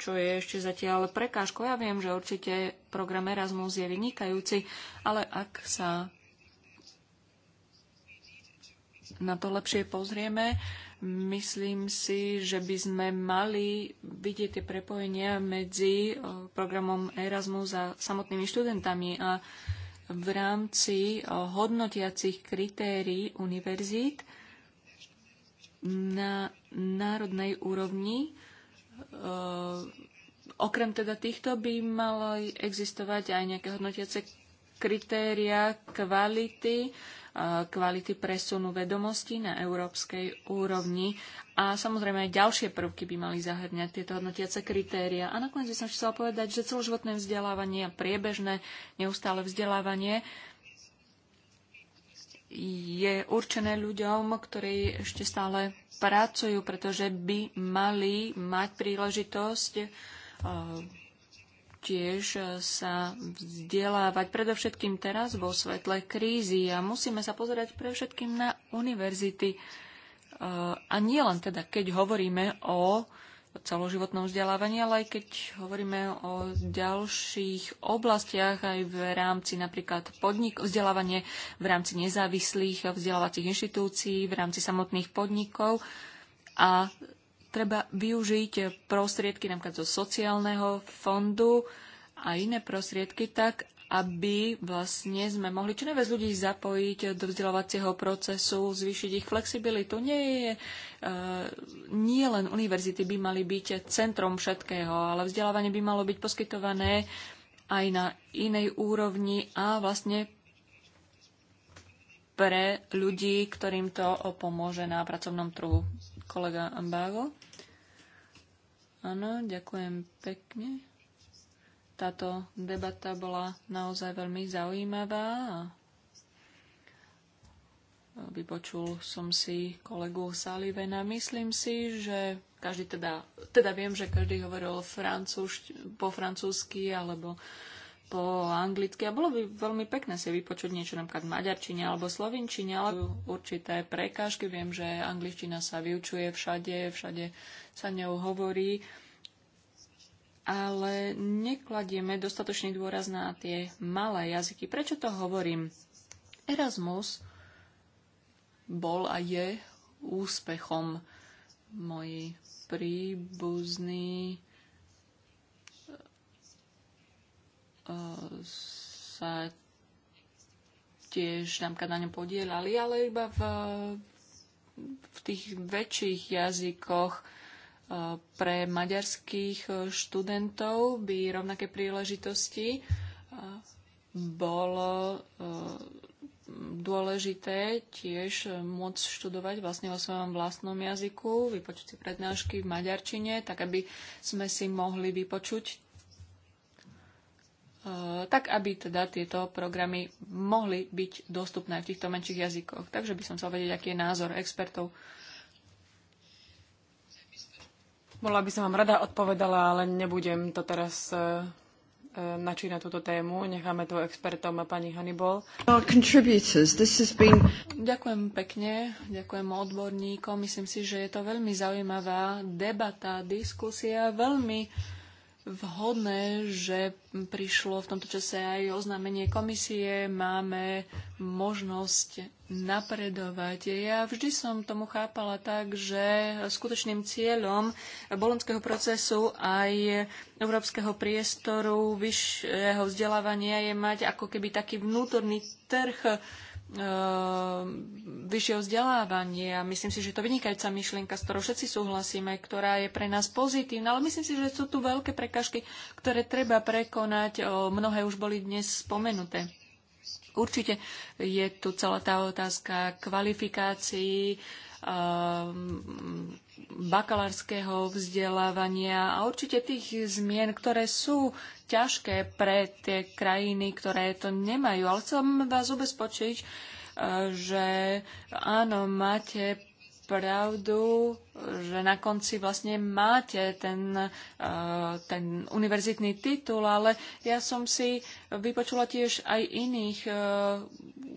čo je ešte zatiaľ prekážko. Ja viem, že určite program Erasmus je vynikajúci, ale ak sa na to lepšie pozrieme, myslím si, že by sme mali vidieť tie prepojenia medzi e, programom Erasmus a samotnými študentami a v rámci e, hodnotiacich kritérií univerzít na národnej úrovni Ehm, okrem teda týchto by malo existovať aj nejaké hodnotiace kritéria kvality, eh, kvality presunu vedomostí na európskej úrovni a samozrejme aj ďalšie prvky by mali zahrňať tieto hodnotiace kritéria. A nakoniec by som chcela povedať, že celoživotné vzdelávanie a priebežné neustále vzdelávanie je určené ľuďom, ktorí ešte stále pracujú, pretože by mali mať príležitosť e, tiež sa vzdelávať, predovšetkým teraz vo svetle krízy a musíme sa pozerať pre všetkým na univerzity. E, a nielen teda, keď hovoríme o celoživotnom vzdelávaní, ale aj keď hovoríme o ďalších oblastiach, aj v rámci napríklad podnik, vzdelávanie v rámci nezávislých vzdelávacích inštitúcií, v rámci samotných podnikov a treba využiť prostriedky napríklad zo sociálneho fondu a iné prostriedky tak, aby vlastne sme mohli čo najviac ľudí zapojiť do vzdelávacieho procesu, zvýšiť ich flexibilitu. Nie je, eh, nie len univerzity by mali byť centrom všetkého, ale vzdelávanie by malo byť poskytované aj na inej úrovni a vlastne pre ľudí, ktorým to pomôže na pracovnom trhu. Kolega Ambago. Áno, ďakujem pekne. Táto debata bola naozaj veľmi zaujímavá a vypočul som si kolegu Salivena. Myslím si, že každý teda, teda viem, že každý hovoril francúz, po francúzsky alebo po anglicky a bolo by veľmi pekné si vypočuť niečo napríklad v maďarčine alebo slovinčine, ale určité prekážky. Viem, že angličtina sa vyučuje všade, všade sa ňou hovorí ale nekladieme dostatočný dôraz na tie malé jazyky. Prečo to hovorím? Erasmus bol a je úspechom. Moji príbuzní eh, sa tiež napríklad na ňom podielali, ale iba v, v tých väčších jazykoch pre maďarských e, študentov by rovnaké príležitosti e, bolo e, dôležité tiež môcť študovať vlastne vo svojom vlastnom jazyku, vypočuť si prednášky v maďarčine, tak aby sme si mohli vypočuť tak aby teda tieto programy mohli byť dostupné v týchto menších jazykoch. Takže by som chcel vedieť, aký je názor expertov bola by som vám rada odpovedala, ale nebudem to teraz e, e, načínať túto tému. Necháme to expertom a pani Hannibal. Been... Ďakujem pekne, ďakujem odborníkom. Myslím si, že je to veľmi zaujímavá debata, diskusia, veľmi vhodné, že prišlo v tomto čase aj oznámenie komisie, máme možnosť napredovať. Ja vždy som tomu chápala tak, že skutočným cieľom bolonského procesu aj európskeho priestoru vyššieho vzdelávania je mať ako keby taký vnútorný trh Ehm, vyššieho vzdelávania. Myslím si, že to vynikajúca myšlienka, s ktorou všetci súhlasíme, ktorá je pre nás pozitívna, ale myslím si, že sú tu veľké prekažky, ktoré treba prekonať. Mnohé už boli dnes spomenuté. Určite je tu celá tá otázka kvalifikácií, ehm, bakalárskeho vzdelávania a určite tých zmien, ktoré sú ťažké pre tie krajiny, ktoré to nemajú. Ale chcem vás ubezpočiť, eh, že áno, máte pravdu, že na konci vlastne máte ten, eh, ten univerzitný titul, ale ja som si vypočula tiež aj iných, eh,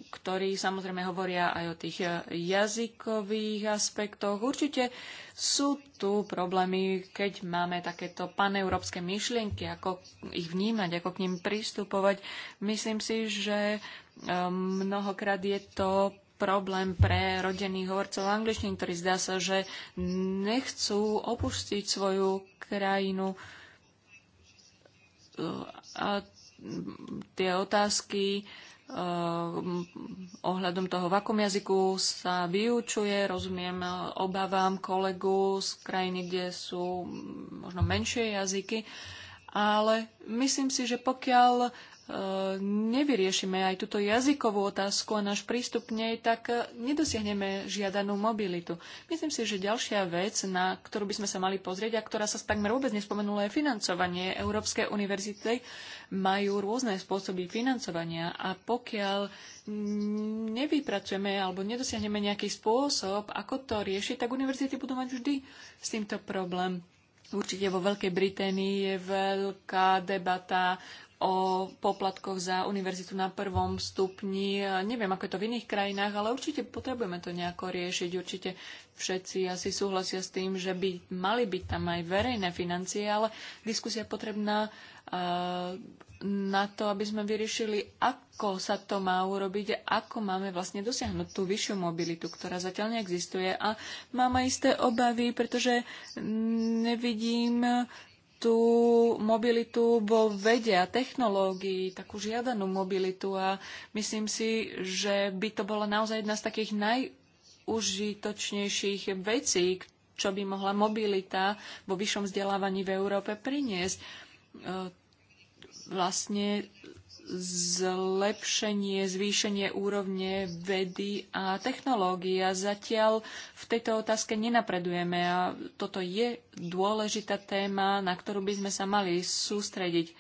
ktorí samozrejme hovoria aj o tých eh, jazykových aspektoch. Určite sú tu problémy, keď máme takéto paneurópske myšlienky, ako ich vnímať, ako k ním pristupovať. Myslím si, že mnohokrát je to problém pre rodených hovorcov angličtiny, ktorí zdá sa, že nechcú opustiť svoju krajinu. A tie otázky eh, ohľadom toho, v akom jazyku sa vyučuje. Rozumiem obávam kolegu z krajiny, kde sú možno menšie jazyky, ale myslím si, že pokiaľ nevyriešime aj túto jazykovú otázku a náš prístup k nej, tak e, nedosiahneme žiadanú mobilitu. Myslím si, že ďalšia vec, na ktorú by sme sa mali pozrieť a ktorá sa takmer vôbec nespomenula, je financovanie. Európske univerzity majú rôzne spôsoby financovania a pokiaľ nevypracujeme alebo nedosiahneme nejaký spôsob, ako to riešiť, tak univerzity budú mať vždy s týmto problém. Určite vo Veľkej Británii je veľká debata o poplatkoch za univerzitu na prvom stupni. Neviem, ako je to v iných krajinách, ale určite potrebujeme to nejako riešiť. Určite všetci asi súhlasia s tým, že by mali byť tam aj verejné financie, ale diskusia je potrebná eh, na to, aby sme vyriešili, ako sa to má urobiť, ako máme vlastne dosiahnuť tú vyššiu mobilitu, ktorá zatiaľ neexistuje. A mám aj isté obavy, pretože nevidím tú mobilitu vo vede a technológii, takú žiadanú mobilitu a myslím si, že by to bola naozaj jedna z takých najužitočnejších vecí, čo by mohla mobilita vo vyššom vzdelávaní v Európe priniesť. E, vlastne zlepšenie, zvýšenie úrovne vedy a technológií. A zatiaľ v tejto otázke nenapredujeme a toto je dôležitá téma, na ktorú by sme sa mali sústrediť.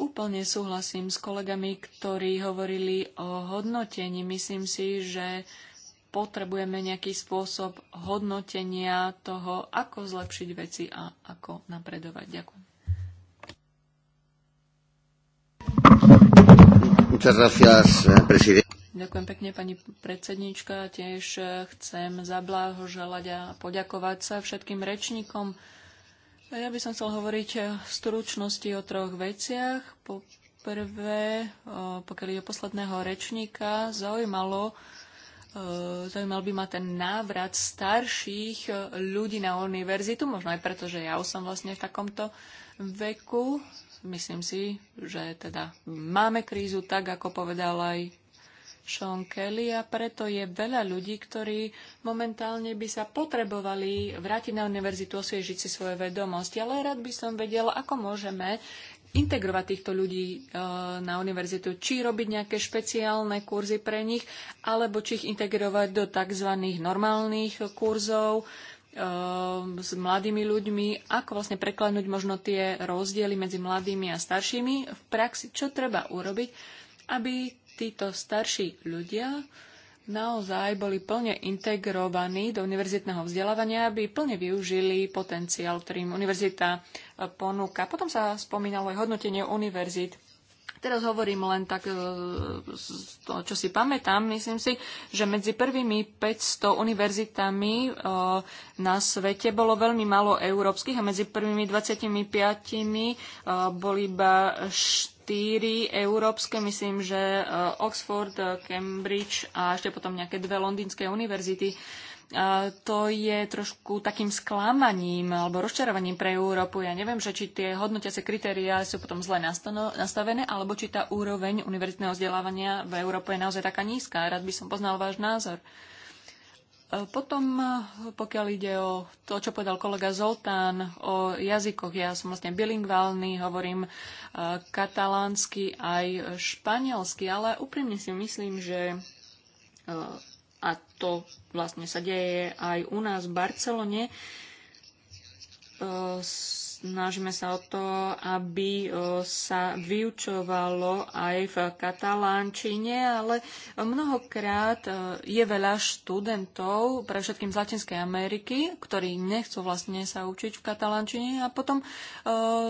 Úplne súhlasím s kolegami, ktorí hovorili o hodnotení. Myslím si, že potrebujeme nejaký spôsob hodnotenia toho, ako zlepšiť veci a ako napredovať. Ďakujem. Gracias, eh, Ďakujem pekne, pani predsednička. Tiež eh, chcem zablahoželať a poďakovať sa všetkým rečníkom. Ja by som chcel hovoriť eh, v stručnosti o troch veciach. Po prvé, pokiaľ je posledného rečníka, zaujímalo, zaujímal by ma ten návrat starších ľudí na univerzitu, možno aj preto, že ja už som vlastne v takomto veku myslím si, že teda máme krízu tak, ako povedal aj Sean Kelly a preto je veľa ľudí, ktorí momentálne by sa potrebovali vrátiť na univerzitu, osviežiť si svoje vedomosti, ale rád by som vedel, ako môžeme integrovať týchto ľudí e, na univerzitu, či robiť nejaké špeciálne kurzy pre nich, alebo či ich integrovať do tzv. normálnych kurzov, Ehm, s mladými ľuďmi, ako vlastne preklenúť možno tie rozdiely medzi mladými a staršími v praxi, čo treba urobiť, aby títo starší ľudia naozaj boli plne integrovaní do univerzitného vzdelávania, aby plne využili potenciál, ktorým univerzita ponúka. Potom sa spomínalo aj hodnotenie univerzit. Teraz hovorím len tak, e, to, čo si pamätám, myslím si, že medzi prvými 500 univerzitami e, na svete bolo veľmi málo európskych a medzi prvými 25 e, boli iba 4 európske, myslím, že Oxford, Cambridge a ešte potom nejaké dve londýnske univerzity to je trošku takým sklamaním alebo rozčarovaním pre Európu. Ja neviem, že či tie hodnotiace kritériá sú potom zle nastavené, alebo či tá úroveň univerzitného vzdelávania v Európe je naozaj taká nízka. Rád by som poznal váš názor. E, potom, e, pokiaľ ide o to, čo povedal kolega Zoltán o jazykoch, ja som vlastne bilingválny, hovorím e, katalánsky aj španielsky, ale úprimne si myslím, že a to vlastne sa deje aj u nás v Barcelone, e, snažíme sa o to, aby e, sa vyučovalo aj v katalánčine, ale mnohokrát e, je veľa študentov, pre všetkým z Latinskej Ameriky, ktorí nechcú vlastne sa učiť v katalánčine a potom e,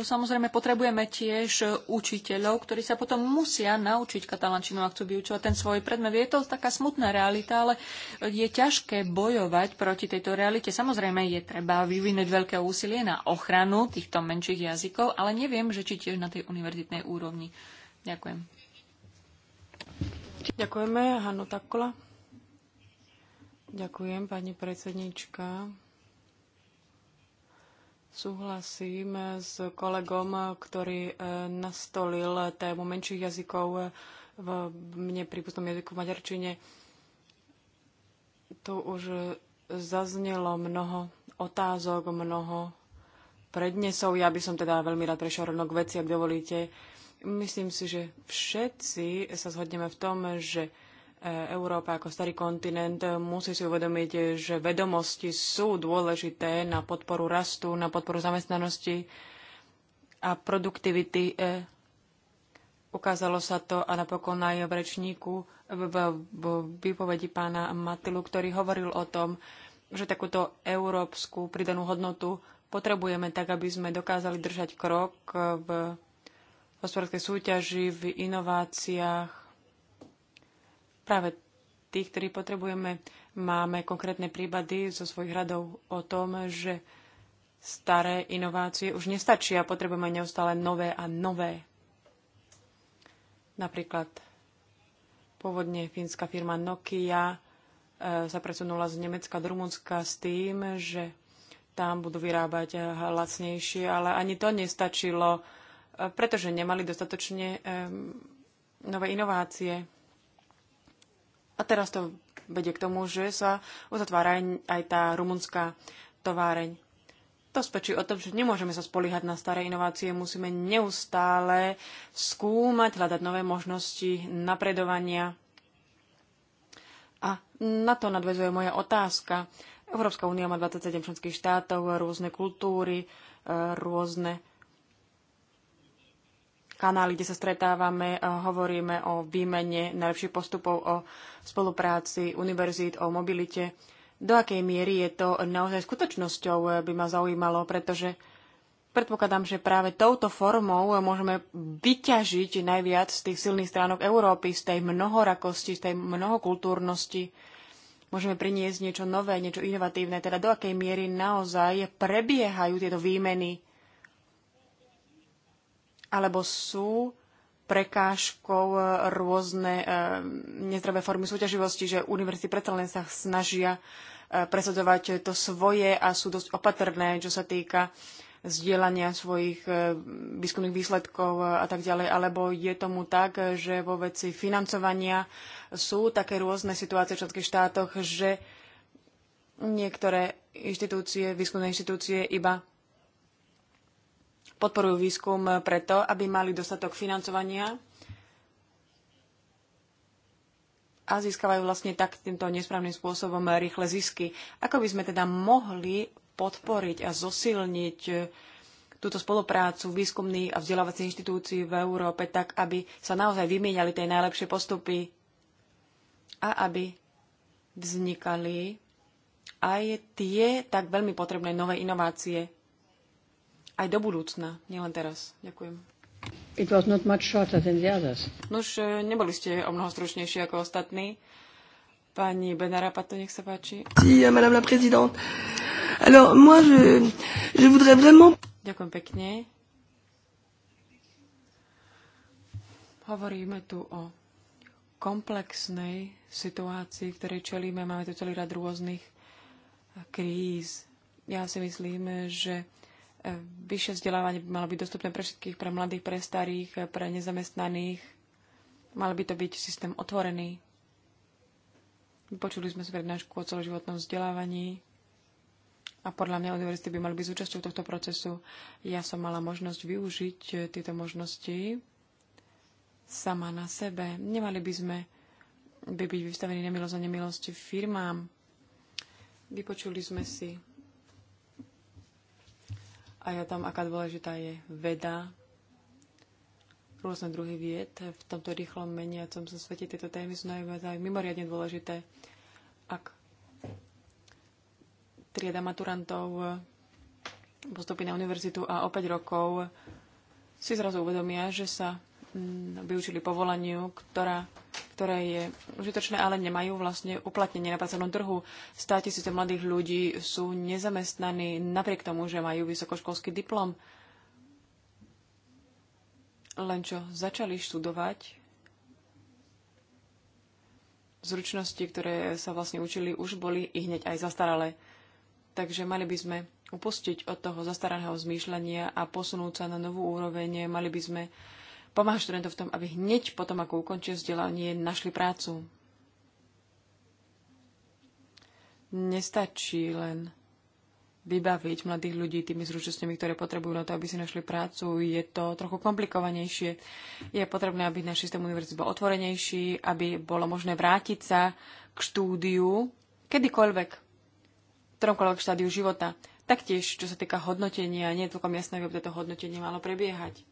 samozrejme potrebujeme tiež učiteľov, ktorí sa potom musia naučiť katalánčinu a chcú vyučovať ten svoj predmet. Je to taká smutná realita, ale je ťažké bojovať proti tejto realite. Samozrejme je treba vyvinúť veľké úsilie na ochranu tých týchto menších jazykov, ale neviem, že či tiež na tej univerzitnej úrovni. Ďakujem. Ďakujeme, Hanno Takola. Ďakujem, pani predsednička. Súhlasím s kolegom, ktorý e, nastolil tému menších jazykov v mne prípustnom jazyku v maďarčine. Tu už zaznelo mnoho otázok, mnoho prednesov. Ja by som teda veľmi rád prešiel rovno k veci, ak dovolíte. Myslím si, že všetci sa zhodneme v tom, že e, Európa ako starý kontinent musí si uvedomiť, že vedomosti sú dôležité na podporu rastu, na podporu zamestnanosti a produktivity. E, ukázalo sa to a napokon aj v rečníku v, v výpovedi pána Matilu, ktorý hovoril o tom, že takúto európsku pridanú hodnotu potrebujeme tak, aby sme dokázali držať krok eh, v hospodárskej súťaži, v inováciách. Práve tých, ktorí potrebujeme, máme konkrétne prípady zo svojich radov o tom, že staré inovácie už nestačia, potrebujeme neustále nové a nové. Napríklad pôvodne fínska firma Nokia eh, sa presunula z Nemecka do Rumunska s tým, že tam budú vyrábať eh, lacnejšie, ale ani to nestačilo, eh, pretože nemali dostatočne nové inovácie. A teraz to vedie k tomu, že sa uzatvára aj tá rumunská továreň. To spečí o tom, že nemôžeme sa spolíhať na staré inovácie, musíme neustále skúmať, hľadať nové možnosti napredovania. A na to nadvezuje moja otázka. Európska únia má 27 členských štátov, rôzne kultúry, e, rôzne kanály, kde sa stretávame, e, hovoríme o výmene najlepších postupov, o spolupráci univerzít, o mobilite. Do akej miery je to naozaj skutočnosťou, e, by ma zaujímalo, pretože predpokladám, že práve touto formou môžeme vyťažiť najviac z tých silných stránok Európy, z tej mnohorakosti, z tej mnohokultúrnosti, môžeme priniesť niečo nové, niečo inovatívne, teda do akej miery naozaj prebiehajú tieto výmeny, alebo sú prekážkou e, rôzne e, nezdravé formy súťaživosti, že univerzity predsa len sa snažia e, presadzovať to svoje a sú dosť opatrné, čo sa týka zdieľania svojich eh, výskumných výsledkov eh, a tak ďalej, alebo je tomu tak, že vo veci financovania sú také rôzne situácie v členských štátoch, že niektoré inštitúcie, výskumné inštitúcie iba podporujú výskum preto, aby mali dostatok financovania a získavajú vlastne tak týmto nesprávnym spôsobom rýchle zisky. Ako by sme teda mohli podporiť a zosilniť eh, túto spoluprácu výskumných a vzdelávacích inštitúcií v Európe tak, aby sa naozaj vymieňali tie najlepšie postupy a aby vznikali aj tie tak veľmi potrebné nové inovácie aj do budúcna, nielen teraz. Ďakujem. It was not much shorter than the others. Nož, eh, neboli ste o mnoho stručnejší ako ostatní. Pani Benarapato, nech sa páči. Sí, madame la présidente. Alors moi, je, je voudrais vraiment... Ďakujem pekne. Hovoríme tu o komplexnej situácii, v ktorej čelíme. Máme tu celý rad rôznych kríz. Ja si myslím, že e, vyššie vzdelávanie by malo byť dostupné pre všetkých, pre mladých, pre starých, pre nezamestnaných. Mal by to byť systém otvorený. Počuli sme si prednášku o celoživotnom vzdelávaní. A podľa mňa univerzity by mali byť súčasťou tohto procesu. Ja som mala možnosť využiť eh, tieto možnosti sama na sebe. Nemali by sme by byť vystavení nemilosť a nemilosti firmám. Vypočuli sme si aj o tom, aká dôležitá je veda, rôzne druhy vied. V tomto rýchlom meniacom sa svete tieto témy sú najmä mimoriadne dôležité. Ak trieda maturantov eh, postupí na univerzitu a o 5 rokov si zrazu uvedomia, že sa mm, vyučili povolaniu, ktorá, ktoré je užitočné, ale nemajú vlastne uplatnenie na pracovnom trhu. Stá tisíce mladých ľudí sú nezamestnaní napriek tomu, že majú vysokoškolský diplom. Len čo začali študovať, zručnosti, ktoré sa vlastne učili, už boli i hneď aj zastaralé. Takže mali by sme upustiť od toho zastaraného zmýšľania a posunúť sa na novú úroveň. Mali by sme pomáhať študentov v tom, aby hneď potom, ako ukončia vzdelanie, našli prácu. Nestačí len vybaviť mladých ľudí tými zručnosťami, ktoré potrebujú na to, aby si našli prácu. Je to trochu komplikovanejšie. Je potrebné, aby náš systém univerzity bol otvorenejší, aby bolo možné vrátiť sa k štúdiu kedykoľvek ktoromkoľvek štádiu života. Taktiež, čo sa týka hodnotenia, nie je celkom jasné, ako by toto hodnotenie malo prebiehať.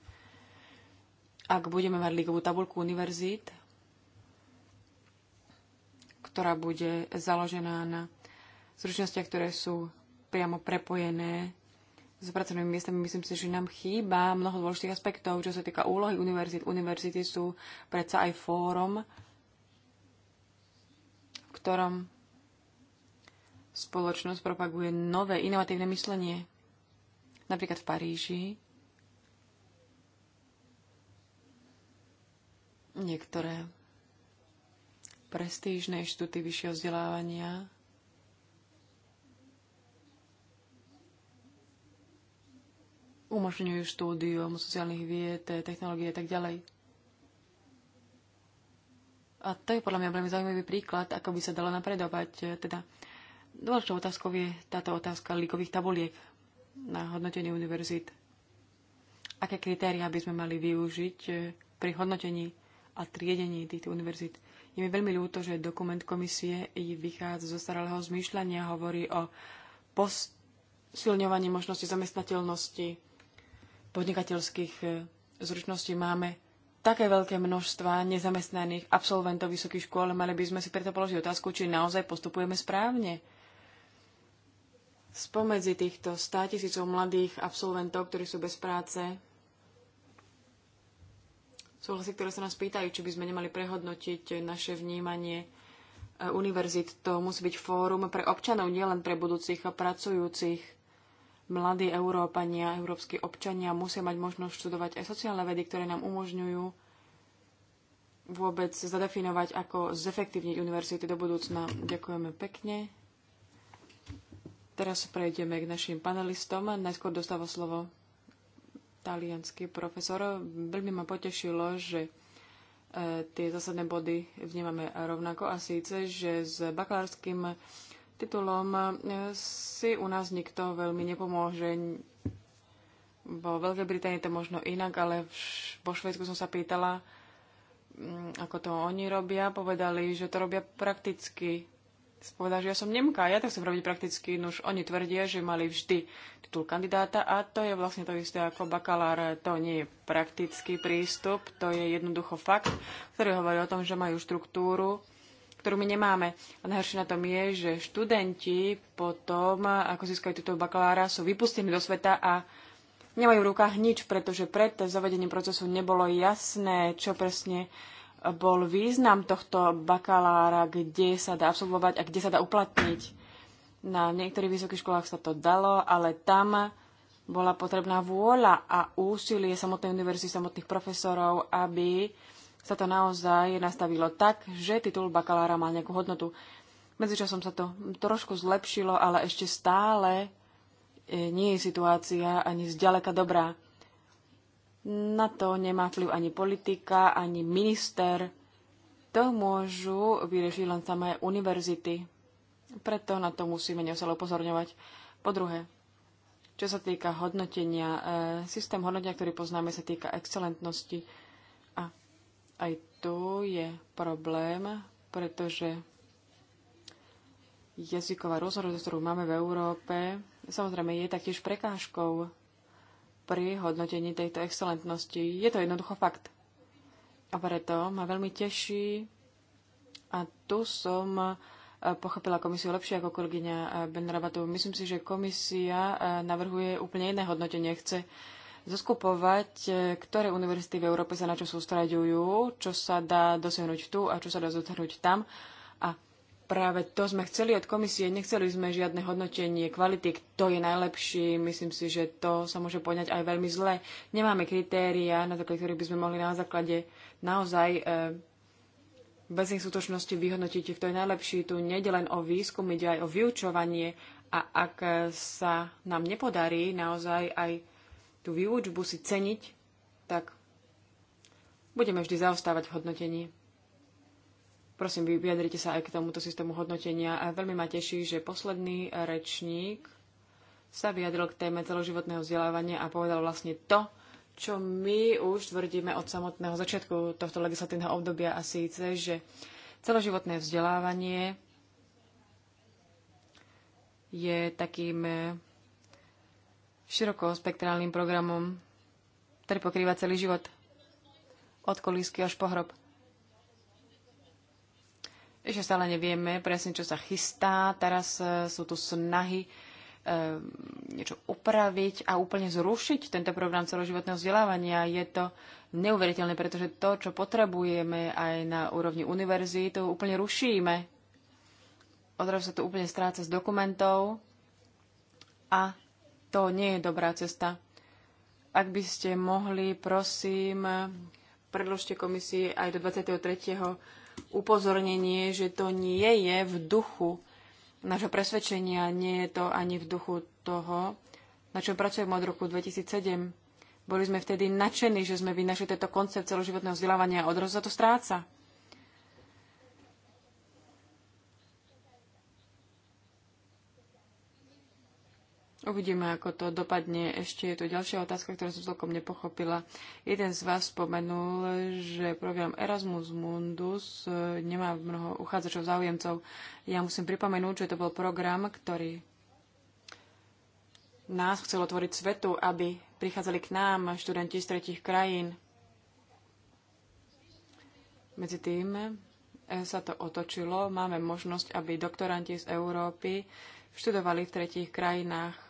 Ak budeme mať ligovú tabulku univerzít, ktorá bude založená na zručnostiach, ktoré sú priamo prepojené s pracovnými miestami, myslím si, že nám chýba mnoho dôležitých aspektov, čo sa týka úlohy univerzít. Univerzity sú predsa aj fórum, v ktorom spoločnosť propaguje nové, inovatívne myslenie. Napríklad v Paríži niektoré prestížne štúty vyššieho vzdelávania umožňujú štúdium sociálnych vied, technológie a tak ďalej. A to je podľa mňa veľmi zaujímavý príklad, ako by sa dalo napredovať. Teda Dôležitou otázkou je táto otázka líkových tabuliek na hodnotenie univerzít. Aké kritéria by sme mali využiť eh, pri hodnotení a triedení týchto univerzít? Je mi veľmi ľúto, že dokument komisie vychádza zo starého zmýšľania, hovorí o posilňovaní možnosti zamestnateľnosti podnikateľských eh, zručností. Máme také veľké množstva nezamestnaných absolventov vysokých škôl, mali by sme si preto položiť otázku, či naozaj postupujeme správne Spomedzi týchto 100 tisícov mladých absolventov, ktorí sú bez práce, sú hlasy, ktoré sa nás pýtajú, či by sme nemali prehodnotiť naše vnímanie e, univerzit. To musí byť fórum pre občanov, nielen pre budúcich a pracujúcich. Mladí Európania, európsky občania musia mať možnosť študovať aj sociálne vedy, ktoré nám umožňujú vôbec zadefinovať, ako zefektívniť univerzity do budúcna. Ďakujeme pekne. Teraz prejdeme k našim panelistom. Najskôr dostáva slovo talianský profesor. Veľmi ma potešilo, že e, tie zásadné body vnímame rovnako a síce, že s bakalárským titulom e, si u nás nikto veľmi nepomôže. Vo Veľkej Británii to možno inak, ale vo Švedsku som sa pýtala, mm, ako to oni robia. Povedali, že to robia prakticky povedal, že ja som Nemka, ja tak chcem robiť prakticky, už oni tvrdia, že mali vždy titul kandidáta a to je vlastne to isté ako bakalár, to nie je praktický prístup, to je jednoducho fakt, ktorý hovorí o tom, že majú štruktúru, ktorú my nemáme. A najhoršie na tom je, že študenti potom, ako získajú titul bakalára, sú vypustení do sveta a nemajú v rukách nič, pretože pred zavedením procesu nebolo jasné, čo presne bol význam tohto bakalára, kde sa dá absolvovať a kde sa dá uplatniť. Na niektorých vysokých školách sa to dalo, ale tam bola potrebná vôľa a úsilie samotnej univerzity, samotných profesorov, aby sa to naozaj nastavilo tak, že titul bakalára mal nejakú hodnotu. Medzičasom sa to trošku zlepšilo, ale ešte stále eh, nie je situácia ani zďaleka dobrá. Na to nemá vplyv ani politika, ani minister. To môžu vyriešiť len samé univerzity. Preto na to musíme neuselo upozorňovať. Po druhé, čo sa týka hodnotenia, e, systém hodnotenia, ktorý poznáme, sa týka excelentnosti. A aj tu je problém, pretože jazyková rozhodnosť, ktorú máme v Európe, samozrejme je taktiež prekážkou pri hodnotení tejto excelentnosti. Je to jednoducho fakt. A preto ma veľmi teší a tu som e, pochopila komisiu lepšie ako kolegyňa e, Benrabatov. Myslím si, že komisia e, navrhuje úplne iné hodnotenie. Chce zoskupovať, ktoré univerzity v Európe sa na čo sústraďujú, čo sa dá dosiahnuť tu a čo sa dá dosiahnuť tam. A práve to sme chceli od komisie. Nechceli sme žiadne hodnotenie kvality, kto je najlepší. Myslím si, že to sa môže poňať aj veľmi zle. Nemáme kritéria, na základe ktorých by sme mohli na základe naozaj e, bez ich skutočnosti vyhodnotiť, kto je najlepší. Tu nejde len o výskum, ide aj o vyučovanie a ak e, sa nám nepodarí naozaj aj tú výučbu si ceniť, tak budeme vždy zaostávať v hodnotení. Prosím, vyjadrite sa aj k tomuto systému hodnotenia. A veľmi ma teší, že posledný rečník sa vyjadril k téme celoživotného vzdelávania a povedal vlastne to, čo my už tvrdíme od samotného začiatku tohto legislatívneho obdobia a síce, že celoživotné vzdelávanie je takým eh, širokospektrálnym programom, ktorý pokrýva celý život od kolísky až po hrob. Ešte stále nevieme presne, čo sa chystá. Teraz e, sú tu snahy e, niečo upraviť a úplne zrušiť tento program celoživotného vzdelávania. Je to neuveriteľné, pretože to, čo potrebujeme aj na úrovni univerzí, to úplne rušíme. Odrazu sa to úplne stráca z dokumentov a to nie je dobrá cesta. Ak by ste mohli, prosím, predložte komisii aj do 23 upozornenie, že to nie je v duchu nášho presvedčenia, nie je to ani v duchu toho, na čom pracujeme od roku 2007. Boli sme vtedy nadšení, že sme vynašli tento koncept celoživotného vzdelávania a odroz sa to stráca. Uvidíme, ako to dopadne. Ešte je tu ďalšia otázka, ktorú som celkom nepochopila. Jeden z vás spomenul, že program Erasmus Mundus e, nemá mnoho uchádzačov, záujemcov. Ja musím pripomenúť, že to bol program, ktorý nás chcel otvoriť svetu, aby prichádzali k nám študenti z tretich krajín. Medzi tým e, sa to otočilo. Máme možnosť, aby doktoranti z Európy študovali v tretích krajinách.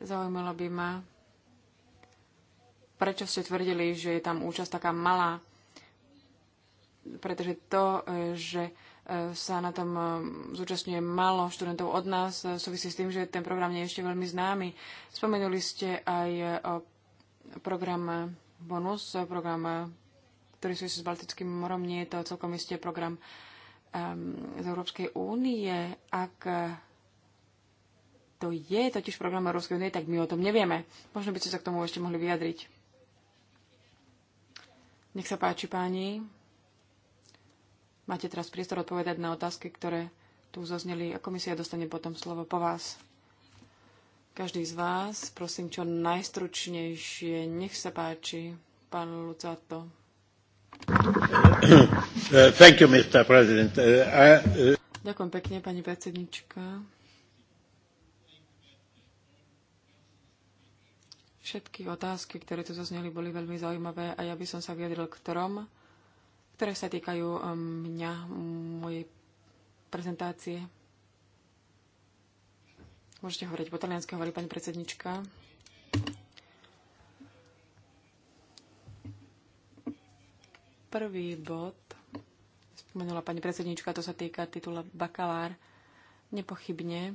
Zaujímalo by ma, prečo ste tvrdili, že je tam účasť taká malá. Pretože to, e, že e, sa na tom e, zúčastňuje malo študentov od nás, súvisí s tým, že ten program nie je ešte veľmi známy. Spomenuli ste aj o program Bonus, program, ktorý súvisí s Baltickým morom. Nie je to celkom isté program z Európskej únie. Ak to je totiž program Európskej únie, tak my o tom nevieme. Možno by ste sa k tomu ešte mohli vyjadriť. Nech sa páči, páni. Máte teraz priestor odpovedať na otázky, ktoré tu zozneli a komisia dostane potom slovo po vás. Každý z vás, prosím, čo najstručnejšie. Nech sa páči, pán Lucato. Uh, thank you, Mr. President. Uh, uh, Ďakujem pekne, pani predsednička. Všetky otázky, ktoré tu zazneli, boli veľmi zaujímavé a ja by som sa vyjadril k trom, ktoré sa týkajú eh, mňa, mojej prezentácie. Môžete hovoriť po taliansky, hovorí pani predsednička. Prvý bod, spomenula pani predsednička, to sa týka titula bakalár. Nepochybne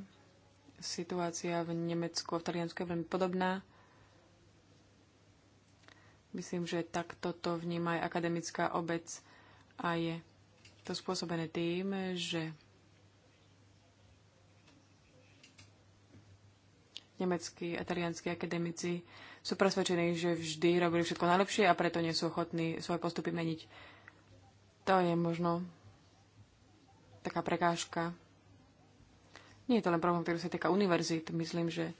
situácia v Nemecku a v Taliansku je veľmi podobná Myslím, že takto to vníma aj akademická obec a je to spôsobené tým, že nemeckí a talianskí akademici sú presvedčení, že vždy robili všetko najlepšie a preto nie sú ochotní svoje postupy meniť. To je možno taká prekážka. Nie je to len problém, ktorý sa týka univerzít. Myslím, že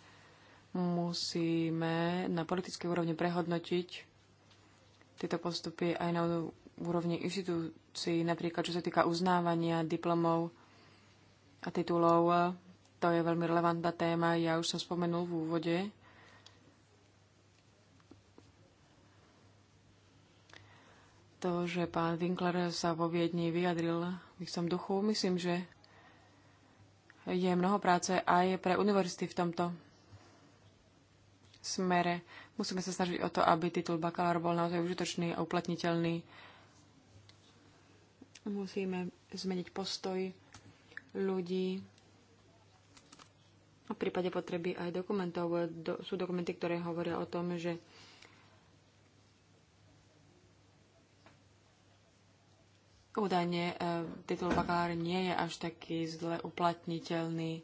musíme na politickej úrovni prehodnotiť tieto postupy aj na úrovni inštitúcií, napríklad čo sa týka uznávania diplomov a titulov. To je veľmi relevantná téma. Ja už som spomenul v úvode. To, že pán Winkler sa vo Viedni vyjadril v istom duchu, myslím, že je mnoho práce aj pre univerzity v tomto smere. Musíme sa snažiť o to, aby titul bakalár bol naozaj užitočný a uplatniteľný. Musíme zmeniť postoj ľudí a v prípade potreby aj dokumentov. Do, sú dokumenty, ktoré hovoria o tom, že údajne e, titul bakalár nie je až taký zle uplatniteľný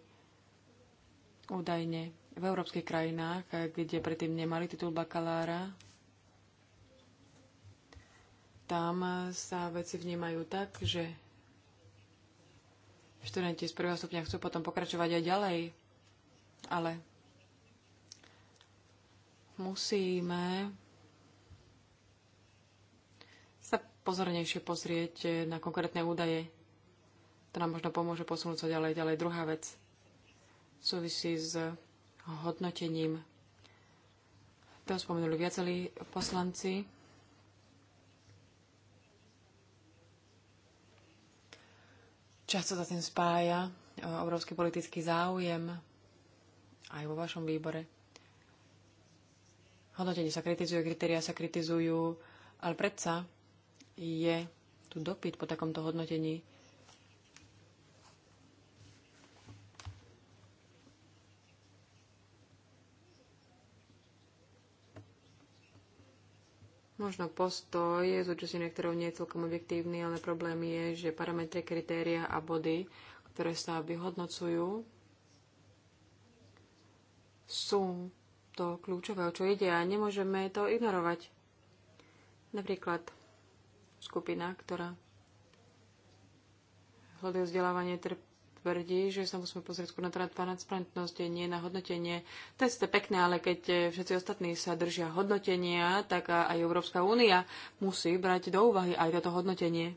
údajne v európskych krajinách, kde predtým nemali titul bakalára, tam sa veci vnímajú tak, že študenti z prvého stupňa chcú potom pokračovať aj ďalej, ale musíme sa pozornejšie pozrieť na konkrétne údaje. To nám možno pomôže posunúť sa ďalej. Ďalej druhá vec súvisí s hodnotením. To spomenuli viacerí poslanci. Často sa tým spája e, obrovský politický záujem aj vo vašom výbore. Hodnotenie sa kritizujú, kritéria sa kritizujú, ale predsa je tu dopyt po takomto hodnotení. Možno postoj zúčastnených, ktorou nie je celkom objektívny, ale problém je, že parametre, kritéria a body, ktoré sa vyhodnocujú, sú to kľúčové, o čo ide a nemôžeme to ignorovať. Napríklad skupina, ktorá hľadajú vzdelávanie, trp, tvrdí, že sa musíme pozrieť skôr na transparentnosť, nie na hodnotenie. To je pekné, ale keď všetci ostatní sa držia hodnotenia, tak aj Európska únia musí brať do úvahy aj toto hodnotenie.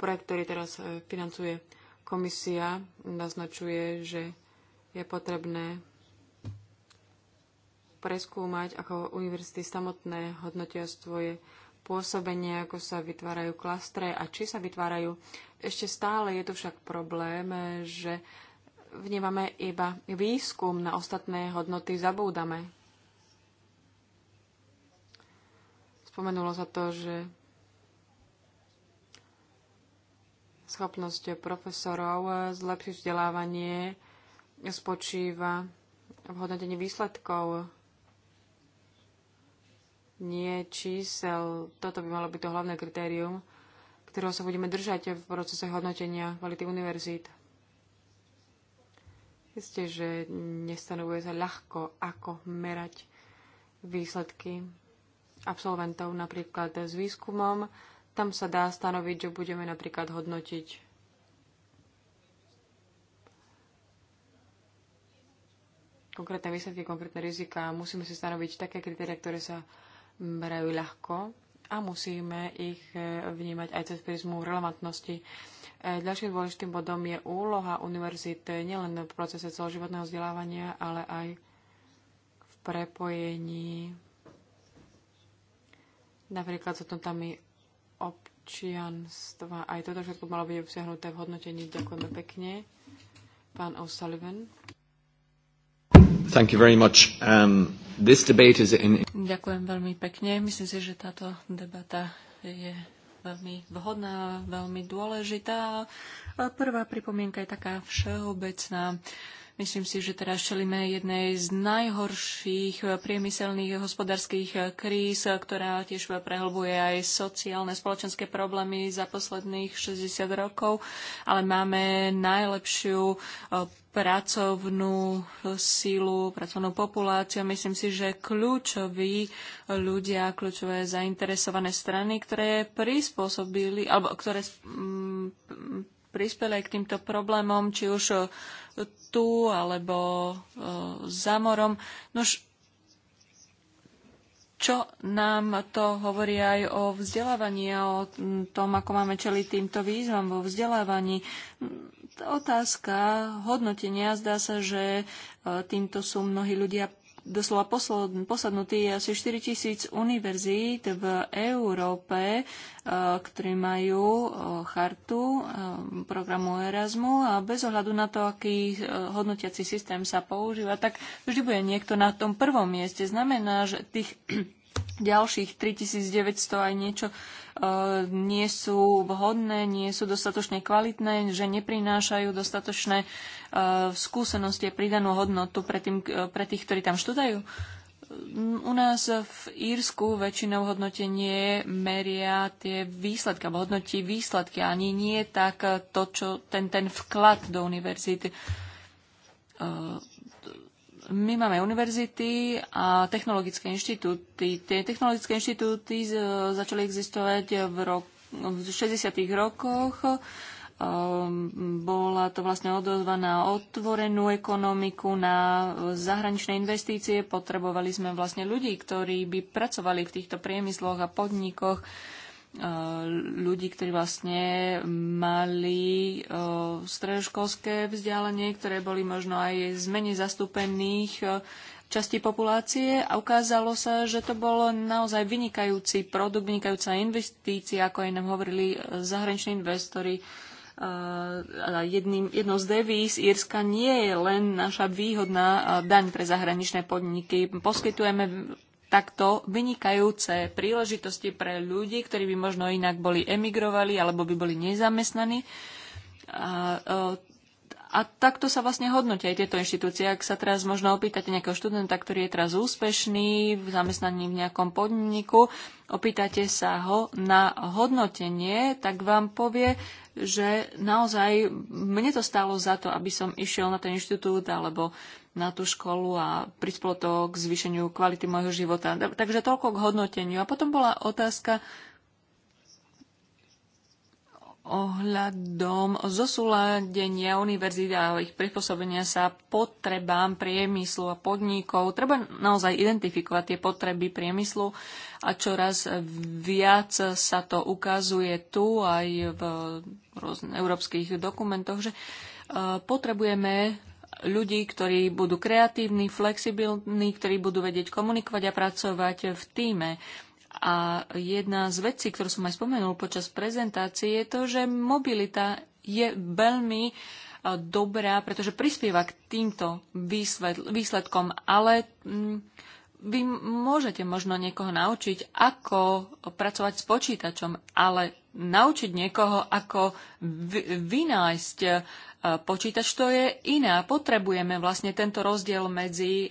Projekt, ktorý teraz e, financuje komisia, naznačuje, že je potrebné preskúmať, ako univerzity samotné hodnotia svoje pôsobenie, ako sa vytvárajú klastre a či sa vytvárajú. Ešte stále je tu však problém, že vnímame iba výskum na ostatné hodnoty, zabúdame. Spomenulo sa to, že schopnosť profesorov zlepšiť vzdelávanie spočíva v hodnotení výsledkov nie čísel. Toto by malo byť to hlavné kritérium, ktorého sa budeme držať v procese hodnotenia kvality univerzít. Isté, že nestanovuje sa ľahko, ako merať výsledky absolventov napríklad s výskumom. Tam sa dá stanoviť, že budeme napríklad hodnotiť konkrétne výsledky, konkrétne rizika. Musíme si stanoviť také kritéria, ktoré sa berajú ľahko a musíme ich e, vnímať aj cez prízmu relevantnosti. E, ďalším dôležitým bodom je úloha univerzít e, nielen v procese celoživotného vzdelávania, ale aj v prepojení napríklad s hodnotami občianstva. Aj toto všetko malo byť obsiahnuté v hodnotení. Ďakujeme pekne. Pán O'Sullivan. Thank you very much. Um, this debate is in... Ďakujem veľmi pekne. Myslím si, že táto debata je veľmi vhodná, veľmi dôležitá. Prvá pripomienka je taká všeobecná. Uh, Myslím si, že teraz čelíme jednej z najhorších priemyselných hospodárskych kríz, ktorá tiež prehlbuje aj sociálne spoločenské problémy za posledných 60 rokov, ale máme najlepšiu e, pracovnú sílu, pracovnú populáciu. Myslím si, že kľúčoví ľudia, kľúčové zainteresované strany, ktoré prispôsobili, alebo ktoré mm, prispeli aj k týmto problémom, či už e, tu alebo e, za morom. Nož, čo nám to hovorí aj o vzdelávaní a o tom, ako máme čeliť týmto výzvam vo vzdelávaní. Otázka hodnotenia zdá sa, že e, týmto sú mnohí ľudia doslova posadnutý. Je asi 4 tisíc univerzít v Európe, e, ktorí majú e, chartu e, programu Erasmu a bez ohľadu na to, aký hodnotiaci systém sa používa, tak vždy bude niekto na tom prvom mieste. Znamená, že tých ďalších 3900 aj niečo nie sú vhodné, nie sú dostatočne kvalitné, že neprinášajú dostatočné e, skúsenosti a pridanú hodnotu pre, tým, e, pre tých, ktorí tam študajú? U nás v Írsku väčšinou hodnotenie meria tie výsledky, alebo hodnotí výsledky, ani nie tak to, čo ten, ten vklad do univerzity. E, my máme univerzity a technologické inštitúty. Tie technologické inštitúty e, začali existovať v, rok, v 60. rokoch. E, bola to vlastne odozva na otvorenú ekonomiku, na zahraničné investície. Potrebovali sme vlastne ľudí, ktorí by pracovali v týchto priemysloch a podnikoch ľudí, ktorí vlastne mali e, stredoškolské vzdialenie, ktoré boli možno aj z menej zastúpených e, časti populácie a ukázalo sa, že to bol naozaj vynikajúci produkt, vynikajúca investícia, ako aj nám hovorili e, zahraniční investori. Jedným, jedno z devíz Írska nie je len naša výhodná daň pre zahraničné podniky. Poskytujeme takto vynikajúce príležitosti pre ľudí, ktorí by možno inak boli emigrovali alebo by boli nezamestnaní. A, a a takto sa vlastne hodnotia aj tieto inštitúcie. Ak sa teraz možno opýtate nejakého študenta, ktorý je teraz úspešný v zamestnaní v nejakom podniku, opýtate sa ho na hodnotenie, tak vám povie, že naozaj mne to stálo za to, aby som išiel na ten inštitút alebo na tú školu a prispelo to k zvýšeniu kvality môjho života. Takže toľko k hodnoteniu. A potom bola otázka, ohľadom zosúladenia univerzity a ich prispôsobenia sa potrebám priemyslu a podnikov. Treba naozaj identifikovať tie potreby priemyslu a čoraz viac sa to ukazuje tu aj v rôznych európskych dokumentoch, že e, potrebujeme ľudí, ktorí budú kreatívni, flexibilní, ktorí budú vedieť komunikovať a pracovať v týme. A jedna z vecí, ktorú som aj spomenul počas prezentácie, je to, že mobilita je veľmi e, dobrá, pretože prispieva k týmto výsledkom, ale mm, vy môžete možno niekoho naučiť, ako pracovať s počítačom, ale naučiť niekoho, ako vynájsť e, počítač, to je iné. Potrebujeme vlastne tento rozdiel medzi e,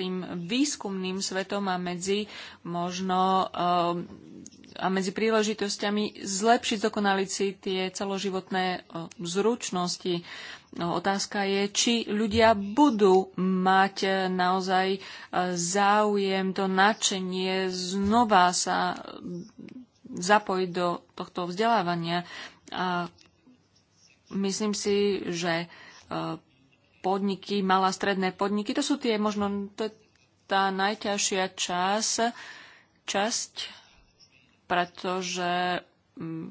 tým výskumným svetom a medzi možno eh, a medzi príležitosťami zlepšiť, dokonaliť si tie celoživotné eh, zručnosti. No, otázka je, či ľudia budú mať eh, naozaj záujem, to nadšenie znova sa zapojiť do tohto vzdelávania. A myslím si, že podniky, malé a stredné podniky. To sú tie možno to je tá najťažšia čas, časť, pretože mm,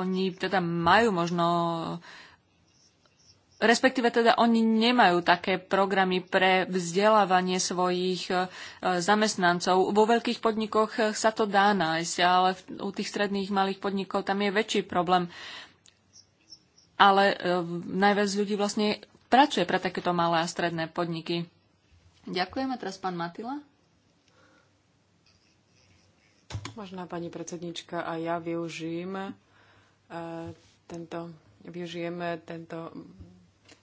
oni teda majú možno respektíve teda oni nemajú také programy pre vzdelávanie svojich e, zamestnancov. Vo veľkých podnikoch sa to dá nájsť, ale u tých stredných malých podnikov tam je väčší problém. Ale e, najviac ľudí vlastne pracuje pre takéto malé a stredné podniky. Ďakujeme teraz pán Matila. Možná pani predsednička a ja využijem e, tento, využijeme tento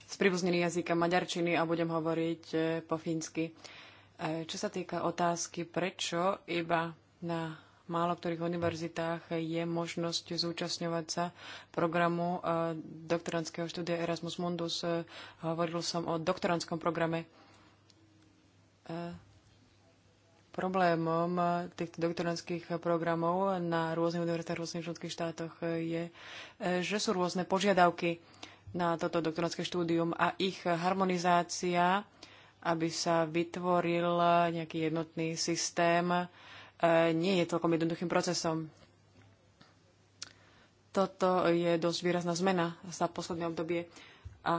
spribuznený jazyka maďarčiny a budem hovoriť e, po fínsky. E, čo sa týka otázky, prečo iba na málo ktorých univerzitách je možnosť zúčastňovať sa programu eh, doktorandského štúdia Erasmus Mundus. Eh, hovoril som o doktorandskom programe. Eh, problémom týchto doktorandských programov na rôznych univerzitách v rôznych členských štátoch je, že sú rôzne požiadavky na toto doktorandské štúdium a ich harmonizácia, aby sa vytvoril nejaký jednotný systém, E, nie je celkom jednoduchým procesom. Toto je dosť výrazná zmena za posledné obdobie a,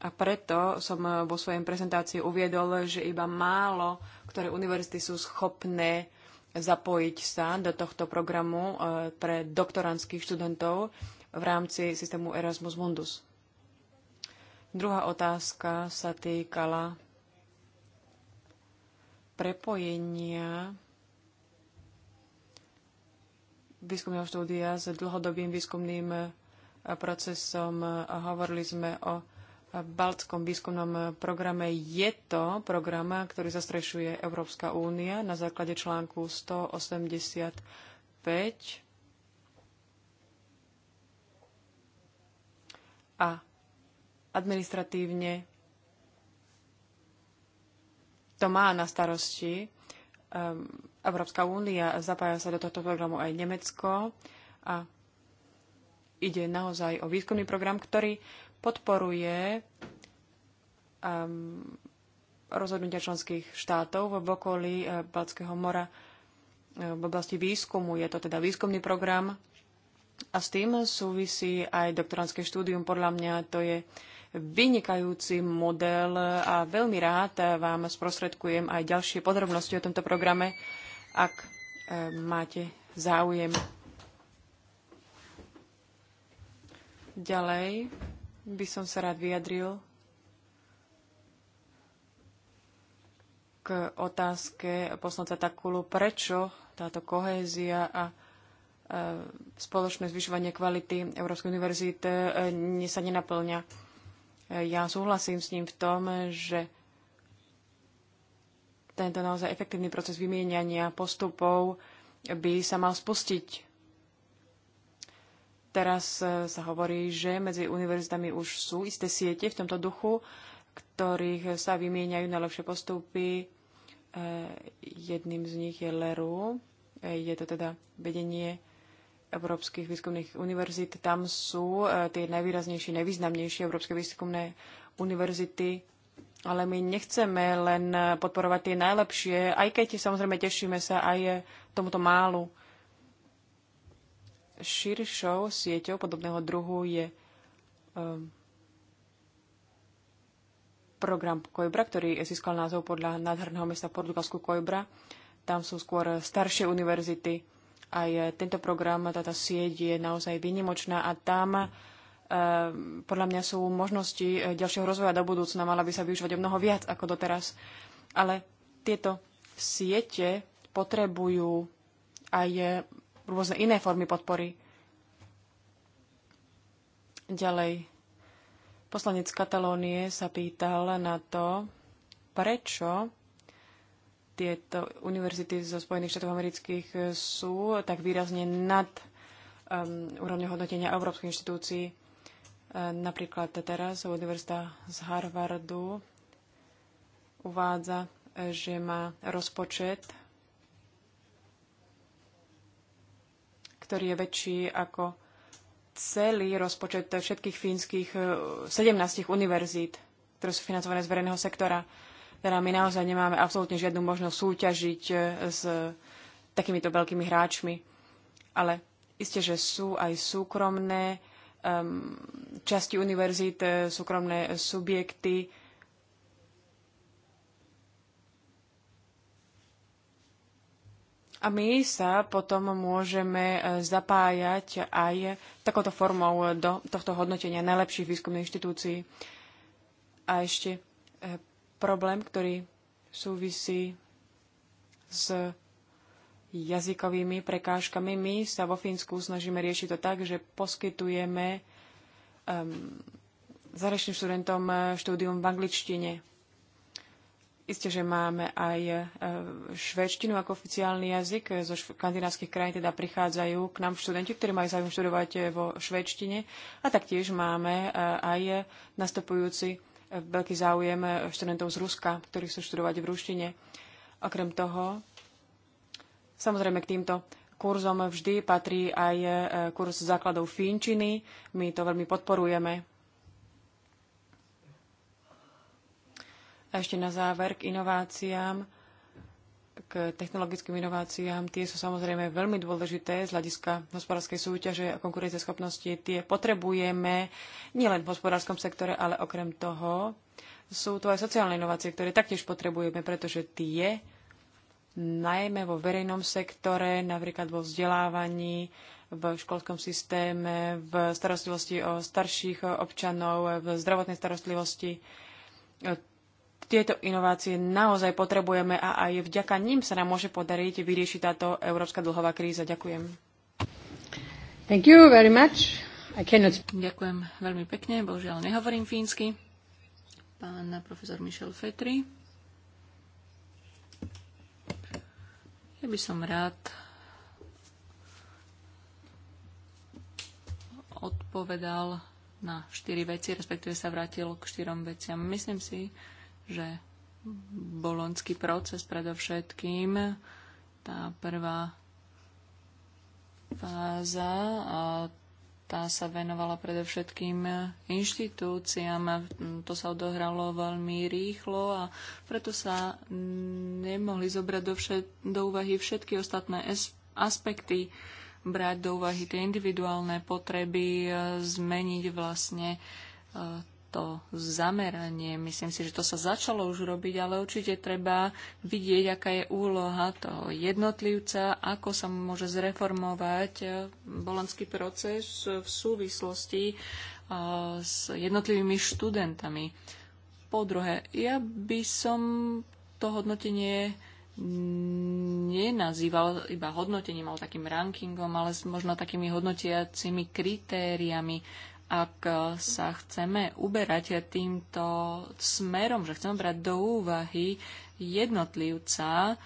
a preto som vo svojej prezentácii uviedol, že iba málo, ktoré univerzity sú schopné zapojiť sa do tohto programu e, pre doktorandských študentov v rámci systému Erasmus Mundus. Druhá otázka sa týkala prepojenia výskumného štúdia s dlhodobým výskumným eh, procesom. Hovorili sme o Baltskom výskumnom programe. Je to program, ktorý zastrešuje Európska únia na základe článku 185. A administratívne to má na starosti um, Európska únia, zapája sa do tohto programu aj Nemecko a ide naozaj o výskumný program, ktorý podporuje um, rozhodnutia členských štátov v okolí uh, Balckého mora uh, v oblasti výskumu. Je to teda výskumný program a s tým súvisí aj doktorantské štúdium. Podľa mňa to je vynikajúci model a veľmi rád vám sprostredkujem aj ďalšie podrobnosti o tomto programe, ak e, máte záujem. Ďalej by som sa rád vyjadril k otázke poslanca Takulu, prečo táto kohézia a e, spoločné zvyšovanie kvality Európskej univerzity e, sa nenaplňa. Ja súhlasím s ním v tom, že tento naozaj efektívny proces vymieniania postupov by sa mal spustiť. Teraz e, sa hovorí, že medzi univerzitami už sú isté siete v tomto duchu, ktorých sa vymieňajú najlepšie postupy. E, jedným z nich je LERU. E, je to teda vedenie európskych výskumných univerzít. Tam sú e, tie najvýraznejšie, najvýznamnejšie európske výskumné univerzity. Ale my nechceme len e, podporovať tie najlepšie, aj keď samozrejme tešíme sa aj e, tomuto málu. Širšou sieťou podobného druhu je um, program Kojbra, ktorý získal názov podľa nádherného mesta Portugalsku Kojbra. Tam sú skôr staršie univerzity, aj tento program, táto sieť je naozaj vynimočná a tam eh, podľa mňa sú možnosti eh, ďalšieho rozvoja do budúcna. Mala by sa využívať o mnoho viac ako doteraz. Ale tieto siete potrebujú aj eh, rôzne iné formy podpory. Ďalej. Poslanec Katalónie sa pýtal na to, prečo tieto univerzity zo Spojených štátov amerických eh, sú tak výrazne nad um, úrovňou hodnotenia európskych inštitúcií. Eh, napríklad teraz Univerzita z Harvardu uvádza, eh, že má rozpočet, ktorý je väčší ako celý rozpočet všetkých fínskych 17 univerzít, ktoré sú financované z verejného sektora. Teda my naozaj nemáme absolútne žiadnu možnosť súťažiť e, s takýmito veľkými hráčmi. Ale isté, že sú aj súkromné um, časti univerzít, e, súkromné subjekty, A my sa potom môžeme e, zapájať aj takouto formou do tohto hodnotenia najlepších výskumných inštitúcií. A ešte problém, ktorý súvisí s jazykovými prekážkami. My sa vo Fínsku snažíme riešiť to tak, že poskytujeme um, zahraničným študentom uh, štúdium v angličtine. Isté, že máme aj uh, švedštinu ako oficiálny jazyk. Zo škandinávskych krajín teda prichádzajú k nám študenti, ktorí majú záujem študovať uh, vo švedštine. A taktiež máme aj nastupujúci veľký záujem študentov z Ruska, ktorí chcú študovať v ruštine. Okrem toho, samozrejme k týmto kurzom vždy patrí aj e, kurz základov fínčiny. My to veľmi podporujeme. A ešte na záver k inováciám k technologickým inováciám. Tie sú samozrejme veľmi dôležité z hľadiska hospodárskej súťaže a konkurencieschopnosti. Tie potrebujeme nielen v hospodárskom sektore, ale okrem toho sú to aj sociálne inovácie, ktoré taktiež potrebujeme, pretože tie najmä vo verejnom sektore, napríklad vo vzdelávaní, v školskom systéme, v starostlivosti o starších občanov, v zdravotnej starostlivosti. Tieto inovácie naozaj potrebujeme a aj vďaka ním sa nám môže podariť vyriešiť táto európska dlhová kríza. Ďakujem. Thank you very much. I cannot... Ďakujem veľmi pekne. Bohužiaľ nehovorím fínsky. Pán profesor Michel Fetri. Ja by som rád odpovedal na štyri veci, respektíve sa vrátil k štyrom veciam. Myslím si, že bolonský proces predovšetkým, tá prvá fáza, a tá sa venovala predovšetkým inštitúciám. To sa odohralo veľmi rýchlo a preto sa nemohli zobrať do, všet, do úvahy všetky ostatné aspekty, brať do úvahy tie individuálne potreby, e, zmeniť vlastne e, to zameranie. Myslím si, že to sa začalo už robiť, ale určite treba vidieť, aká je úloha toho jednotlivca, ako sa môže zreformovať e, bolanský proces v súvislosti e, s jednotlivými študentami. Po druhé, ja by som to hodnotenie nenazýval iba hodnotením, ale takým rankingom, ale možno takými hodnotiacimi kritériami, ak sa chceme uberať týmto smerom, že chceme brať do úvahy jednotlivca,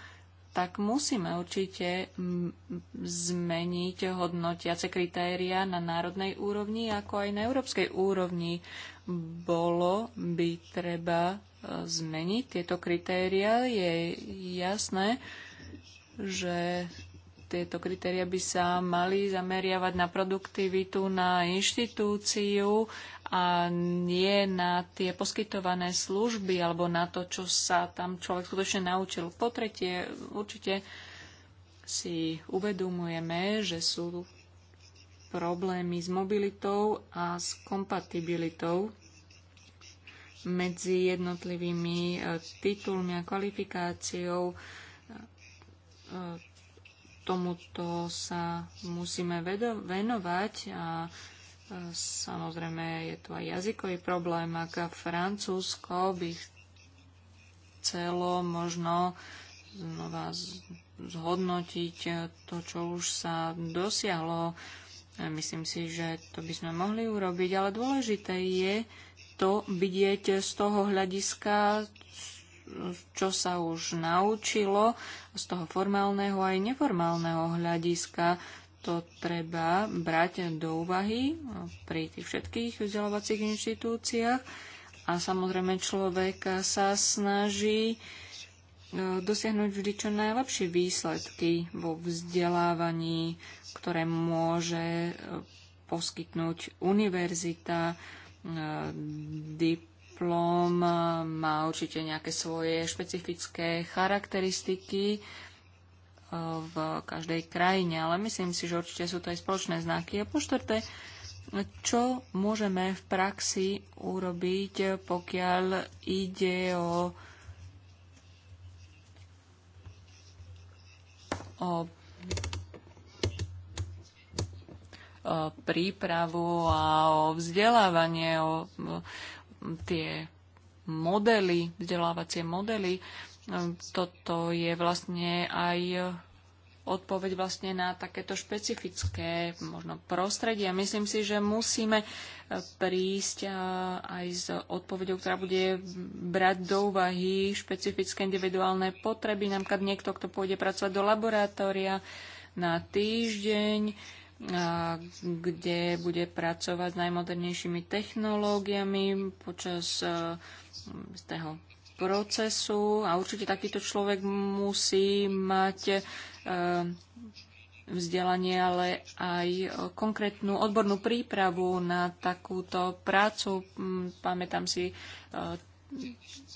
tak musíme určite zmeniť hodnotiace kritéria na národnej úrovni, ako aj na európskej úrovni. Bolo by treba e, zmeniť tieto kritéria. Je jasné, že tieto kritéria by sa mali zameriavať na produktivitu, na inštitúciu a nie na tie poskytované služby alebo na to, čo sa tam človek skutočne naučil. Po tretie, určite si uvedomujeme, že sú problémy s mobilitou a s kompatibilitou medzi jednotlivými eh, titulmi a kvalifikáciou eh, tomuto sa musíme venovať a e, samozrejme je tu aj jazykový problém, ak Francúzsko by chcelo možno znova zhodnotiť to, čo už sa dosiahlo. E, myslím si, že to by sme mohli urobiť, ale dôležité je to vidieť z toho hľadiska, čo sa už naučilo z toho formálneho aj neformálneho hľadiska. To treba brať do úvahy pri tých všetkých vzdelávacích inštitúciách. A samozrejme človek sa snaží e, dosiahnuť vždy čo najlepšie výsledky vo vzdelávaní, ktoré môže e, poskytnúť univerzita, e, diplom e, má určite nejaké svoje špecifické charakteristiky e, v každej krajine, ale myslím si, že určite sú to aj spoločné znaky. A po štvrté, čo môžeme v praxi urobiť, pokiaľ ide o, o, o prípravu a o vzdelávanie, o, o tie modely, vzdelávacie modely. Toto je vlastne aj odpoveď vlastne na takéto špecifické možno prostredie. Myslím si, že musíme prísť eh, aj s odpoveďou, ktorá bude brať do úvahy špecifické individuálne potreby. Napríklad niekto, kto pôjde pracovať do laboratória na týždeň, kde bude pracovať s najmodernejšími technológiami počas e, z toho procesu a určite takýto človek musí mať e, vzdelanie, ale aj konkrétnu odbornú prípravu na takúto prácu. Mm, pamätám si e,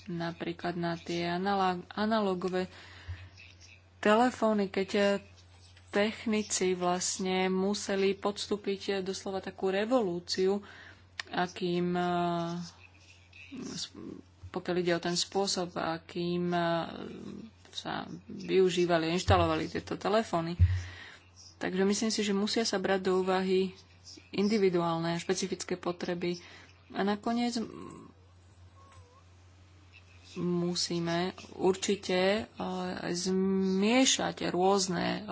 napríklad na tie analogové telefóny, keď technici vlastne museli podstúpiť doslova takú revolúciu, akým e, pokiaľ ide o ten spôsob, akým e, sa využívali a inštalovali tieto telefóny. Takže myslím si, že musia sa brať do úvahy individuálne a špecifické potreby. A nakoniec musíme určite e, zmiešať rôzne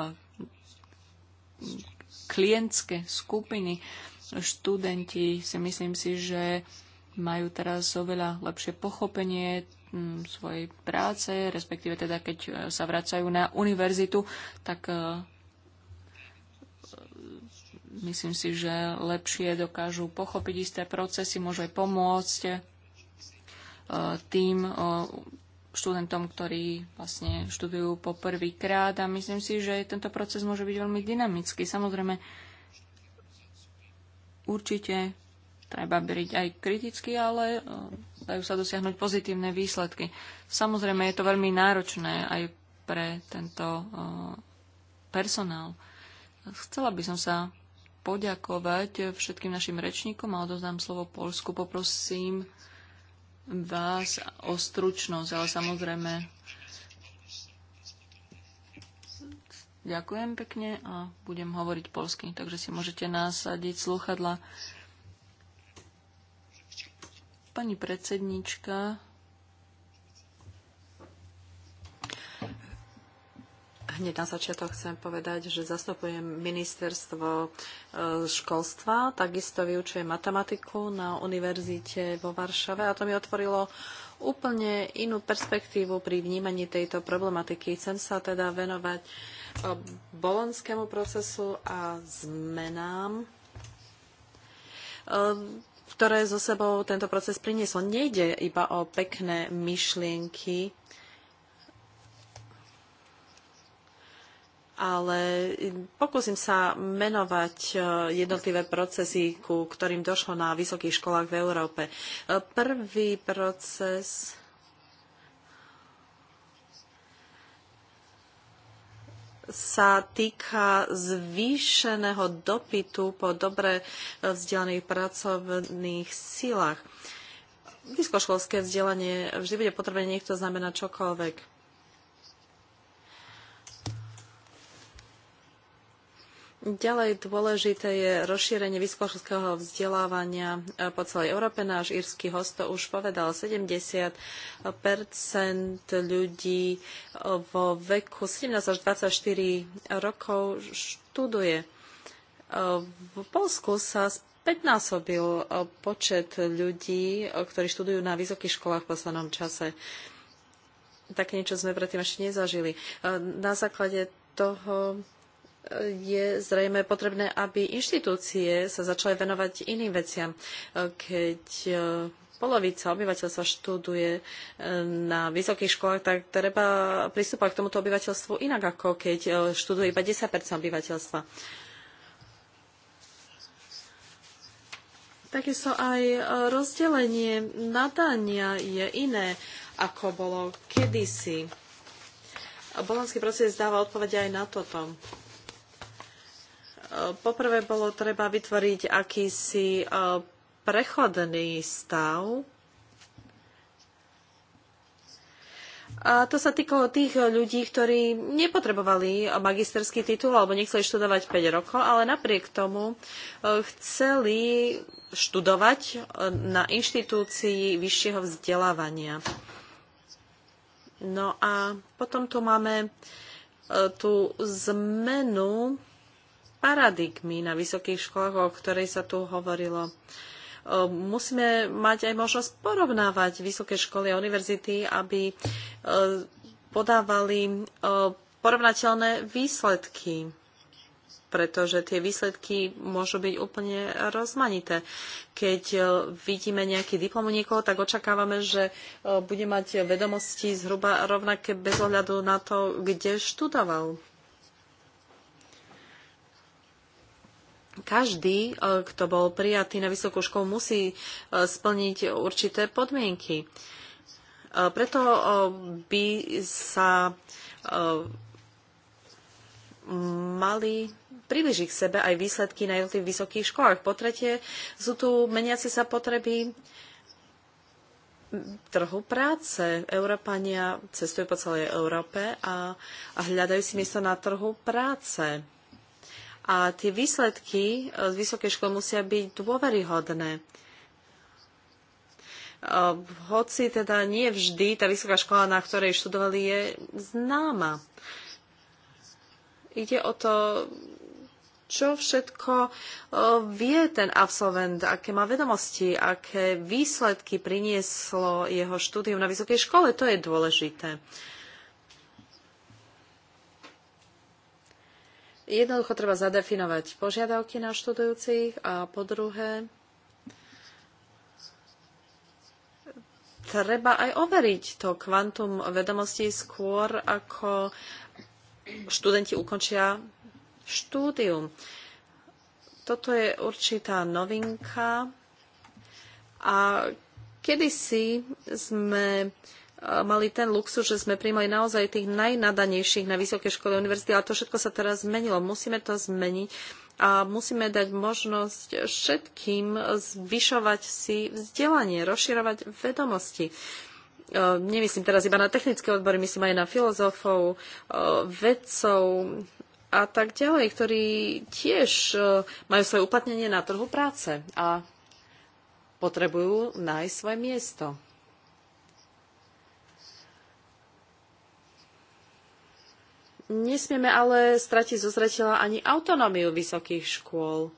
klientské skupiny. Študenti si myslím si, že majú teraz oveľa lepšie pochopenie mm, svojej práce, respektíve teda keď e, sa vracajú na univerzitu, tak e, myslím si, že lepšie dokážu pochopiť isté procesy, môžu aj pomôcť e, tým študentom, ktorí vlastne študujú poprvýkrát a myslím si, že tento proces môže byť veľmi dynamický. Samozrejme, určite treba byť aj kriticky, ale eh, dajú sa dosiahnuť pozitívne výsledky. Samozrejme, je to veľmi náročné aj pre tento eh, personál. Chcela by som sa poďakovať eh, všetkým našim rečníkom a odozdám slovo Polsku. Poprosím vás o stručnosť, ale samozrejme ďakujem pekne a budem hovoriť polsky, takže si môžete nasadiť slúchadla. Pani predsednička, Hneď na začiatok chcem povedať, že zastupujem ministerstvo e, školstva, takisto vyučujem matematiku na univerzite vo Varšave a to mi otvorilo úplne inú perspektívu pri vnímaní tejto problematiky. Chcem sa teda venovať e, bolonskému procesu a zmenám e, ktoré zo sebou tento proces priniesol. Nejde iba o pekné myšlienky, ale e, pokúsim sa menovať e, jednotlivé procesy, ku ktorým došlo na vysokých školách v Európe. E, prvý proces sa týka zvýšeného dopytu po dobre vzdelaných pracovných silách. Vyskoškolské vzdelanie vždy bude potrebné, nech to znamená čokoľvek Ďalej dôležité je rozšírenie vysokoškolského vzdelávania e, po celej Európe. Náš írsky host to už povedal, 70 ľudí e, vo veku 17 až 24 rokov študuje. E, v Polsku sa spätnásobil počet ľudí, ktorí študujú na vysokých školách v poslednom čase. Také niečo sme predtým ešte nezažili. Na základe toho je zrejme potrebné, aby inštitúcie sa začali venovať iným veciam. Keď e, polovica obyvateľstva študuje e, na vysokých školách, tak treba pristúpať k tomuto obyvateľstvu inak, ako keď e, študuje iba 10 obyvateľstva. Takisto aj rozdelenie nadania je iné, ako bolo kedysi. Bolonský proces dáva odpovede aj na toto. Poprvé bolo treba vytvoriť akýsi e, prechodný stav. A to sa týkalo tých ľudí, ktorí nepotrebovali magisterský titul alebo nechceli študovať 5 rokov, ale napriek tomu e, chceli študovať e, na inštitúcii vyššieho vzdelávania. No a potom tu máme tú zmenu paradigmy na vysokých školách, o ktorej sa tu hovorilo. Ehm, musíme mať aj možnosť porovnávať vysoké školy a univerzity, aby ehm, podávali ehm, porovnateľné výsledky pretože tie výsledky môžu byť úplne rozmanité. Keď vidíme nejaký diplom u niekoho, tak očakávame, že bude mať vedomosti zhruba rovnaké bez ohľadu na to, kde študoval. každý, e, kto bol prijatý na vysokú školu, musí e, splniť určité podmienky. E, preto by sa mali približiť k sebe aj výsledky na jednotlivých vysokých školách. Po tretie, sú tu meniace sa potreby trhu práce. Európania cestujú po celej Európe a, a hľadajú si miesto na trhu práce a tie výsledky e, z vysokej školy musia byť dôveryhodné. E, hoci teda nie vždy tá vysoká škola, na ktorej študovali, je známa. Ide o to, čo všetko e, vie ten absolvent, aké má vedomosti, aké výsledky prinieslo jeho štúdium na vysokej škole. To je dôležité. Jednoducho treba zadefinovať požiadavky na študujúcich a po druhé treba aj overiť to kvantum vedomostí skôr, ako študenti ukončia štúdium. Toto je určitá novinka a kedysi sme mali ten luxus, že sme príjmali naozaj tých najnadanejších na vysoké školy univerzity, ale to všetko sa teraz zmenilo. Musíme to zmeniť a musíme dať možnosť všetkým zvyšovať si vzdelanie, rozširovať vedomosti. E, nemyslím teraz iba na technické odbory, myslím aj na filozofov, e, vedcov a tak ďalej, ktorí tiež e, majú svoje uplatnenie na trhu práce a potrebujú nájsť svoje miesto. Nesmieme ale stratiť zo zretela ani autonómiu vysokých škôl.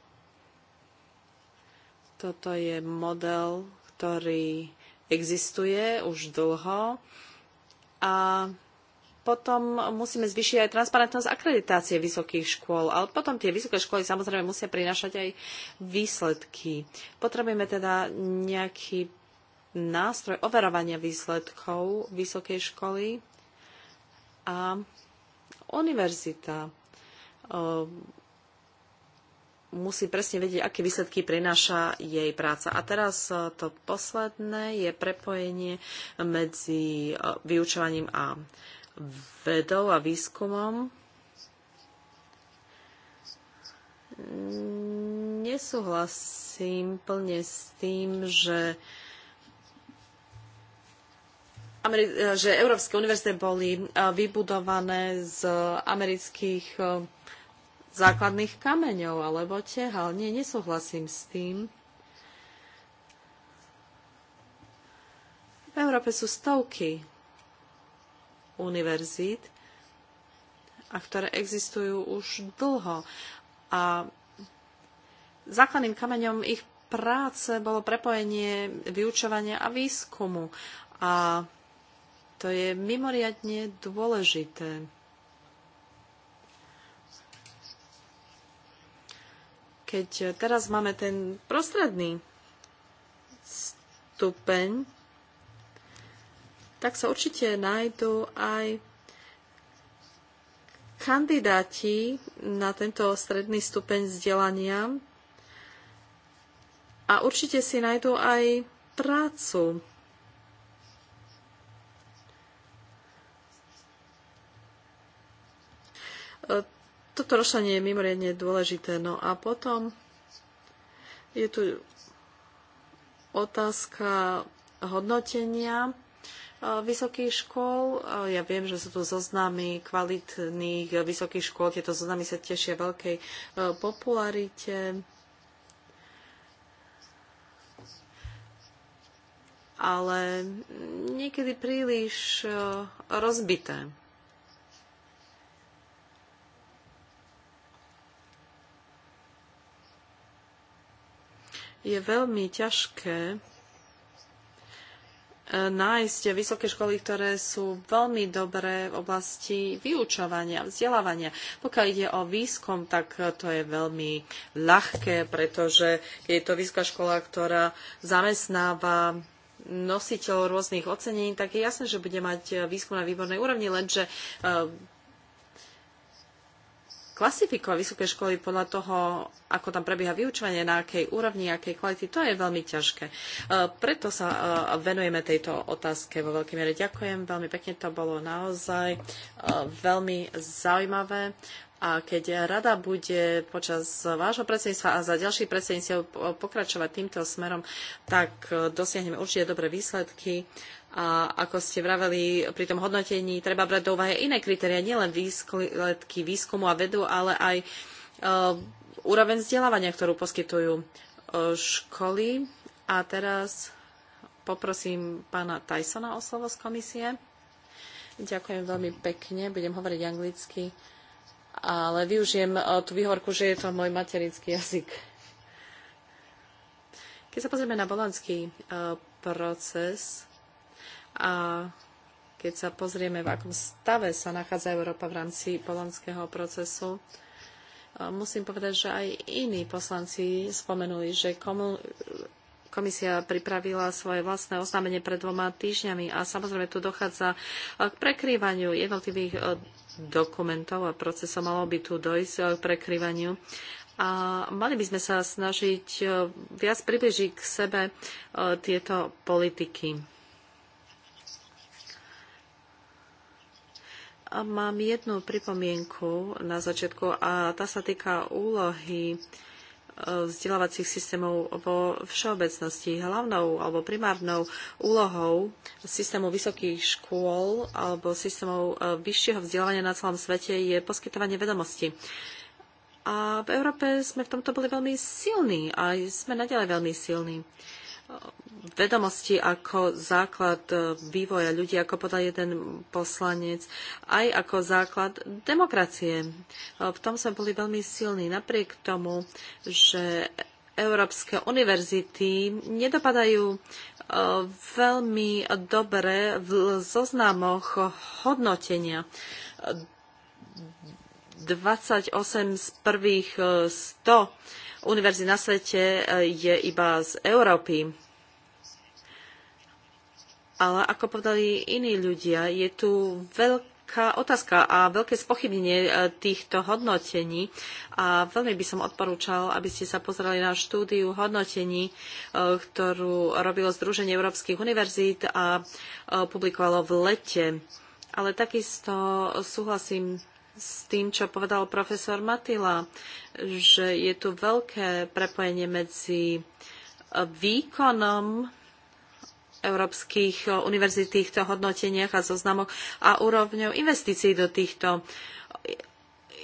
Toto je model, ktorý existuje už dlho a potom musíme zvyšiť aj transparentnosť akreditácie vysokých škôl, ale potom tie vysoké školy samozrejme musia prinašať aj výsledky. Potrebujeme teda nejaký nástroj overovania výsledkov vysokej školy a Univerzita eh, musí presne vedieť, aké výsledky prináša jej práca. A teraz eh, to posledné je prepojenie medzi eh, vyučovaním a vedou a výskumom. Nesúhlasím plne s tým, že uh, E, že európske univerzity boli e, vybudované z amerických e, základných kameňov alebo tehal. Nie, nesúhlasím s tým. V Európe sú stovky univerzít, a ktoré existujú už dlho. A základným kameňom ich práce bolo prepojenie vyučovania a výskumu. A to je mimoriadne dôležité. Keď teraz máme ten prostredný stupeň, tak sa určite nájdú aj kandidáti na tento stredný stupeň vzdelania a určite si nájdú aj prácu. toto rozšanie je mimoriadne dôležité. No a potom je tu otázka hodnotenia eh, vysokých škôl. Eh, ja viem, že sú tu zoznamy kvalitných eh, vysokých škôl. Tieto zoznamy sa tešia veľkej popularite. ale niekedy príliš rozbité. je veľmi ťažké eh, nájsť vysoké školy, ktoré sú veľmi dobré v oblasti vyučovania, vzdelávania. Pokiaľ ide o výskum, tak eh, to je veľmi ľahké, pretože je to vysoká škola, ktorá zamestnáva nositeľov rôznych ocenení, tak je jasné, že bude mať eh, výskum na výbornej úrovni, lenže klasifikovať vysoké školy podľa toho, ako tam prebieha vyučovanie, na akej úrovni, akej kvality, to je veľmi ťažké. E, preto sa e, venujeme tejto otázke vo veľkej miere. Ďakujem veľmi pekne, to bolo naozaj e, veľmi zaujímavé. A keď rada bude počas vášho predsedníctva a za ďalších predsedníctiev pokračovať týmto smerom, tak e, dosiahneme určite dobré výsledky. A ako ste vraveli, pri tom hodnotení treba brať do úvahy iné kritéria, nielen výsledky výskumu a vedu, ale aj e, úroveň vzdelávania, ktorú poskytujú e, školy. A teraz poprosím pána Tysona o slovo z komisie. Ďakujem veľmi pekne, budem hovoriť anglicky. Uh, ale využijem eh, tú výhorku, že je to môj materinský jazyk. Keď sa pozrieme na bolonský eh, proces a keď sa pozrieme, v akom stave sa nachádza Európa v rámci bolonského procesu, eh, musím povedať, že aj iní poslanci spomenuli, že komu, komisia pripravila svoje vlastné oznámenie pred dvoma týždňami a samozrejme tu dochádza k prekrývaniu jednotlivých dokumentov a procesov. Malo by tu dojsť k prekryvaniu. A mali by sme sa snažiť e, viac približiť k sebe e, tieto politiky. A mám jednu pripomienku na začiatku a tá sa týka úlohy vzdelávacích systémov vo všeobecnosti. Hlavnou alebo primárnou úlohou systému vysokých škôl alebo systémov e, vyššieho vzdelávania na celom svete je poskytovanie vedomostí. A v Európe sme v tomto boli veľmi silní a sme naďalej veľmi silní vedomosti ako základ e, vývoja ľudí, ako podal jeden poslanec, aj ako základ demokracie. E, v tom sme boli veľmi silní, napriek tomu, že európske univerzity nedopadajú e, veľmi dobre v zoznamoch hodnotenia. 28 z prvých 100 univerzí na svete je iba z Európy ale ako povedali iní ľudia, je tu veľká otázka a veľké spochybnenie e, týchto hodnotení. A veľmi by som odporúčal, aby ste sa pozreli na štúdiu hodnotení, e, ktorú robilo Združenie Európskych univerzít a e, publikovalo v lete. Ale takisto súhlasím s tým, čo povedal profesor Matila, že je tu veľké prepojenie medzi výkonom európskych e, univerzít týchto hodnoteniach a zoznamoch a úrovňou investícií do týchto e,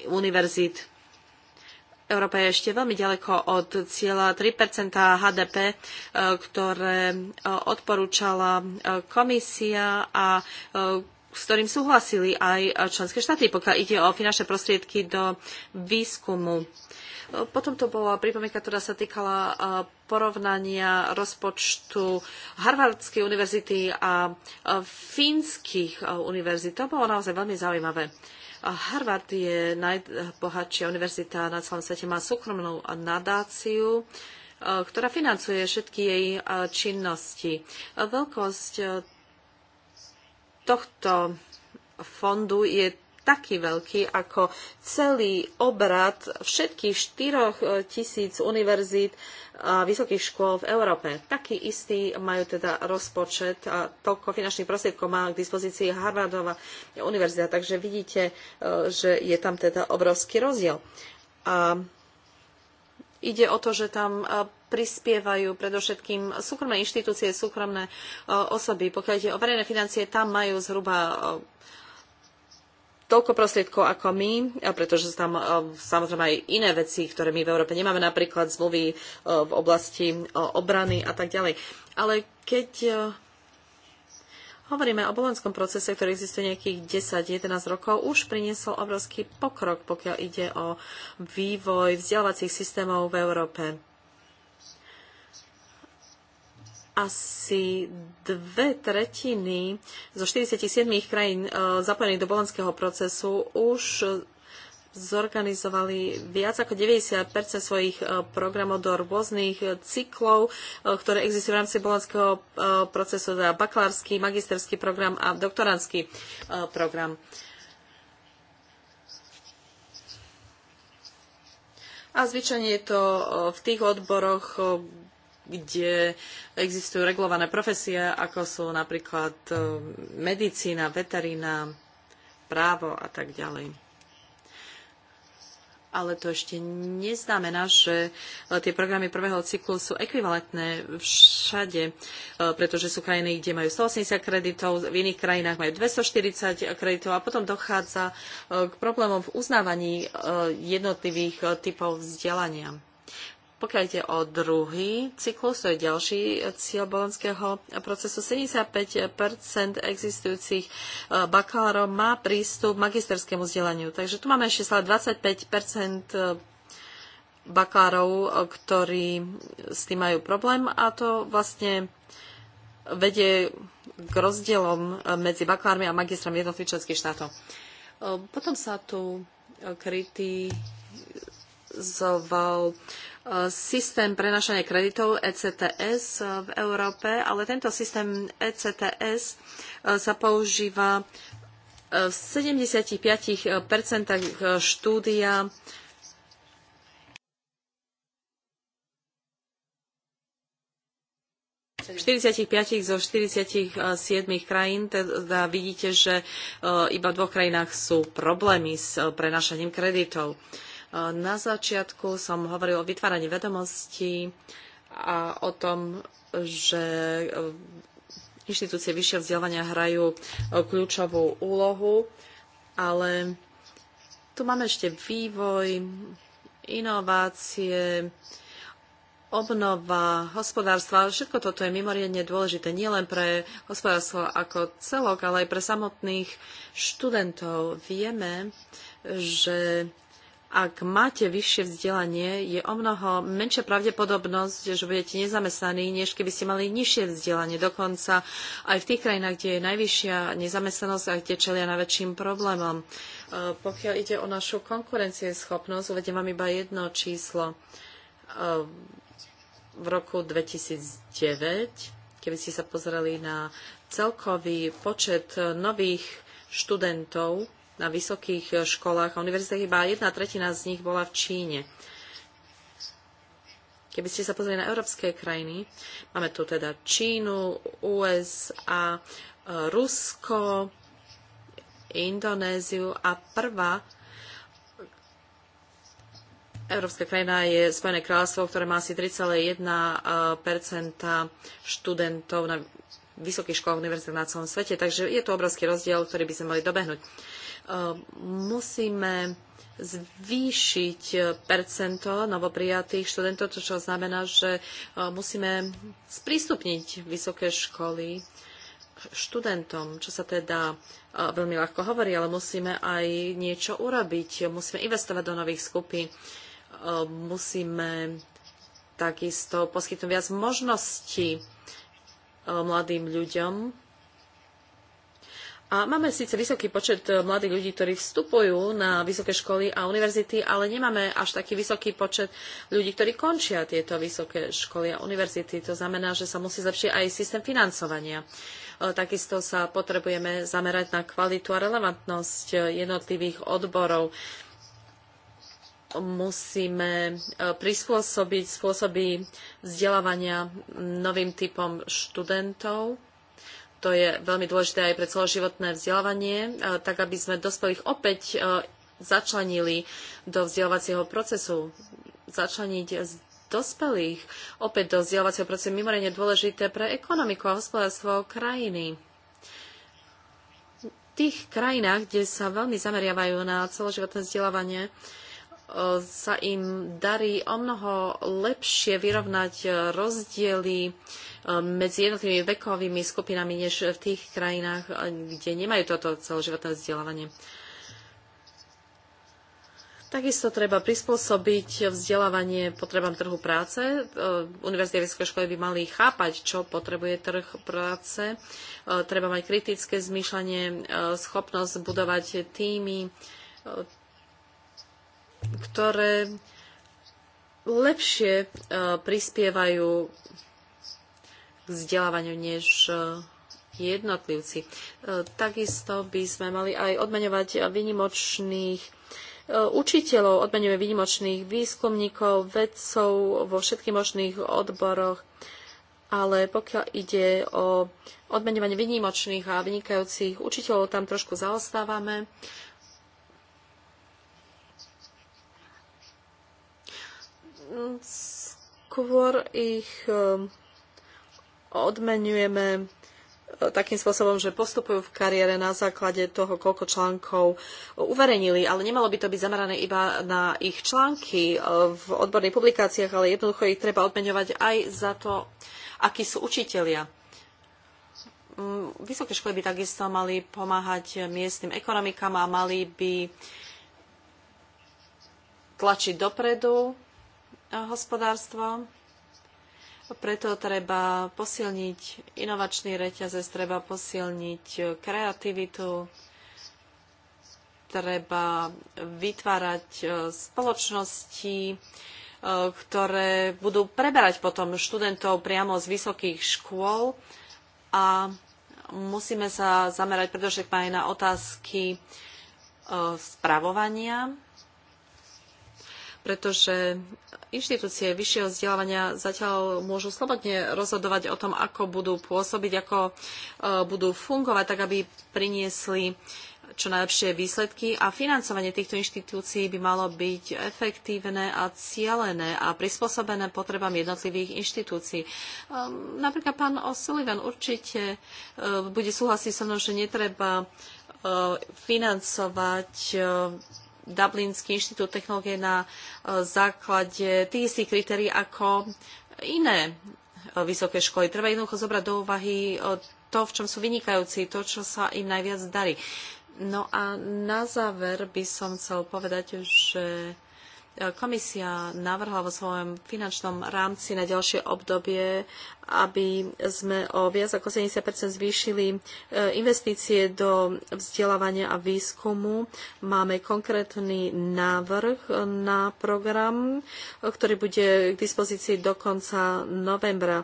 univerzít. Európa je ešte veľmi ďaleko od cieľa 3 HDP, e, ktoré odporúčala komisia a s ktorým súhlasili aj členské štáty, pokiaľ ide o finančné prostriedky do výskumu. Potom to bola pripomienka, ktorá sa týkala porovnania rozpočtu Harvardskej univerzity a fínskych univerzit. To bolo naozaj veľmi zaujímavé. Harvard je najbohatšia univerzita na celom svete, má súkromnú nadáciu, ktorá financuje všetky jej činnosti. Veľkosť tohto fondu je taký veľký ako celý obrad všetkých 4 e, tisíc univerzít a vysokých škôl v Európe. Taký istý majú teda rozpočet a toľko finančných prostriedkov má k dispozícii Harvardova univerzita. Takže vidíte, e, že je tam teda obrovský rozdiel. A ide o to, že tam e, prispievajú predovšetkým súkromné inštitúcie, súkromné osoby. Pokiaľ ide o verejné financie, tam majú zhruba toľko prostriedkov ako my, pretože sú tam e, samozrejme aj iné veci, ktoré my v Európe nemáme, napríklad zmluvy e, v oblasti e, obrany a tak ďalej. Ale keď hovoríme o bolonskom procese, ktorý existuje nejakých 10-11 rokov, už priniesol obrovský pokrok, pokiaľ ide o vývoj vzdelávacích systémov v Európe asi dve tretiny zo 47 krajín e, zapojených do bolenského procesu už zorganizovali viac ako 90 svojich e, programov do rôznych e, cyklov, ktoré existujú v rámci bolenského procesu, teda bakalársky, magisterský program a doktorantský program. A zvyčajne je to v tých odboroch, kde existujú regulované profesie, ako sú napríklad e, medicína, veterína, právo a tak ďalej. Ale to ešte neznamená, že e, tie programy prvého cyklu sú ekvivalentné všade, e, pretože sú krajiny, kde majú 180 kreditov, v iných krajinách majú 240 kreditov a potom dochádza k problémom v uznávaní jednotlivých typov vzdelania pokiaľ ide o druhý cyklus, to je ďalší cieľ bolonského procesu, 75 existujúcich e, bakalárov má prístup k magisterskému vzdelaniu. Takže tu máme ešte stále 25 e, bakárov, e, ktorí s tým majú problém a to vlastne vedie k rozdielom medzi bakalármi a magistrami jednotlivých členských štátov. Potom sa tu kritizoval systém prenašania kreditov ECTS eh, v Európe, ale tento systém ECTS eh, sa používa eh, v 75% štúdia v 45 zo 47 krajín, teda vidíte, že iba v dvoch krajinách sú problémy s prenašaním kreditov. Na začiatku som hovoril o vytváraní vedomostí a o tom, že e, inštitúcie vyššieho vzdelávania hrajú e, kľúčovú úlohu, ale tu máme ešte vývoj, inovácie, obnova hospodárstva. Všetko toto je mimoriadne dôležité nielen pre hospodárstvo ako celok, ale aj pre samotných študentov. Vieme, že ak máte vyššie vzdelanie, je o mnoho menšia pravdepodobnosť, že budete nezamestnaní, než keby ste mali nižšie vzdelanie. Dokonca aj v tých krajinách, kde je najvyššia nezamestnanosť a kde čelia najväčším problémom. E, pokiaľ ide o našu konkurencieschopnosť, uvediem vám iba jedno číslo. E, v roku 2009, keby ste sa pozreli na celkový počet nových študentov, na vysokých e, školách a univerzitách, iba jedna tretina z nich bola v Číne. Keby ste sa pozreli na európske krajiny, máme tu teda Čínu, USA, e, Rusko, Indonéziu a prvá Európska krajina je Spojené kráľovstvo, ktoré má asi 3,1 študentov na vysokých školách univerzitách na celom svete, takže je tu obrovský rozdiel, ktorý by sme mali dobehnúť musíme zvýšiť percento novoprijatých študentov, čo znamená, že e, musíme sprístupniť vysoké školy študentom, čo sa teda e, veľmi ľahko hovorí, ale musíme aj niečo urobiť. Musíme investovať do nových skupín. E, musíme takisto poskytnúť viac možností mladým ľuďom, a máme síce vysoký počet e, mladých ľudí, ktorí vstupujú na vysoké školy a univerzity, ale nemáme až taký vysoký počet ľudí, ktorí končia tieto vysoké školy a univerzity. To znamená, že sa musí zlepšiť aj systém financovania. E, takisto sa potrebujeme zamerať na kvalitu a relevantnosť e, jednotlivých odborov. Musíme prispôsobiť spôsoby vzdelávania novým typom študentov to je veľmi dôležité aj pre celoživotné vzdelávanie, e, tak aby sme dospelých opäť e, začlenili do vzdelávacieho procesu. Začleniť dospelých opäť do vzdelávacieho procesu je mimoriadne dôležité pre ekonomiku a hospodárstvo krajiny. V tých krajinách, kde sa veľmi zameriavajú na celoživotné vzdelávanie, sa im darí o mnoho lepšie vyrovnať rozdiely e, medzi jednotlivými vekovými skupinami než v tých krajinách, e, kde nemajú toto celoživotné vzdelávanie. Takisto treba prispôsobiť vzdelávanie potrebám trhu práce. E, univerzity a vysoké školy by mali chápať, čo potrebuje trh práce. Treba mať kritické zmýšľanie, schopnosť budovať týmy, ktoré lepšie e, prispievajú k vzdelávaniu než e, jednotlivci. E, takisto by sme mali aj odmeňovať vynimočných učiteľov, odmeňujeme výnimočných výskumníkov, vedcov vo všetkých možných odboroch, ale pokiaľ ide o odmeňovanie výnimočných a vynikajúcich učiteľov, tam trošku zaostávame. Skôr ich ehm, odmenujeme e, takým spôsobom, že postupujú v kariére na základe toho, koľko článkov e, uverejnili, ale nemalo by to byť zamerané iba na ich články e, v odborných publikáciách, ale jednoducho ich treba odmeňovať aj za to, akí sú učitelia. Mm, vysoké školy by takisto mali pomáhať miestnym ekonomikám a mali by tlačiť dopredu hospodárstvo. Preto treba posilniť inovačný reťazec, treba posilniť kreativitu, treba vytvárať e, spoločnosti, e, ktoré budú preberať potom študentov priamo z vysokých škôl a musíme sa zamerať predovšetkým aj na otázky e, spravovania pretože inštitúcie vyššieho vzdelávania zatiaľ môžu slobodne rozhodovať o tom, ako budú pôsobiť, ako e, budú fungovať, tak aby priniesli čo najlepšie výsledky a financovanie týchto inštitúcií by malo byť efektívne a cielené a prispôsobené potrebám jednotlivých inštitúcií. Ehm, napríklad pán O'Sullivan určite e, bude súhlasiť so mnou, že netreba e, financovať Dublinský inštitút technológie na e, základe tých istých kritérií ako iné e, vysoké školy. Treba jednoducho zobrať do úvahy e, to, v čom sú vynikajúci, to, čo sa im najviac darí. No a na záver by som chcel povedať, že Komisia navrhla vo svojom finančnom rámci na ďalšie obdobie, aby sme o viac ako 70 zvýšili e, investície do vzdelávania a výskumu. Máme konkrétny návrh na program, ktorý bude k dispozícii do konca novembra.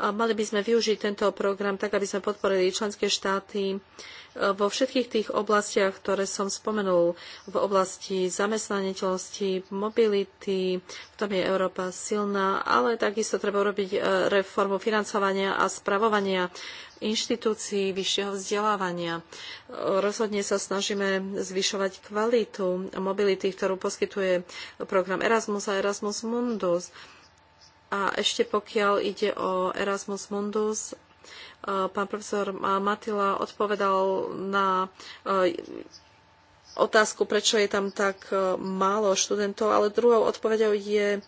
Mali by sme využiť tento program tak, aby sme podporili členské štáty e, vo všetkých tých oblastiach, ktoré som spomenul, v oblasti zamestnaniteľnosti, mobility, v tom je Európa silná, ale takisto treba urobiť e, reformu financovania a spravovania inštitúcií vyššieho vzdelávania. E, rozhodne sa snažíme zvyšovať kvalitu mobility, ktorú poskytuje program Erasmus a Erasmus Mundus a ešte pokiaľ ide o Erasmus Mundus, e, pán profesor Matila odpovedal na e, otázku, prečo je tam tak e, málo študentov, ale druhou odpovedou je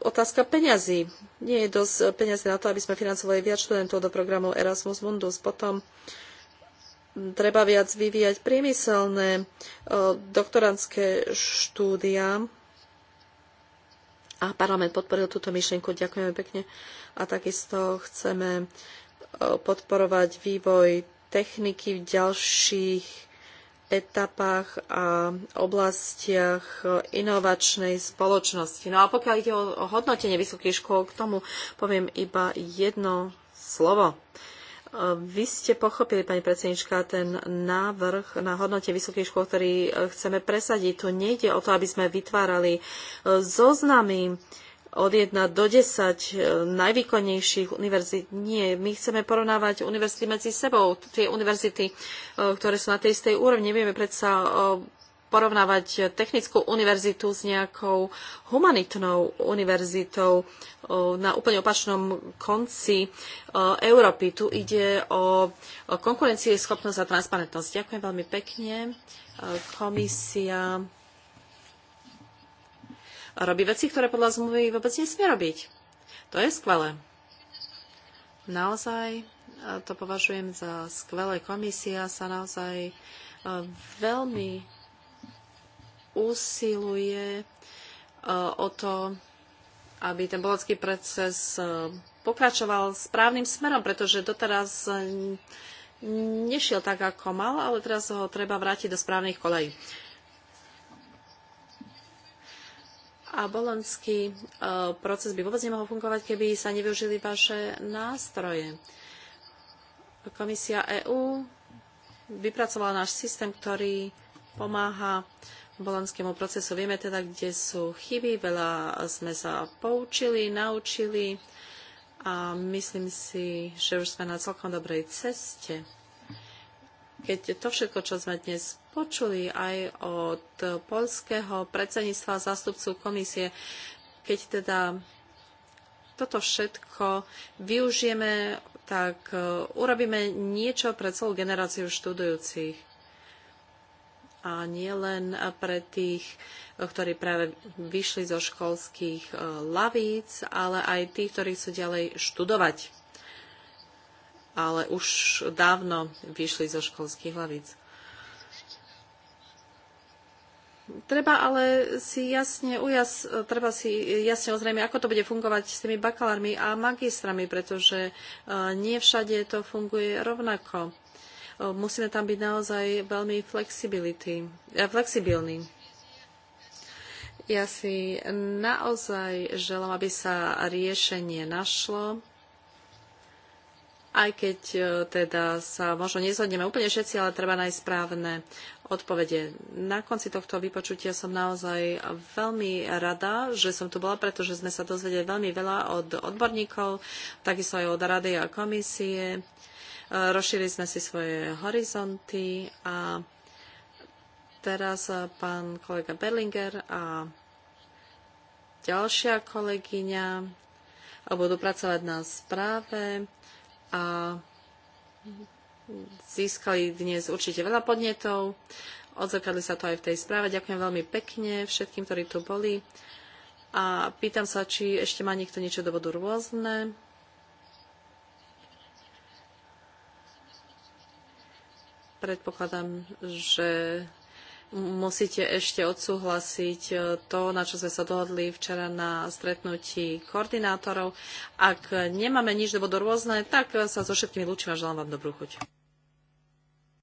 otázka peňazí. Nie je dosť peňazí na to, aby sme financovali viac študentov do programu Erasmus Mundus. Potom treba viac vyvíjať priemyselné doktorantské štúdia a parlament podporil túto myšlienku. Ďakujeme pekne. A takisto chceme e, podporovať vývoj techniky v ďalších etapách a oblastiach e, inovačnej spoločnosti. No a pokiaľ ide o hodnotenie vysokých škôl, k tomu poviem iba jedno slovo. Vy ste pochopili, pani predsednička, ten návrh na hodnote vysokých škôl, ktorý e, chceme presadiť. Tu nejde o to, aby sme vytvárali e, zoznamy od 1 do 10 e, najvýkonnejších univerzít. Nie, my chceme porovnávať univerzity medzi sebou. Tie univerzity, ktoré sú na tej istej úrovni, nevieme predsa porovnávať technickú univerzitu s nejakou humanitnou univerzitou na úplne opačnom konci Európy. Tu ide o konkurencie, schopnosť a transparentnosť. Ďakujem veľmi pekne. Komisia robí veci, ktoré podľa zmluvy vôbec nesmie robiť. To je skvelé. Naozaj to považujem za skvelé. Komisia sa naozaj veľmi usiluje e, o to, aby ten bolocký proces e, pokračoval správnym smerom, pretože doteraz e, nešiel tak, ako mal, ale teraz ho treba vrátiť do správnych kolejí. A bolonský proces by vôbec nemohol fungovať, keby sa nevyužili vaše nástroje. Komisia EÚ vypracovala náš systém, ktorý pomáha uh, bolonskému procesu. Vieme teda, kde sú chyby, veľa sme sa poučili, naučili a myslím si, že už sme na celkom dobrej ceste. Keď to všetko, čo sme dnes počuli aj od polského predsedníctva zástupcu komisie, keď teda toto všetko využijeme, tak e, urobíme niečo pre celú generáciu študujúcich a nie len pre tých, ktorí práve vyšli zo školských e, lavíc, ale aj tých, ktorí sú ďalej študovať, ale už dávno vyšli zo školských lavíc. Treba ale si jasne ujas, treba si jasne ozrejme, ako to bude fungovať s tými bakalármi a magistrami, pretože e, nie všade to funguje rovnako. Musíme tam byť naozaj veľmi eh, flexibilní. Ja si naozaj želám, aby sa riešenie našlo, aj keď eh, teda sa možno nezhodneme úplne všetci, ale treba nájsť správne odpovede. Na konci tohto vypočutia som naozaj veľmi rada, že som tu bola, pretože sme sa dozvedeli veľmi veľa od odborníkov, takisto aj od rady a komisie Rozšírili sme si svoje horizonty a teraz eh, pán kolega Berlinger a ďalšia kolegyňa eh, budú pracovať na správe a získali dnes určite veľa podnetov. Odzrkadli sa to aj v tej správe. Ďakujem veľmi pekne všetkým, ktorí tu boli. A pýtam sa, či ešte má niekto niečo do bodu rôzne. Predpokladám, že musíte ešte odsúhlasiť e, to, na čo sme sa dohodli včera na stretnutí koordinátorov. Ak nemáme nič do rôzne, tak sa so všetkými lúčim a želám vám dobrú chuť.